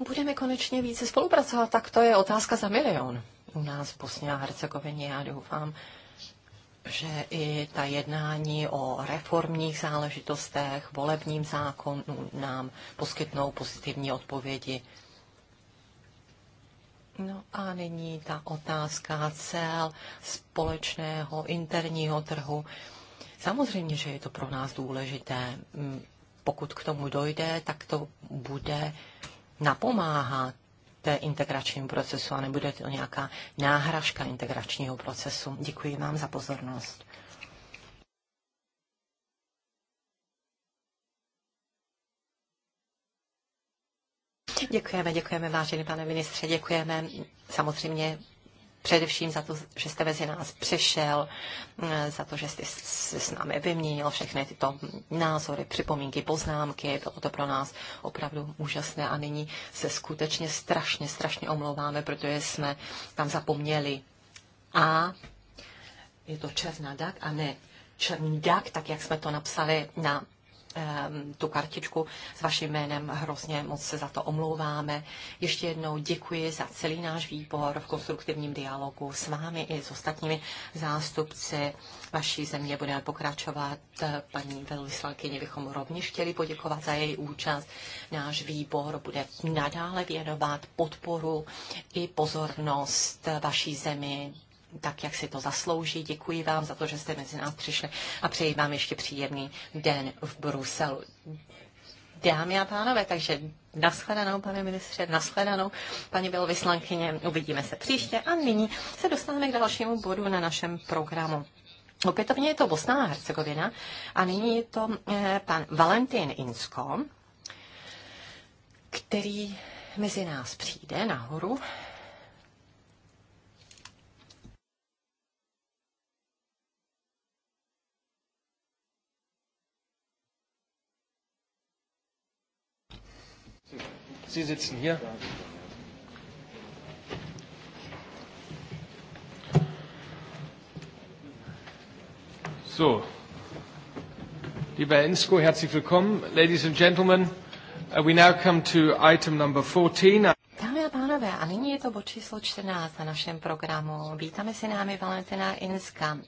budeme konečně více spolupracovat, tak to je otázka za milion u nás v Bosně a Hercegovině. Já doufám, že i ta jednání o reformních záležitostech, volebním zákonu nám poskytnou pozitivní odpovědi. No a nyní ta otázka cel společného interního trhu. Samozřejmě, že je to pro nás důležité. Pokud k tomu dojde, tak to bude napomáhat té integračnímu procesu a nebude to nějaká náhražka integračního procesu. Děkuji vám za pozornost. Děkujeme, děkujeme, vážený pane ministře, děkujeme samozřejmě především za to, že jste mezi nás přišel, mm, za to, že jste se s námi vyměnil všechny tyto názory, připomínky, poznámky. Bylo to pro nás opravdu úžasné a nyní se skutečně strašně, strašně omlouváme, protože jsme tam zapomněli. A je to černá dak a ne černý dak, tak jak jsme to napsali na Ehm, tu kartičku s vaším jménem. Hrozně moc se za to omlouváme. Ještě jednou děkuji za celý náš výbor v konstruktivním dialogu s vámi i s ostatními zástupci vaší země. Budeme pokračovat. Paní velvyslankyni bychom rovněž chtěli poděkovat za její účast. Náš výbor bude nadále věnovat podporu i pozornost vaší zemi tak, jak si to zaslouží. Děkuji vám za to, že jste mezi nás přišli a přeji vám ještě příjemný den v Bruselu. Dámy a pánové, takže nashledanou, pane ministře, nashledanou, paní velvyslankyně, uvidíme se příště a nyní se dostaneme k dalšímu bodu na našem programu. Opětovně je to Bosna a Hercegovina a nyní je to eh, pan Valentin Insko, který mezi nás přijde nahoru. Sie sitzen hier. So, lieber Ensko, herzlich willkommen. Ladies and gentlemen, uh, we now come to item number 14. Dámy a pánové, a nyní je to bod číslo 14 na našem programu. Vítáme si námi Valentina Inska,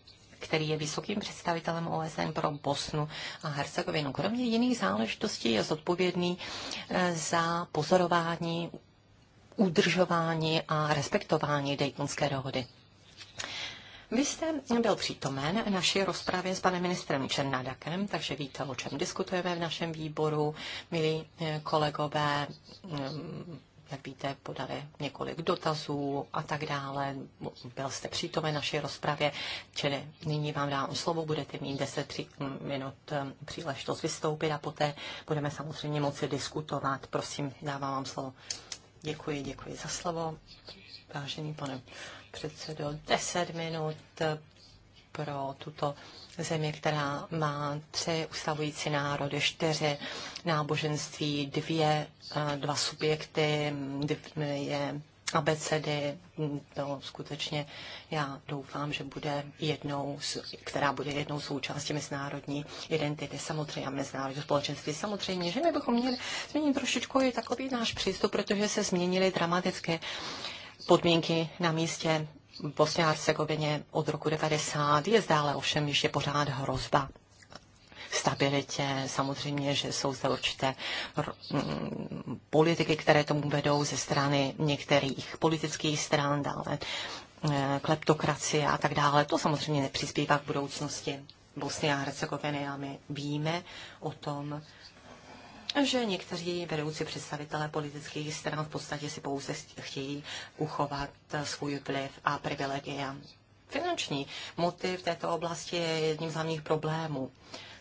který je vysokým představitelem OSN pro Bosnu a Hercegovinu. Kromě jiných záležitostí je zodpovědný eh, za pozorování, udržování a respektování Daytonské dohody. Vy jste byl přítomen naší rozpravě s panem ministrem Černadakem, takže víte, o čem diskutujeme v našem výboru, milí eh, kolegové. Mm, jak víte, podali několik dotazů a tak dále. Byl jste přítomen naší rozpravě, čili nyní vám dám slovo, budete mít 10 minut eh, příležitost vystoupit a poté budeme samozřejmě moci diskutovat. Prosím, dávám vám slovo. Děkuji, děkuji za slovo. Vážený pane předsedo, 10 minut eh, pro tuto země, která má tři ustavující národy, čtyři náboženství, dvě, eh, dva subjekty, dvě abecedy, hm, to skutečně já doufám, že bude jednou, která bude jednou součástí mezinárodní identity, samozřejmě a mezinárodní společenství. Samozřejmě, že my bychom měli změnit trošičku i takový náš přístup, protože se změnily dramatické podmínky na místě Bosně a Hercegovině od roku 90 je zdále ovšem ještě pořád hrozba stabilitě. Samozřejmě, že jsou zde určité politiky, které tomu vedou ze strany některých politických stran, dále eh, kleptokracie a tak dále. To samozřejmě nepřispívá k budoucnosti Bosny a Hercegoviny a my víme o tom, že někteří vedoucí představitelé politických stran v podstatě si pouze chtějí uchovat svůj vliv a privilegia. Finanční motiv v této oblasti je jedním z hlavních problémů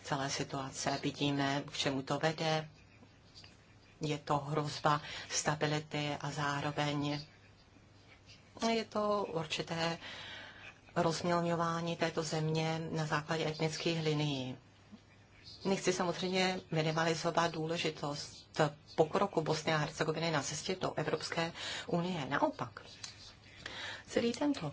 celé situace. Vidíme, k čemu to vede. Je to hrozba stability a zároveň je to určité rozmělňování této země na základě etnických linií. Nechci samozřejmě minimalizovat důležitost pokroku Bosny a Hercegoviny na cestě do Evropské unie. Naopak, celý tento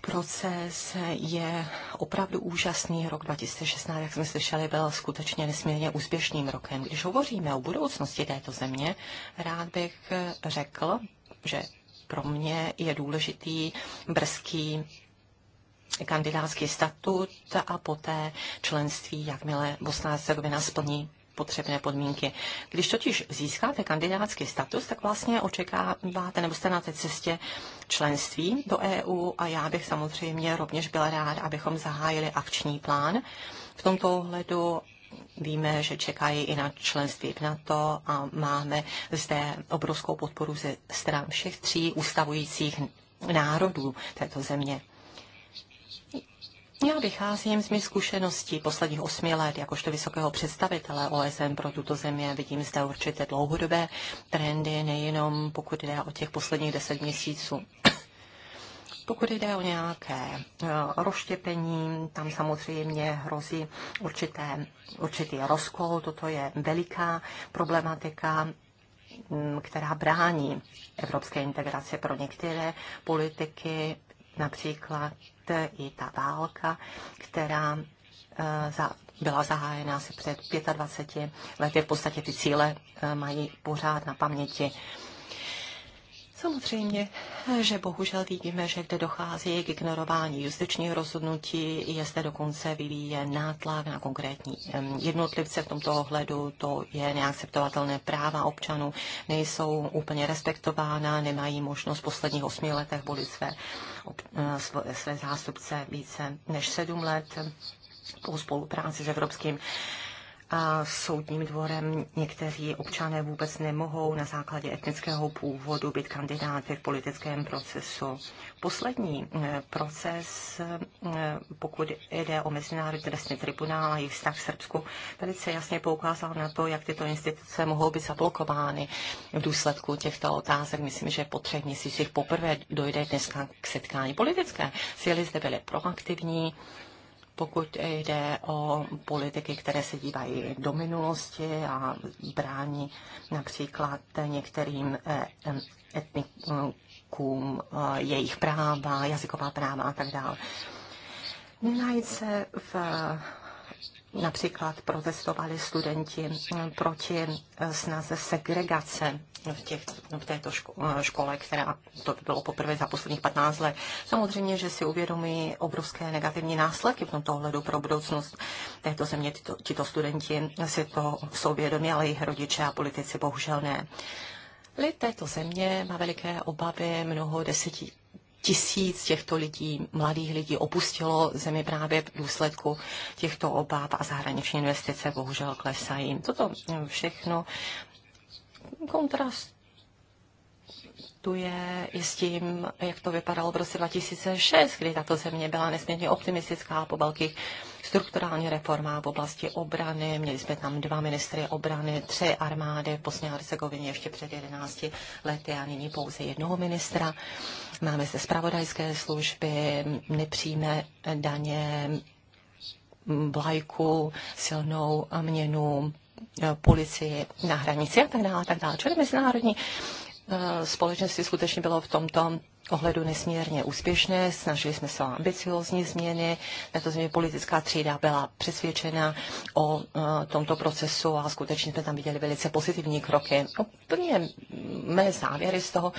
proces je opravdu úžasný. Rok 2016, jak jsme slyšeli, byl skutečně nesmírně úspěšným rokem. Když hovoříme o budoucnosti této země, rád bych řekl, že pro mě je důležitý brzký kandidátský statut a poté členství, jakmile Bosna a Hercegovina splní potřebné podmínky. Když totiž získáte kandidátský status, tak vlastně očekáváte, nebo jste na té cestě členství do EU a já bych samozřejmě rovněž byla rád, abychom zahájili akční plán. V tomto ohledu víme, že čekají i na členství v NATO a máme zde obrovskou podporu ze stran všech tří ustavujících národů této země. Já vycházím z mých zkušeností posledních osmi let jakožto vysokého představitele OSN pro tuto zemi vidím zde určité dlouhodobé trendy, nejenom pokud jde o těch posledních deset měsíců. <coughs> Pokud jde o nějaké eh, rozštěpení, tam samozřejmě hrozí určité, určitý rozkol. Toto je veliká problematika, mm, která brání evropské integraci pro některé politiky, například i ta válka, která eh, za, byla zahájena asi před 25 lety. V podstatě ty cíle eh, mají pořád na paměti. Samozřejmě, že bohužel vidíme, že kde dochází k ignorování justičního rozhodnutí, je zde dokonce vyvíjen nátlak na konkrétní jednotlivce v tomto ohledu, to je neakceptovatelné práva občanů, nejsou úplně respektována, nemají možnost v posledních osmi letech volit své Eh, své zástupce více než sedm let po spolupráci s Evropským a soudním dvorem někteří občané vůbec nemohou na základě etnického původu být kandidáty v politickém procesu. Poslední eh, proces, eh, pokud jde o Mezinárodní trestní tribunál a jejich vztah v Srbsku, velice jasně poukázal na to, jak tyto instituce mohou být zablokovány v důsledku těchto otázek. Myslím, že po třech měsících poprvé dojde dneska k setkání politické. Síly zde byly proaktivní, pokud jde o politiky, které se dívají do minulosti a brání například některým eh, etnikům eh, jejich práva, jazyková práva a tak dále. Najít se v Například protestovali studenti proti eh, snaze segregace v, těch, v této eh, škole, která to bylo poprvé za posledních 15 let. Samozřejmě, že si uvědomují obrovské negativní následky v tomto ohledu pro budoucnost této země. Tito, tito studenti si to jsou vědomi, ale jejich rodiče a politici bohužel ne. Lid této země má veliké obavy mnoho desetí, tisíc těchto lidí, mladých lidí opustilo zemi právě v důsledku těchto obáv a zahraniční investice bohužel klesají. Toto všechno kontrast kontrastuje i s tím, jak to vypadalo v roce 2006, kdy tato země byla nesmírně optimistická po velkých strukturální reforma v oblasti obrany. Měli jsme tam dva ministry obrany, tři armády v Bosně a Hercegovině ještě před 11 lety a nyní pouze jednoho ministra. Máme zde spravodajské služby, nepřímé daně, vlajku, silnou měnu, policii na hranici a tak dále, a tak dále. Čili mezinárodní eh, společenství skutečně bylo v tomto ohledu nesmírně úspěšné, snažili jsme se o ambiciozní změny, na to změně politická třída byla přesvědčena o e, tomto procesu a skutečně jsme tam viděli velice pozitivní kroky. Úplně no, mé závěry z toho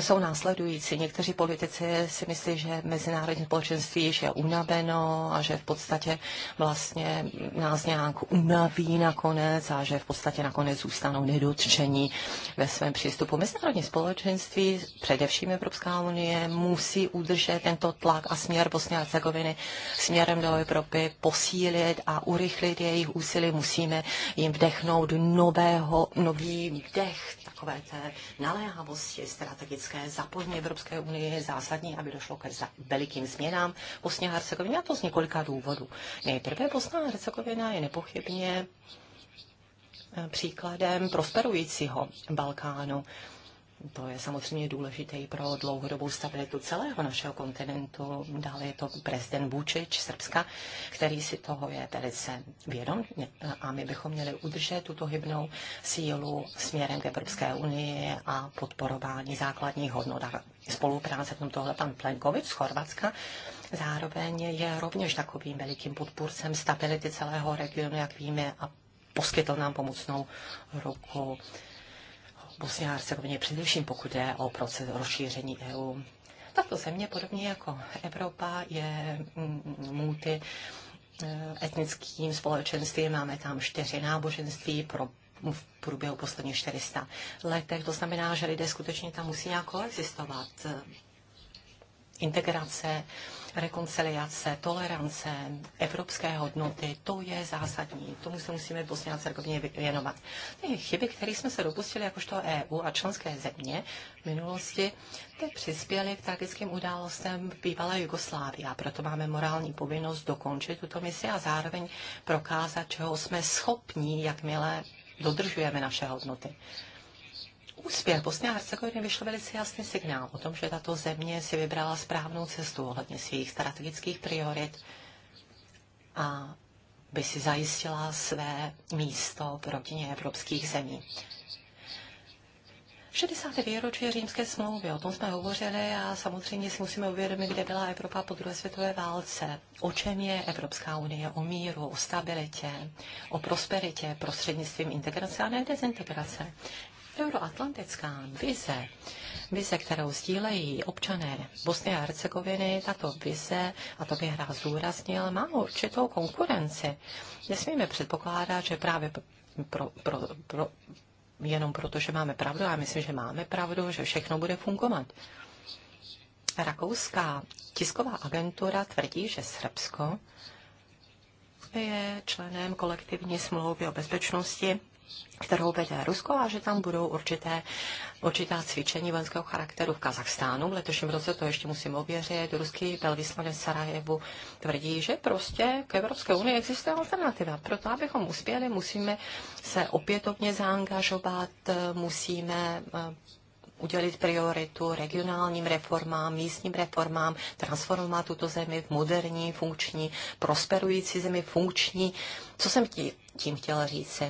jsou následující. Někteří politici si myslí, že mezinárodní společenství již je unaveno a že v podstatě vlastně nás nějak unaví nakonec a že v podstatě nakonec zůstanou nedotčení ve svém přístupu. Mezinárodní společenství, především Evropská unie, musí udržet tento tlak a směr Bosny a Hercegoviny směrem do Evropy, posílit a urychlit jejich úsilí. Musíme jim vdechnout nového, nový dech takové té naléhavosti strategické politické zapojení Evropské unie je zásadní, aby došlo ke velikým změnám Bosně a Hercegovině, a to z několika důvodů. Nejprve Bosna a Hercegovina je nepochybně eh, příkladem prosperujícího Balkánu to je samozřejmě důležité i pro dlouhodobou stabilitu celého našeho kontinentu. Dále je to prezident Vůčič Srbska, který si toho je velice vědom a my bychom měli udržet tuto hybnou sílu směrem k Evropské unii a podporování základních hodnot a spolupráce v tomtohle pan Plenkovič z Chorvatska. Zároveň je rovněž takovým velikým podpůrcem stability celého regionu, jak víme, a poskytl nám pomocnou ruku. Bosně a Hercegovině, především pokud jde o proces rozšíření EU. Tato země, podobně jako Evropa, je mm, multi eh, etnickým společenstvím. Máme tam čtyři náboženství pro v průběhu posledních 400 letech. To znamená, že lidé skutečně tam musí nějak koexistovat integrace, rekonciliace, tolerance, evropské hodnoty, to je zásadní. Tomu se musíme v Bosně a Hercegovině věnovat. Ty chyby, které jsme se dopustili jakožto EU a členské země v minulosti, ty přispěly k tragickým událostem v bývalé Jugoslávii a proto máme morální povinnost dokončit tuto misi a zároveň prokázat, čeho jsme schopní, jakmile dodržujeme naše hodnoty úspěch Bosny a Hercegoviny vyšel velice jasný signál o tom, že tato země si vybrala správnou cestu ohledně svých strategických priorit a by si zajistila své místo v rodině evropských zemí. 60. výročí římské smlouvy, o tom jsme hovořili a samozřejmě si musíme uvědomit, kde byla Evropa po druhé světové válce. O čem je Evropská unie? O míru, o stabilitě, o prosperitě prostřednictvím integrace a ne dezintegrace. Euroatlantická vize, vize, kterou sdílejí občané Bosny a Hercegoviny, tato vize, a to bych rád zdůraznil, má určitou konkurenci. Nesmíme předpokládat, že právě pro, pro, pro, jenom proto, že máme pravdu, já myslím, že máme pravdu, že všechno bude fungovat. Rakouská tisková agentura tvrdí, že Srbsko je členem kolektivní smlouvy o bezpečnosti kterou vede Rusko a že tam budou určité, určitá cvičení vojenského charakteru v Kazachstánu. V letošním roce to ještě musím ověřit. Ruský velvyslanec Sarajevu tvrdí, že prostě k Evropské unii existuje alternativa. Proto, abychom uspěli, musíme se opětovně zaangažovat, musíme eh, udělit prioritu regionálním reformám, místním reformám, transformovat tuto zemi v moderní, funkční, prosperující zemi, funkční. Co jsem tím chtěla říct?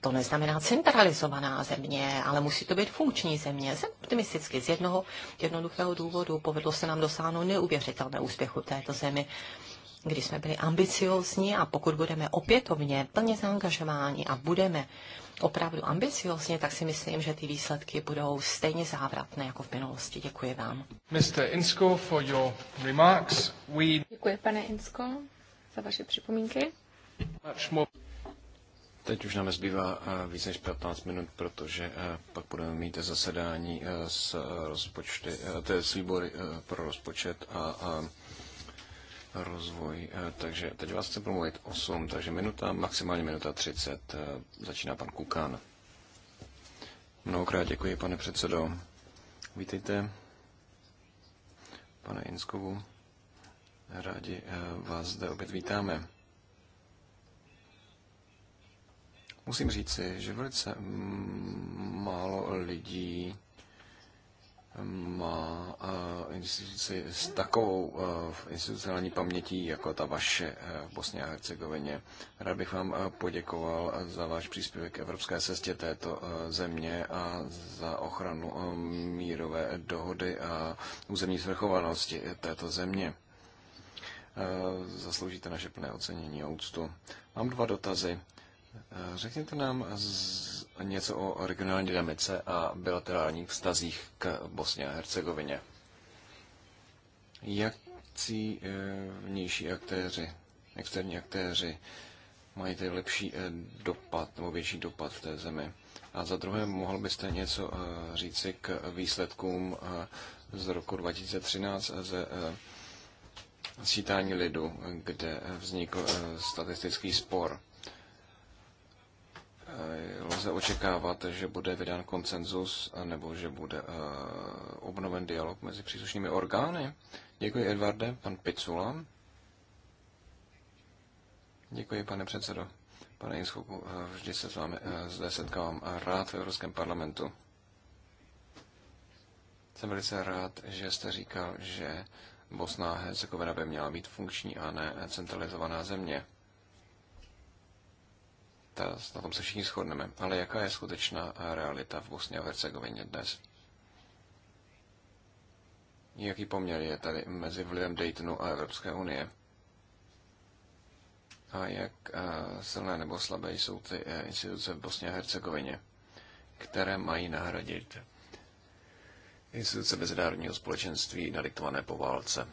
to neznamená centralizovaná země, ale musí to být funkční země. Jsem optimisticky z jednoho jednoduchého důvodu. Povedlo se nám dosáhnout neuvěřitelné úspěchu této zemi kdy jsme byli ambiciozní a pokud budeme opětovně plně zaangažováni a budeme opravdu ambiciozně, tak si myslím, že ty výsledky budou stejně závratné jako v minulosti. Děkuji vám. Mr. Insko, for your remarks. We... Děkuji, pane Insko, za vaše připomínky. More... Teď už nám zbývá eh, víc než 15 minut, protože eh, pak budeme mít zasedání eh, s, rozpočty, tedy s výbory pro rozpočet a rozvoj. Takže teď vás chci promluvit 8, takže minuta, maximálně minuta 30. Začíná pan Kukán. Mnohokrát děkuji, pane předsedo. Vítejte, pane Inskovu. Rádi vás zde opět vítáme. Musím říci, že velice málo lidí má e, instituci s takovou e, institucionální pamětí jako ta vaše e, v Bosně a Hercegovině. Rád bych vám poděkoval za váš příspěvek k evropské cestě této země a za ochranu mírové dohody a územní svrchovanosti této země. Zasloužíte naše plné ocenění a úctu. Mám dva dotazy. Eh, řekněte nám z, něco o regionální dynamice a bilaterálních vztazích k Bosně a Hercegovině. Jak cí eh, vnější aktéři, externí aktéři, mají ty lepší eh, dopad nebo větší dopad v té zemi? A za druhé, mohl byste něco říci k výsledkům z roku 2013 ze sítání lidu, kde vznikl statistický spor? Eh, lze očekávat, že bude vydán konsenzus nebo že bude eh, obnoven dialog mezi příslušnými orgány. Děkuji, Edvarde. Pan Picula. Děkuji, pane předsedo. Pane Jinschoku, eh, vždy se s vámi zde setkávám rád v Evropském parlamentu. Jsem velice rád, že jste říkal, že Bosna a Hercegovina by měla být funkční a ne centralizovaná země. Eh, na tom se všichni shodneme. Ale jaká je skutečná eh, realita v Bosně a Hercegovině dnes? Jaký poměr je tady mezi vlivem Daytonu a Evropské unie? A jak eh, silné nebo slabé jsou ty instituce v Bosně a Hercegovině, které mají nahradit instituce mezinárodního společenství nadiktované po válce?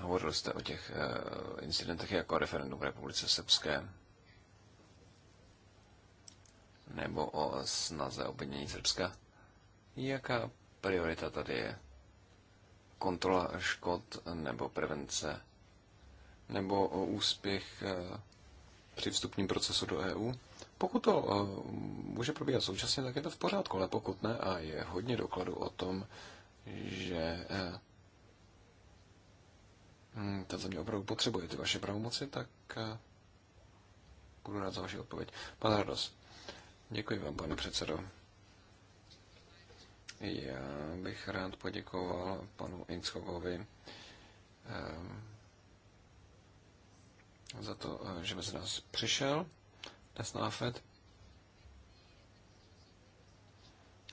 Hovořil jste o těch eh, incidentech jako referendum v Republice Srbské nebo o snaze obvinění Srbska. Jaká priorita tady je? Kontrola škod nebo prevence? Nebo o úspěch eh, při vstupním procesu do EU? Pokud to eh, může probíhat současně, tak je to v pořádku, ale pokud ne, a je hodně dokladů o tom, že Hmm, ta země opravdu potřebuje ty vaše pravomoci, tak eh, budu rád za vaši odpověď. Pan Hrdos, děkuji vám, pane předsedo. Já bych rád poděkoval panu Inschovovi eh, za to, eh, že mezi nás přišel dnes na FED.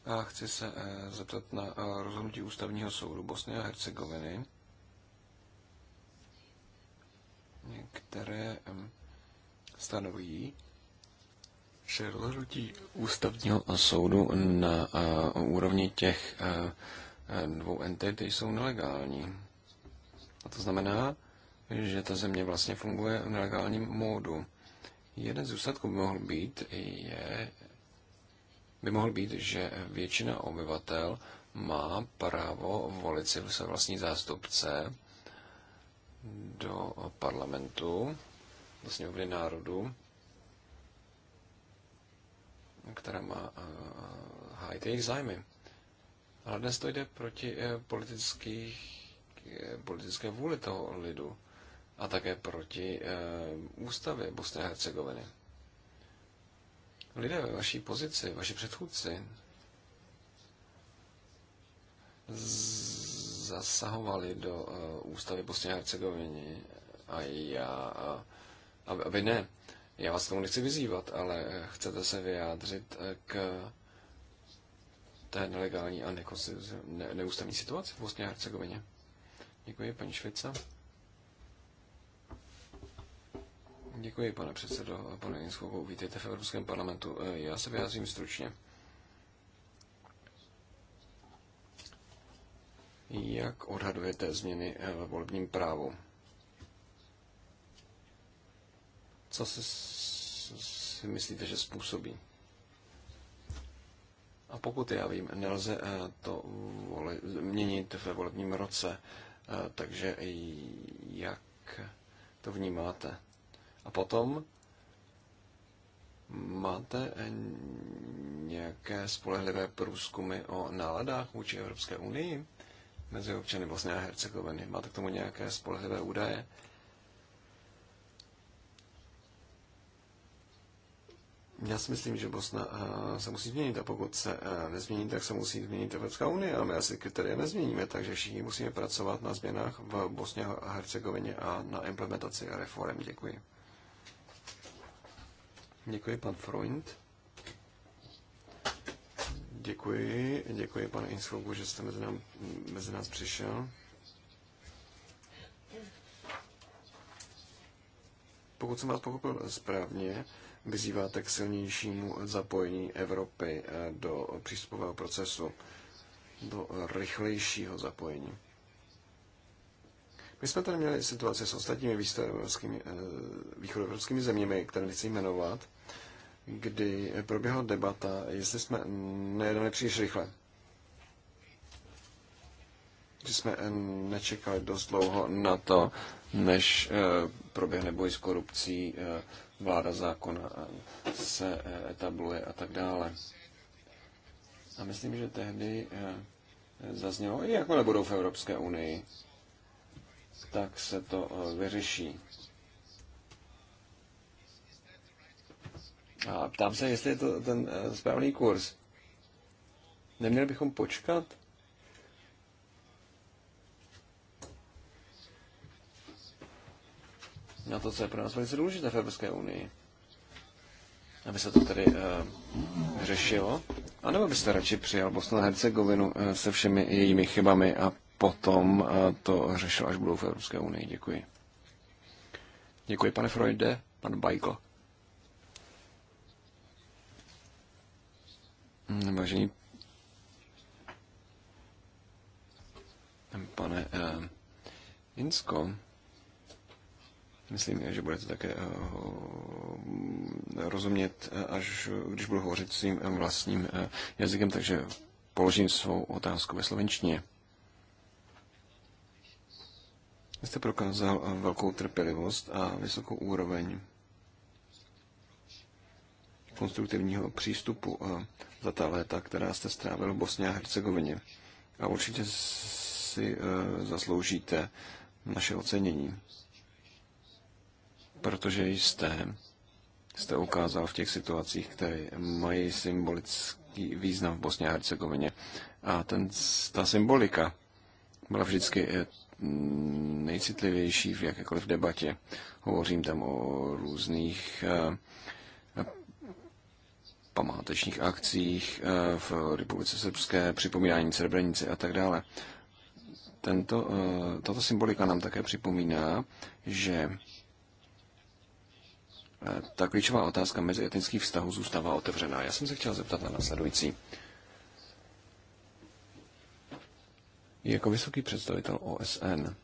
A chci se zeptat na rozhodnutí ústavního soudu Bosny a Hercegoviny, které stanoví, že rozhodnutí ústavního soudu na úrovni těch dvou entit jsou nelegální. A to znamená, že ta země vlastně funguje v nelegálním módu. Jeden z úsadků by mohl být, je, by mohl být, že většina obyvatel má právo volit si své vlastní zástupce do parlamentu, do sněmovny národů, která má eh, hájit jejich zájmy. Ale dnes to jde proti eh, politických, eh, politické vůli toho lidu a také proti ústavě Bosny a Hercegoviny. Lidé ve vaší pozici, vaši předchůdci, zasahovali do eh, ústavy Bosně a Hercegoviny a já, eh, a, a ne, já vás tomu nechci vyzývat, ale eh, chcete se vyjádřit k té nelegální a ne, neústavní situaci v Bosně a Hercegovině. Děkuji, paní Švica. Děkuji, pane předsedo, pane Jinskou, vítejte v Evropském parlamentu. Já se vyjádřím stručně. Jak odhadujete změny eh, ve volebním právu? Co si, si myslíte, že způsobí? A pokud já vím, nelze eh, to voli, měnit ve volebním roce, eh, takže jak to vnímáte? A potom máte nějaké spolehlivé průzkumy o náladách vůči Evropské unii? mezi občany Bosny a Hercegoviny. Máte k tomu nějaké spolehlivé údaje? Já si myslím, že Bosna eh, se musí změnit a pokud se eh, nezmění, tak se musí změnit Evropská unie a my asi kritéria nezměníme, takže všichni musíme pracovat na změnách v Bosně a Hercegovině a na implementaci reform. Děkuji. Děkuji, pan Freund. Děkuji, děkuji pane Insfougu, že jste mezi, nám, mezi nás přišel. Pokud jsem vás pochopil správně, vyzýváte k silnějšímu zapojení Evropy eh, do přístupového procesu, do rychlejšího zapojení. My jsme tady měli situaci s ostatními eh, východoevropskými zeměmi, které nechci jmenovat, kdy proběhla debata, jestli jsme nejednali příliš rychle. Že jsme nečekali dost dlouho na to, než eh, proběhne boj s korupcí, eh, vláda zákona se eh, etabluje a tak dále. A myslím, že tehdy zaznělo, i jako nebudou v Evropské unii, tak se to vyřeší. A ptám se, jestli je to ten eh, správný kurz. Neměli bychom počkat? Na no to, co je pro nás velice důležité v Evropské unii. Aby se to tedy uh, eh, řešilo. A nebo byste radši přijal Bosnu a Hercegovinu uh, eh, se všemi jejími chybami a potom uh, to řešil, až budou v Evropské unii. Děkuji. Děkuji, pane Freude, pan Bajko. Vážený pane uh, eh, Insko, myslím, že budete také eh, rozumět, eh, až když budu hovořit svým vlastním jazykem, takže položím svou otázku ve slovenštině. Vy jste prokázal velkou trpělivost a vysokou úroveň konstruktivního přístupu eh, za ta léta, která jste strávil v Bosně a Hercegovině. A určitě si eh, zasloužíte naše ocenění, protože jste, jste ukázal v těch situacích, které mají symbolický význam v Bosně a Hercegovině. A ten, ta symbolika byla vždycky eh, nejcitlivější v jakékoliv debatě. Hovořím tam o různých památečních akcích eh, v Republice Srbské, připomínání Srebrenice a tak dále. Tento, eh, tato symbolika nám také připomíná, že eh, ta klíčová otázka mezietnických vztahů zůstává otevřená. Já jsem se chtěl zeptat na následující. Jako vysoký představitel OSN,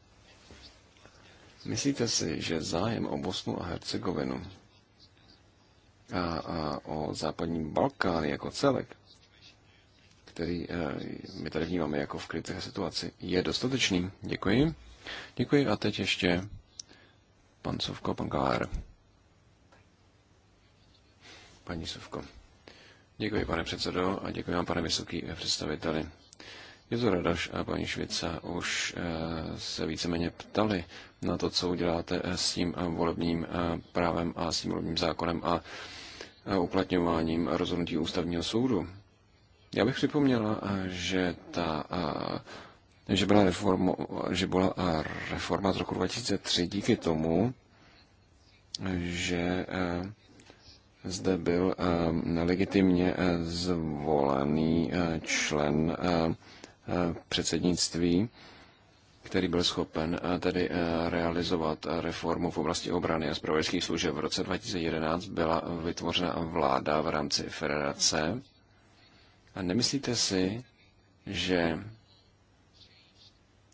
myslíte si, že zájem o Bosnu a Hercegovinu a, a o západním Balkán jako celek, který e, my tady vnímáme jako v kritické situaci, je dostatečný. Děkuji. Děkuji a teď ještě pan Sovko, pan Kalár. Paní Sovko. Děkuji, pane předsedo, a děkuji vám, pane vysoký představiteli. Jezu Radaš a paní Švica už e, se víceméně ptali na to, co uděláte s tím volebním e, právem a s tím volebním zákonem a uplatňováním rozhodnutí ústavního soudu. Já bych připomněla, že ta že byla, reforma, že byla reforma z roku 2003 díky tomu, že zde byl legitimně zvolený člen předsednictví který byl schopen eh, tedy eh, realizovat eh, reformu v oblasti obrany a zpravodajských služeb. V roce 2011 byla vytvořena vláda v rámci federace. A nemyslíte si, že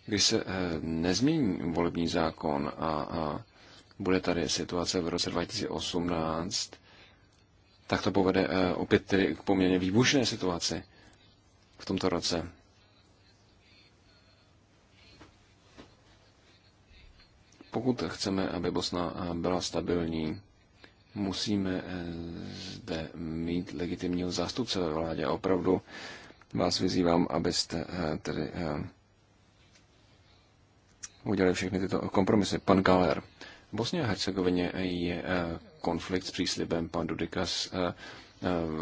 když se nezmění volební zákon a, bude tady situace v roce 2018, tak to povede opět tedy k poměrně výbušné situaci v tomto roce. Pokud chceme, aby Bosna eh, byla stabilní, musíme eh, zde mít legitimního zástupce ve vládě. Opravdu vás vyzývám, abyste eh, tedy udělali všechny tyto kompromisy. Pan Galer. V Bosně a Hercegovině je konflikt s příslibem. Pan Dudikas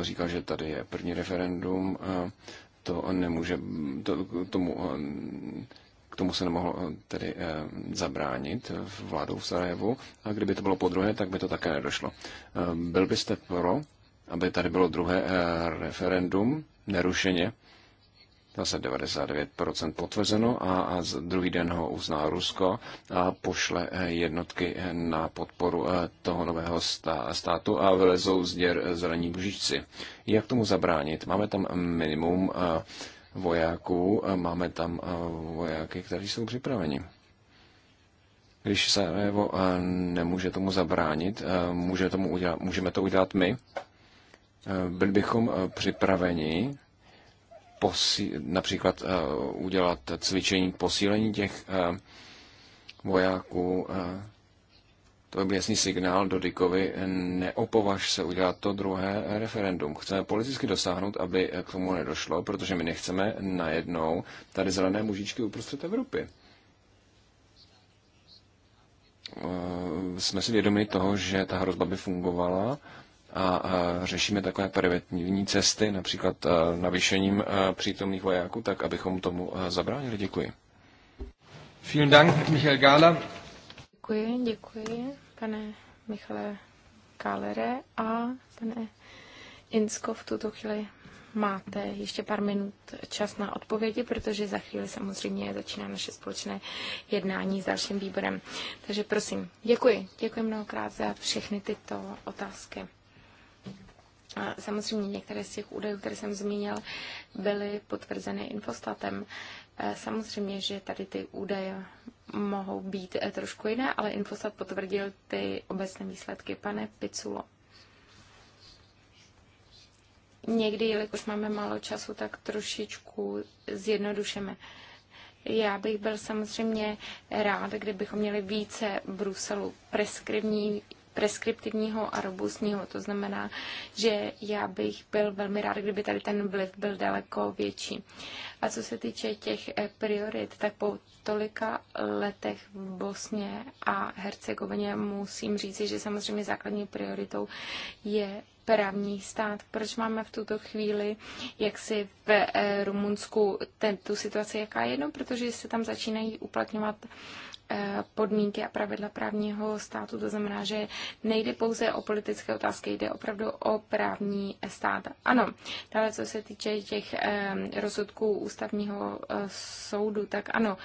říkal, že tady je první referendum. To nemůže, to, tomu k tomu se nemohlo eh, tedy eh, zabránit vládou v Sarajevu a kdyby to bylo po druhé, tak by to také nedošlo. Eh, byl byste pro, aby tady bylo druhé referendum nerušeně? Zase 99% potvrzeno a, a druhý den ho uzná Rusko a pošle jednotky na podporu toho nového státu a vylezou z děr zraní bužičci. Jak tomu zabránit? Máme tam minimum vojáků. a Máme tam eh, vojáky, kteří jsou připraveni. Když Sarajevo eh, eh, nemůže tomu zabránit, může tomu udělat, můžeme to udělat my. Byli bychom připraveni posí, například udělat cvičení posílení těch vojáků to by byl jasný signál do Dodikovi, neopovaž se udělat to druhé referendum. Chceme politicky dosáhnout, aby k tomu nedošlo, protože my nechceme najednou tady zelené mužičky uprostřed Evropy. Eh, jsme si vědomi toho, že ta hrozba by fungovala a eh, řešíme takové preventivní cesty, například eh, navýšením přítomných vojáků, tak abychom tomu zabránili. Děkuji. Vielen Dank, Michael Gala. Děkuji, děkuji, pane Michale Kalere a pane Insko v tuto chvíli máte ještě pár minut čas na odpovědi, protože za chvíli samozřejmě začíná naše společné jednání s dalším výborem. Takže prosím, děkuji. Děkuji mnohokrát za všechny tyto otázky. A samozřejmě některé z těch údajů, které jsem zmínil, byly potvrzeny infostatem. Eh, samozřejmě, že tady ty údaje mohou být eh, trošku jiné, ale Infosat potvrdil ty obecné výsledky. Pane Piculo. Někdy, jelikož máme málo času, tak trošičku zjednodušeme. Já bych byl samozřejmě rád, kdybychom měli více Bruselu. Preskrivní preskriptivního a robustního. To znamená, že já bych byl velmi rád, kdyby tady ten vliv byl daleko větší. A co se týče těch eh, priorit, tak po tolika letech v Bosně a Hercegovině musím říci, že samozřejmě základní prioritou je právní stát. Proč máme v tuto chvíli, jak si v eh, Rumunsku ten, tu situaci, jaká je? No, protože se tam začínají uplatňovat Eh, podmínky a pravidla právního státu. To znamená, že nejde pouze o politické otázky, jde opravdu o právní stát. Ano, dále co se týče těch eh, rozsudků ústavního eh, soudu, tak ano,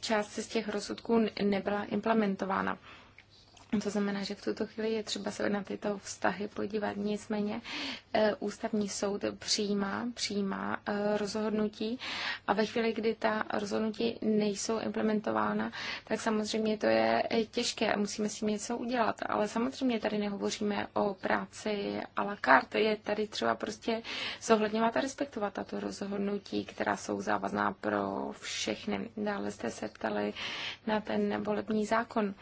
část z těch rozsudků nebyla implementována. To znamená, že v tuto chvíli je třeba se na tyto vztahy podívat. Nicméně eh, ústavní soud přijímá, přijímá eh, rozhodnutí a ve chvíli, kdy ta rozhodnutí nejsou implementována, tak samozřejmě to je eh, těžké a musíme s tím něco udělat. Ale samozřejmě tady nehovoříme o práci a la carte. Je tady třeba prostě zohledňovat a respektovat tato rozhodnutí, která jsou závazná pro všechny. Dále jste se ptali na ten volební zákon.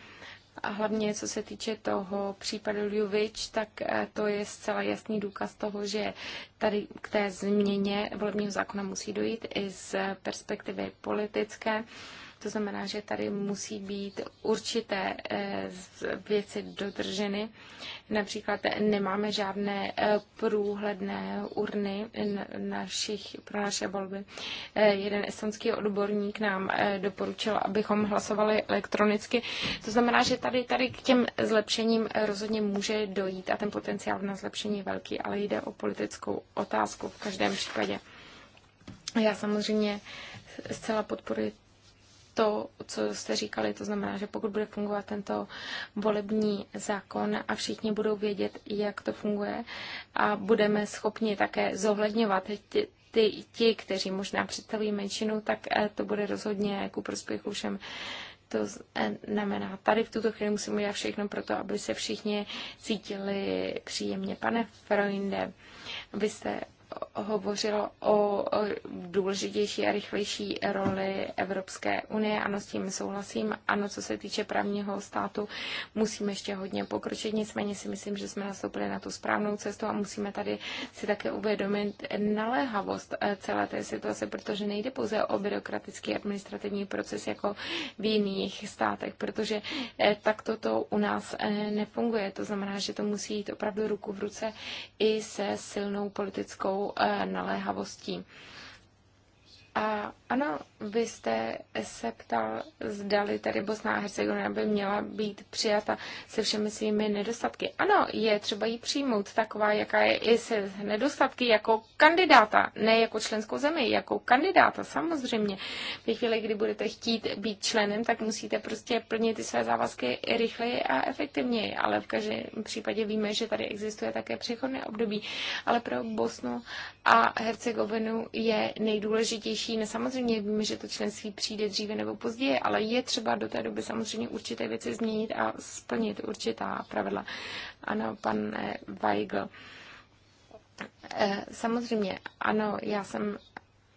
A hlavně, co se týče toho případu Ljuvič, tak eh, to je zcela jasný důkaz toho, že tady k té změně volebního zákona musí dojít i z perspektivy politické. To znamená, že tady musí být určité eh, věci dodrženy. Například nemáme žádné eh, průhledné urny našich, pro naše volby. Eh, jeden estonský odborník nám doporučil, abychom hlasovali elektronicky. To znamená, že tady, tady k těm zlepšením rozhodně může dojít a ten potenciál na zlepšení je velký, ale jde o politickou otázku v každém případě. Já samozřejmě zcela podporuji to, co jste říkali, to znamená, že pokud bude fungovat tento volební zákon a všichni budou vědět, jak to funguje a budeme schopni také zohledňovat ty, ty ti, kteří možná představují menšinu, tak eh, to bude rozhodně ku prospěchu všem to eh, znamená, tady v tuto chvíli musím udělat všechno pro to, aby se všichni cítili příjemně. Pane Freunde, vy jste hovořilo o důležitější a rychlejší roli Evropské unie. Ano, s tím souhlasím. Ano, co se týče právního státu, musíme ještě hodně pokročit. Nicméně si myslím, že jsme nastoupili na tu správnou cestu a musíme tady si také uvědomit naléhavost eh, celé té situace, protože nejde pouze o byrokratický administrativní proces jako v jiných státech, protože eh, tak toto u nás eh, nefunguje. To znamená, že to musí jít opravdu ruku v ruce i se silnou politickou Eh, naléhavostí. A ano, vy jste se ptal, zdali tady Bosna a Hercegovina by měla být přijata se všemi svými nedostatky. Ano, je třeba ji přijmout taková, jaká je i se nedostatky jako kandidáta, ne jako členskou zemi, jako kandidáta, samozřejmě. V chvíli, kdy budete chtít být členem, tak musíte prostě plnit ty své závazky rychleji a efektivněji, ale v každém případě víme, že tady existuje také přechodné období, ale pro Bosnu a Hercegovinu je nejdůležitější ne Samozřejmě víme, že to členství přijde dříve nebo později, ale je třeba do té doby samozřejmě určité věci změnit a splnit určitá pravidla. Ano, pan eh, Weigl. Eh, samozřejmě, ano, já jsem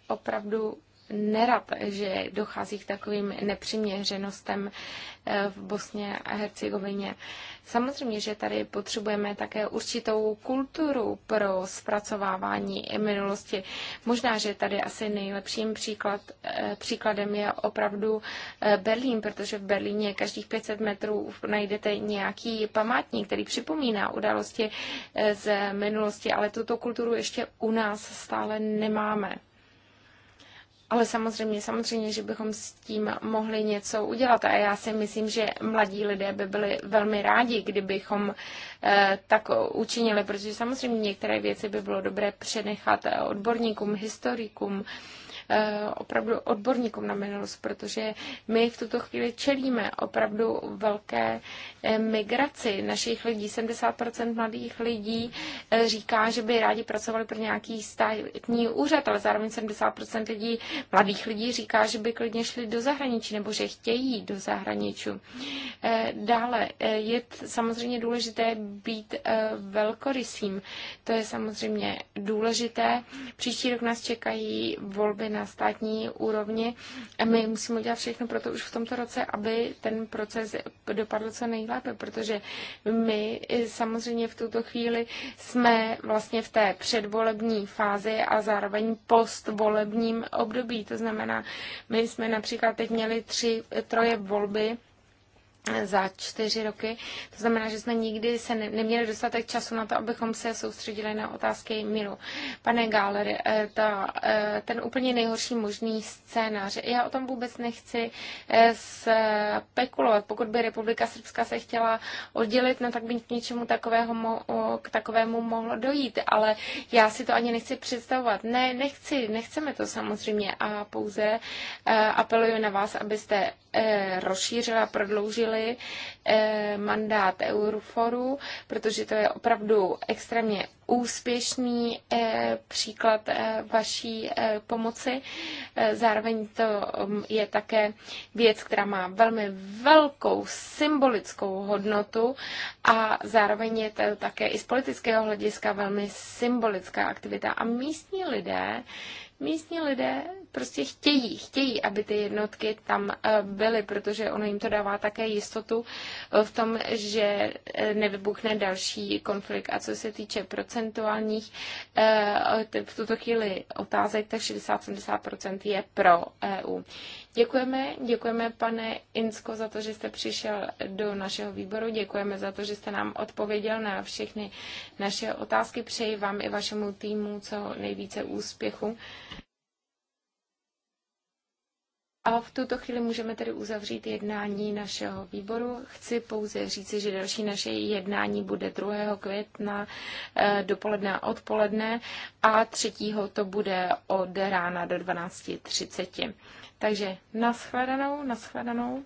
opravdu nerad, že dochází k takovým nepřiměřenostem eh, v Bosně a Hercegovině. Samozřejmě, že tady potřebujeme také určitou kulturu pro zpracovávání minulosti. Možná, že tady asi nejlepším příklad, eh, příkladem je opravdu eh, Berlín, protože v Berlíně každých 500 metrů najdete nějaký památník, který připomíná události z minulosti, ale tuto kulturu ještě u nás stále nemáme. Ale samozřejmě, samozřejmě, že bychom s tím mohli něco udělat. A já si myslím, že mladí lidé by byli velmi rádi, kdybychom eh, tak učinili, protože samozřejmě některé věci by bylo dobré přenechat odborníkům, historikům, Eh, opravdu odborníkům na minulost, protože my v tuto chvíli čelíme opravdu velké eh, migraci našich lidí. 70% mladých lidí eh, říká, že by rádi pracovali pro nějaký státní úřad, ale zároveň 70% lidí, mladých lidí říká, že by klidně šli do zahraničí nebo že chtějí do zahraničí. Dále je samozřejmě důležité být velkorysým. To je samozřejmě důležité. Příští rok nás čekají volby na na státní úrovni. My musíme udělat všechno pro to už v tomto roce, aby ten proces dopadl co nejlépe, protože my samozřejmě v tuto chvíli jsme vlastně v té předvolební fázi a zároveň postvolebním období. To znamená, my jsme například teď měli tři, troje volby, za čtyři roky. To znamená, že jsme nikdy se ne, neměli dostatek času na to, abychom se soustředili na otázky míru. Pane Gáler, eh, ta, eh, ten úplně nejhorší možný scénář. Já o tom vůbec nechci eh, spekulovat. Pokud by Republika Srbská se chtěla oddělit, no tak by k něčemu takového mo, k takovému mohlo dojít, ale já si to ani nechci představovat. Ne, nechci, nechceme to samozřejmě a pouze apeluju na vás, abyste rozšířila, prodloužila posílili eh, mandát Euroforu, protože to je opravdu extrémně úspěšný eh, příklad eh, vaší pomoci. Zároveň to mm, je také věc, která má velmi velkou symbolickou hodnotu a zároveň je to také i z politického hlediska velmi symbolická aktivita. A místní lidé, místní lidé prostě chtějí, chtějí, aby ty jednotky tam eh, byly, protože ono jim to dává také jistotu eh, v tom, že eh, nevybuchne další konflikt. A co se týče procentuálních v tuto chvíli otázek, tak 60-70% je pro EU. Děkujeme, děkujeme pane Insko za to, že jste přišel do našeho výboru, děkujeme za to, že jste nám odpověděl na všechny naše otázky. Přeji vám i vašemu týmu co nejvíce úspěchu. A v tuto chvíli můžeme tedy uzavřít jednání našeho výboru. Chci pouze říci, že další naše jednání bude 2. května eh, dopoledne a odpoledne a 3. to bude od rána do 12.30. Takže naschledanou, naschledanou.